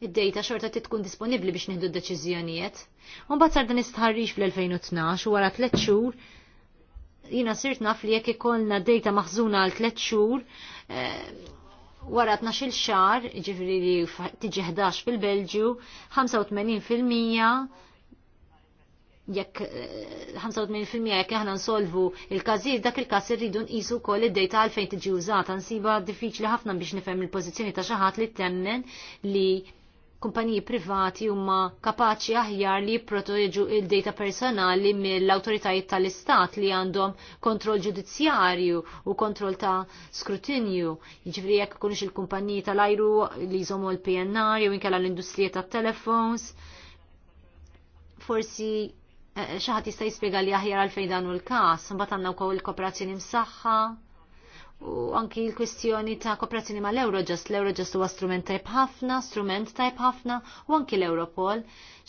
Speaker 2: id-dejta xorta titkun disponibli biex nieħdu d-deċiżjonijiet. Mbagħad sar dan istħarriġ fl-2012 wara tliet xhur jina sirt naf li jekk ikollna dejta maħżuna għal tliet xhur eh, wara 12 xar, ġifri li tiġi 11 fil-Belġju, 85% jekk 85% eh, jekk aħna nsolvu il-każijiet dak il-każ irridu nqisu wkoll id-dejta għalfejn tiġi użata nsiba diffiċli ħafna biex nifhem il-pożizzjoni ta' xi ħadd li temmen li kumpaniji privati huma kapaċi aħjar li jipproteġu il-data personali mill-awtoritajiet tal-istat li għandhom kontroll ġudizzjarju u kontroll ta' skrutinju. Jiġifieri jekk ikunx il-kumpaniji tal-ajru li jżomu l-PNR jew inkella l-industrija tat-telefons. Forsi eh, xi ħadd jista' jispjega li aħjar għalfejn dan u l-każ, mbagħad għandna wkoll il-kooperazzjoni msaħħa u anki l-kwistjoni ta' kooperazzjoni ma' l-Eurojust. L-Eurojust huwa strument tajb ħafna, strument tajb ħafna u anki l-Europol.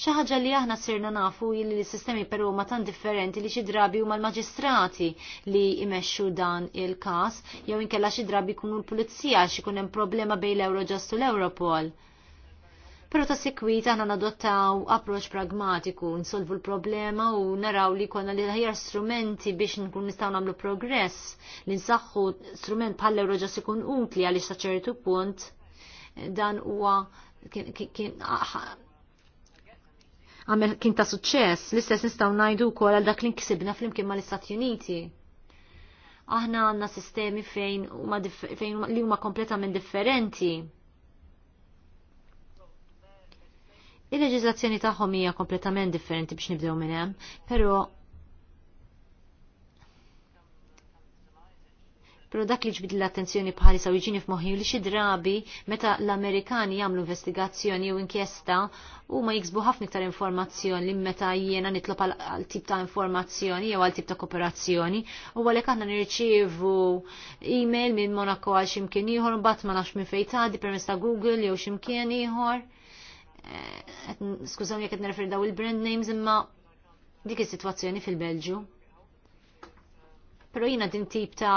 Speaker 2: Xi ħaġa li aħna sirna nafu li l-sistemi peru ma tan differenti li xi drabi huma l-maġistrati li imesċu dan il-każ jew inkella xi drabi jkunu l-pulizija xikunem hemm problema bejn l-Eurojust u l-Europol. l europol Pero ta' sekwit għana nadottaw approċ pragmatiku, nsolvu l-problema u naraw li konna li ħajar strumenti biex nkun nistaw namlu progress li nsaxħu strument bħal roġa ikun utli għaliex ta' ċertu punt dan huwa għamil kien ta' suċċess, l-istess nistaw najdu kol għal dak li nkisibna fl-imkien mal-Istati Uniti. Aħna għanna sistemi fejn, fejn li huma kompletament differenti Il-leġizlazzjoni tagħhom hija kompletament differenti biex nibdew minn hemm, però Pero dak li ġbid l-attenzjoni bħali saw jiġini f'moħħi li xi drabi meta l-Amerikani jagħmlu investigazzjoni u inkjesta u ma jiksbu ħafna iktar informazzjoni li meta jiena nitlob għal tip ta' informazzjoni jew għal tip ta' kooperazzjoni u għalhekk aħna nirċievu email minn Monaco għal x'imkien ieħor mbagħad ma nafx minn fejn tgħaddi permezz ta' Google jew x'imkien ieħor skużaw jek qed daw il-brand names imma dik is-sitwazzjoni fil-Belġju. Pero jina din tip ta'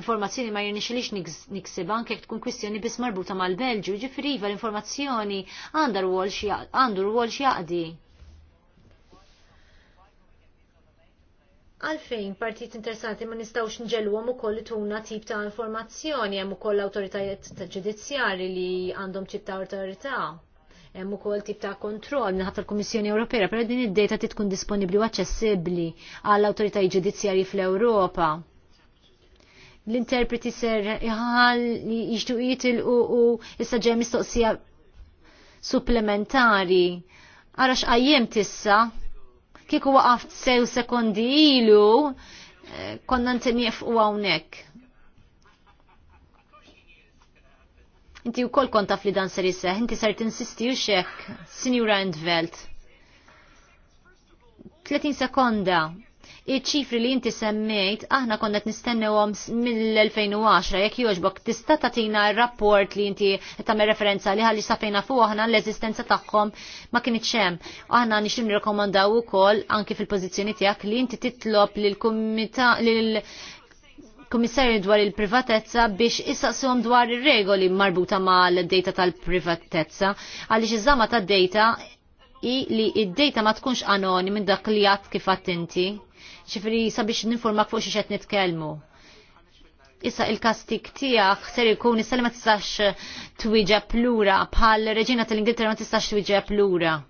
Speaker 2: informazzjoni ma jirnixilix niksib anke tkun kwistjoni biss marbuta mal-Belġu, ġifiri iva l-informazzjoni għandar għandu rwol jaqdi. Għalfejn partit interessanti ma nistawx nġellu għom u koll tuna tip ta' informazzjoni għem u koll autoritajiet ta' ġudizzjari li għandhom tip ta' autorità hemm ukoll tip ta' kontroll minħat tal-Kummissjoni Ewropea, però din id-data tkun disponibbli u aċċessibbli għall awtoritajiet ġudizzjarji fl-Ewropa. L-interpreti ser jħal jixtu jitilqu u issa ġej mistoqsija supplementari. Għarax għajjem tissa, kieku waqaf sew sekondi ilu, eh, konna ntinjef u għawnek. Inti u kol konta fli dan ser jisseħ, inti ser tinsisti u xek, Signora Endvelt. 30 sekonda. Iċ-ċifri li inti semmejt, aħna konnet t-nistennewom mill-2010, jek joġbok, tista tatina il-rapport li inti tamme referenza li għalli safejna fuq aħna l-ezistenza taħħom ma kien ċem. Aħna nixim nirrekomandaw u kol, anki fil-pozizjoni tijak, li inti titlop l-kommita, l kummissarju dwar il-privatezza biex issaqsuhom dwar ir-regoli marbuta mal-data tal-privatezza għaliex iż-żama tad-data i li id-data ma tkunx anonim minn dak li għat kif inti. Ċifri sabiex ninformak fuq xi qed nitkellmu. Issa il-kastik tiegħek ser jkun issa li ma tistax twieġeb lura bħal reġina tal-Ingilterra ma tistax twieġeb lura.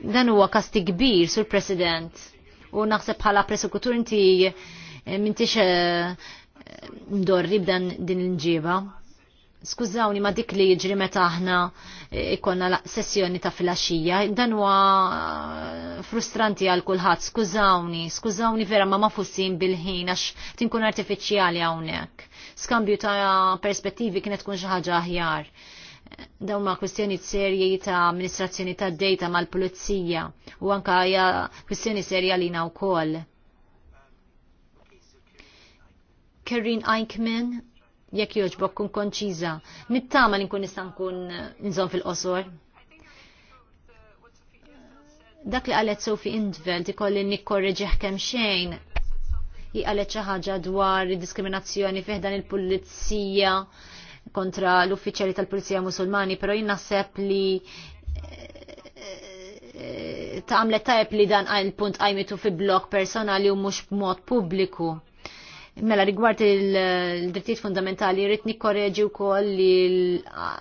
Speaker 2: Dan huwa kastik kbir sur President u naħseb bħala presukutur inti Eh, mintix mdorri eh, b'dan din l-ġiba. Skużawni ma dik li jiġri meta aħna eh, ikonna sessjoni ta' filaxija, dan huwa frustranti għal kulħadd. Skużawni, skużawni vera ma ma fussin bil-ħin għax tinkun artifiċjali hawnhekk. Skambju ta' perspettivi kienet tkun xi ħaġa aħjar dawn ma' kwestjoni serji ta' amministrazzjoni ta' data mal-pulizija u anka hija kwestjoni serja lina wkoll. Karin Eichmann, jekk joġbok kun konċiza, mittama li nkun nista' nkun eh, nżon fil-qosor. Dak li qalet Sophie Indveld ikolli nikkorreġih kemm xejn. Hi qalet xi ħaġa dwar diskriminazzjoni fiħdan dan il-pulizija kontra l-uffiċjali tal-Pulizija Musulmani, però jien naħseb li eh, eh, ta' għamlet tajb li dan għal punt għajmitu fi blok personali u mux b'mod publiku. Mela rigward eh, il-drittijiet fundamentali, rrit nikkorreġi wkoll li eh,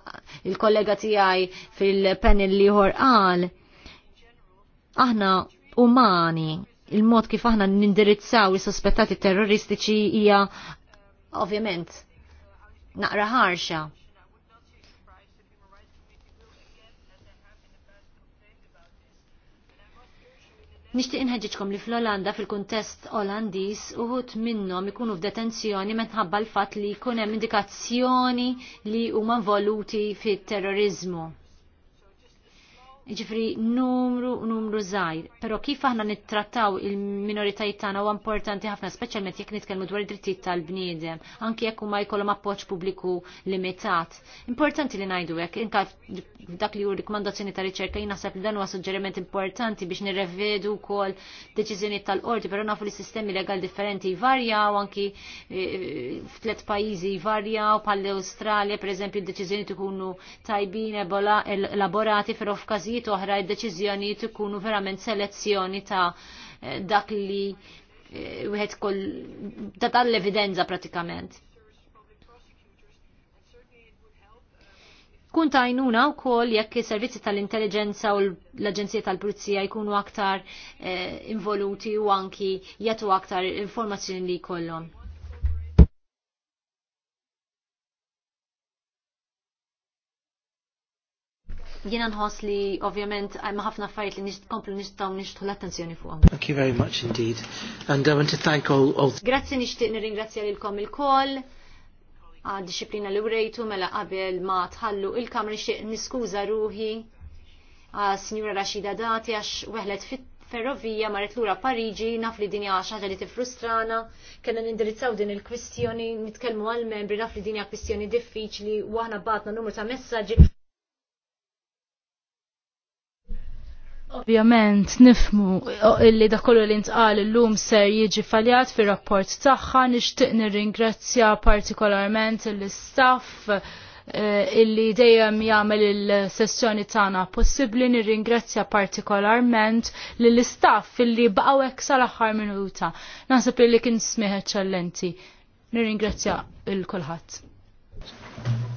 Speaker 2: l-kollega tiegħi fil-panel li qal, Aħna umani, il-mod kif aħna nindirizzaw is-sospettati terroristiċi hija ovvjament naqra ħarxa Nixtieq inħeġġitkom li fl-Olanda fil-kuntest Olandiż uħut minnhom ikunu f'detenzjoni minħabba l-fatt li jkun hemm indikazzjoni li huma voluti fit-terrorizmu ġifri numru u numru zaħir. Pero kif aħna nittrattaw il-minoritajiet tagħna huwa importanti ħafna, speċjalment jekk nitkellmu dwar id-drittijiet tal-bniedem, anke jekk huma jkollhom appoġġ pubbliku limitat. Importanti li ngħidu hekk, inka dak li hu rikomandazzjoni ta' riċerka jien naħseb li dan huwa suġġeriment importanti biex nirrevedu wkoll deċiżjonijiet tal-qorti, però nafu li sistemi legal differenti jvarjaw anki eh, eh, f'tliet pajjiżi jvarjaw bħall-Awstralja, pereżempju d-deċiżjonijiet ikunu tajbin elaborati, però f'każijiet każijiet oħra id-deċiżjonijiet ikunu verament selezzjoni ta' eh, dak li eh, wieħed koll ta' tal-evidenza pratikament. Kun tajnuna u kol jekk servizzi tal-intelligenza u l-Aġenzija tal-Pulizija jkunu aktar eh, involuti u anki jatu aktar informazzjoni li jkollhom. Jiena nħoss li ovvjament ma ħafna affarijiet li nistkomplu nistgħu nixtħu l-attenzjoni fuqhom.
Speaker 1: Thank you very much indeed. And I want to thank all all
Speaker 2: Grazzi nixtieq nirringrazzja lilkom il-koll għad disciplina li urejtu mela qabel ma tħallu il-kamra nixtieq niskuża ruħi Signora Rashida Dati għax weħlet fit ferrovija marret lura Pariġi, naf li dinja xaħġa li tifrustrana, kena nindirizzaw din il-kwistjoni, nitkellmu għal-membri, naf li dinja kwistjoni diffiċli, waħna batna numru ta' messagġi.
Speaker 3: Ovvjament, nifmu illi da kollu li ntqal l-lum ser jiġi faljat fir rapport tagħha nixtieq nirringrazzja partikolarment l-istaff eh, illi dejjem jagħmel il-sessjoni tagħna possibbli nirringrazzja partikolarment lill istaff illi baqgħu hekk sal-aħħar minuta. Naħseb illi kien smih eċċellenti. Nirringrazzja il kulħadd.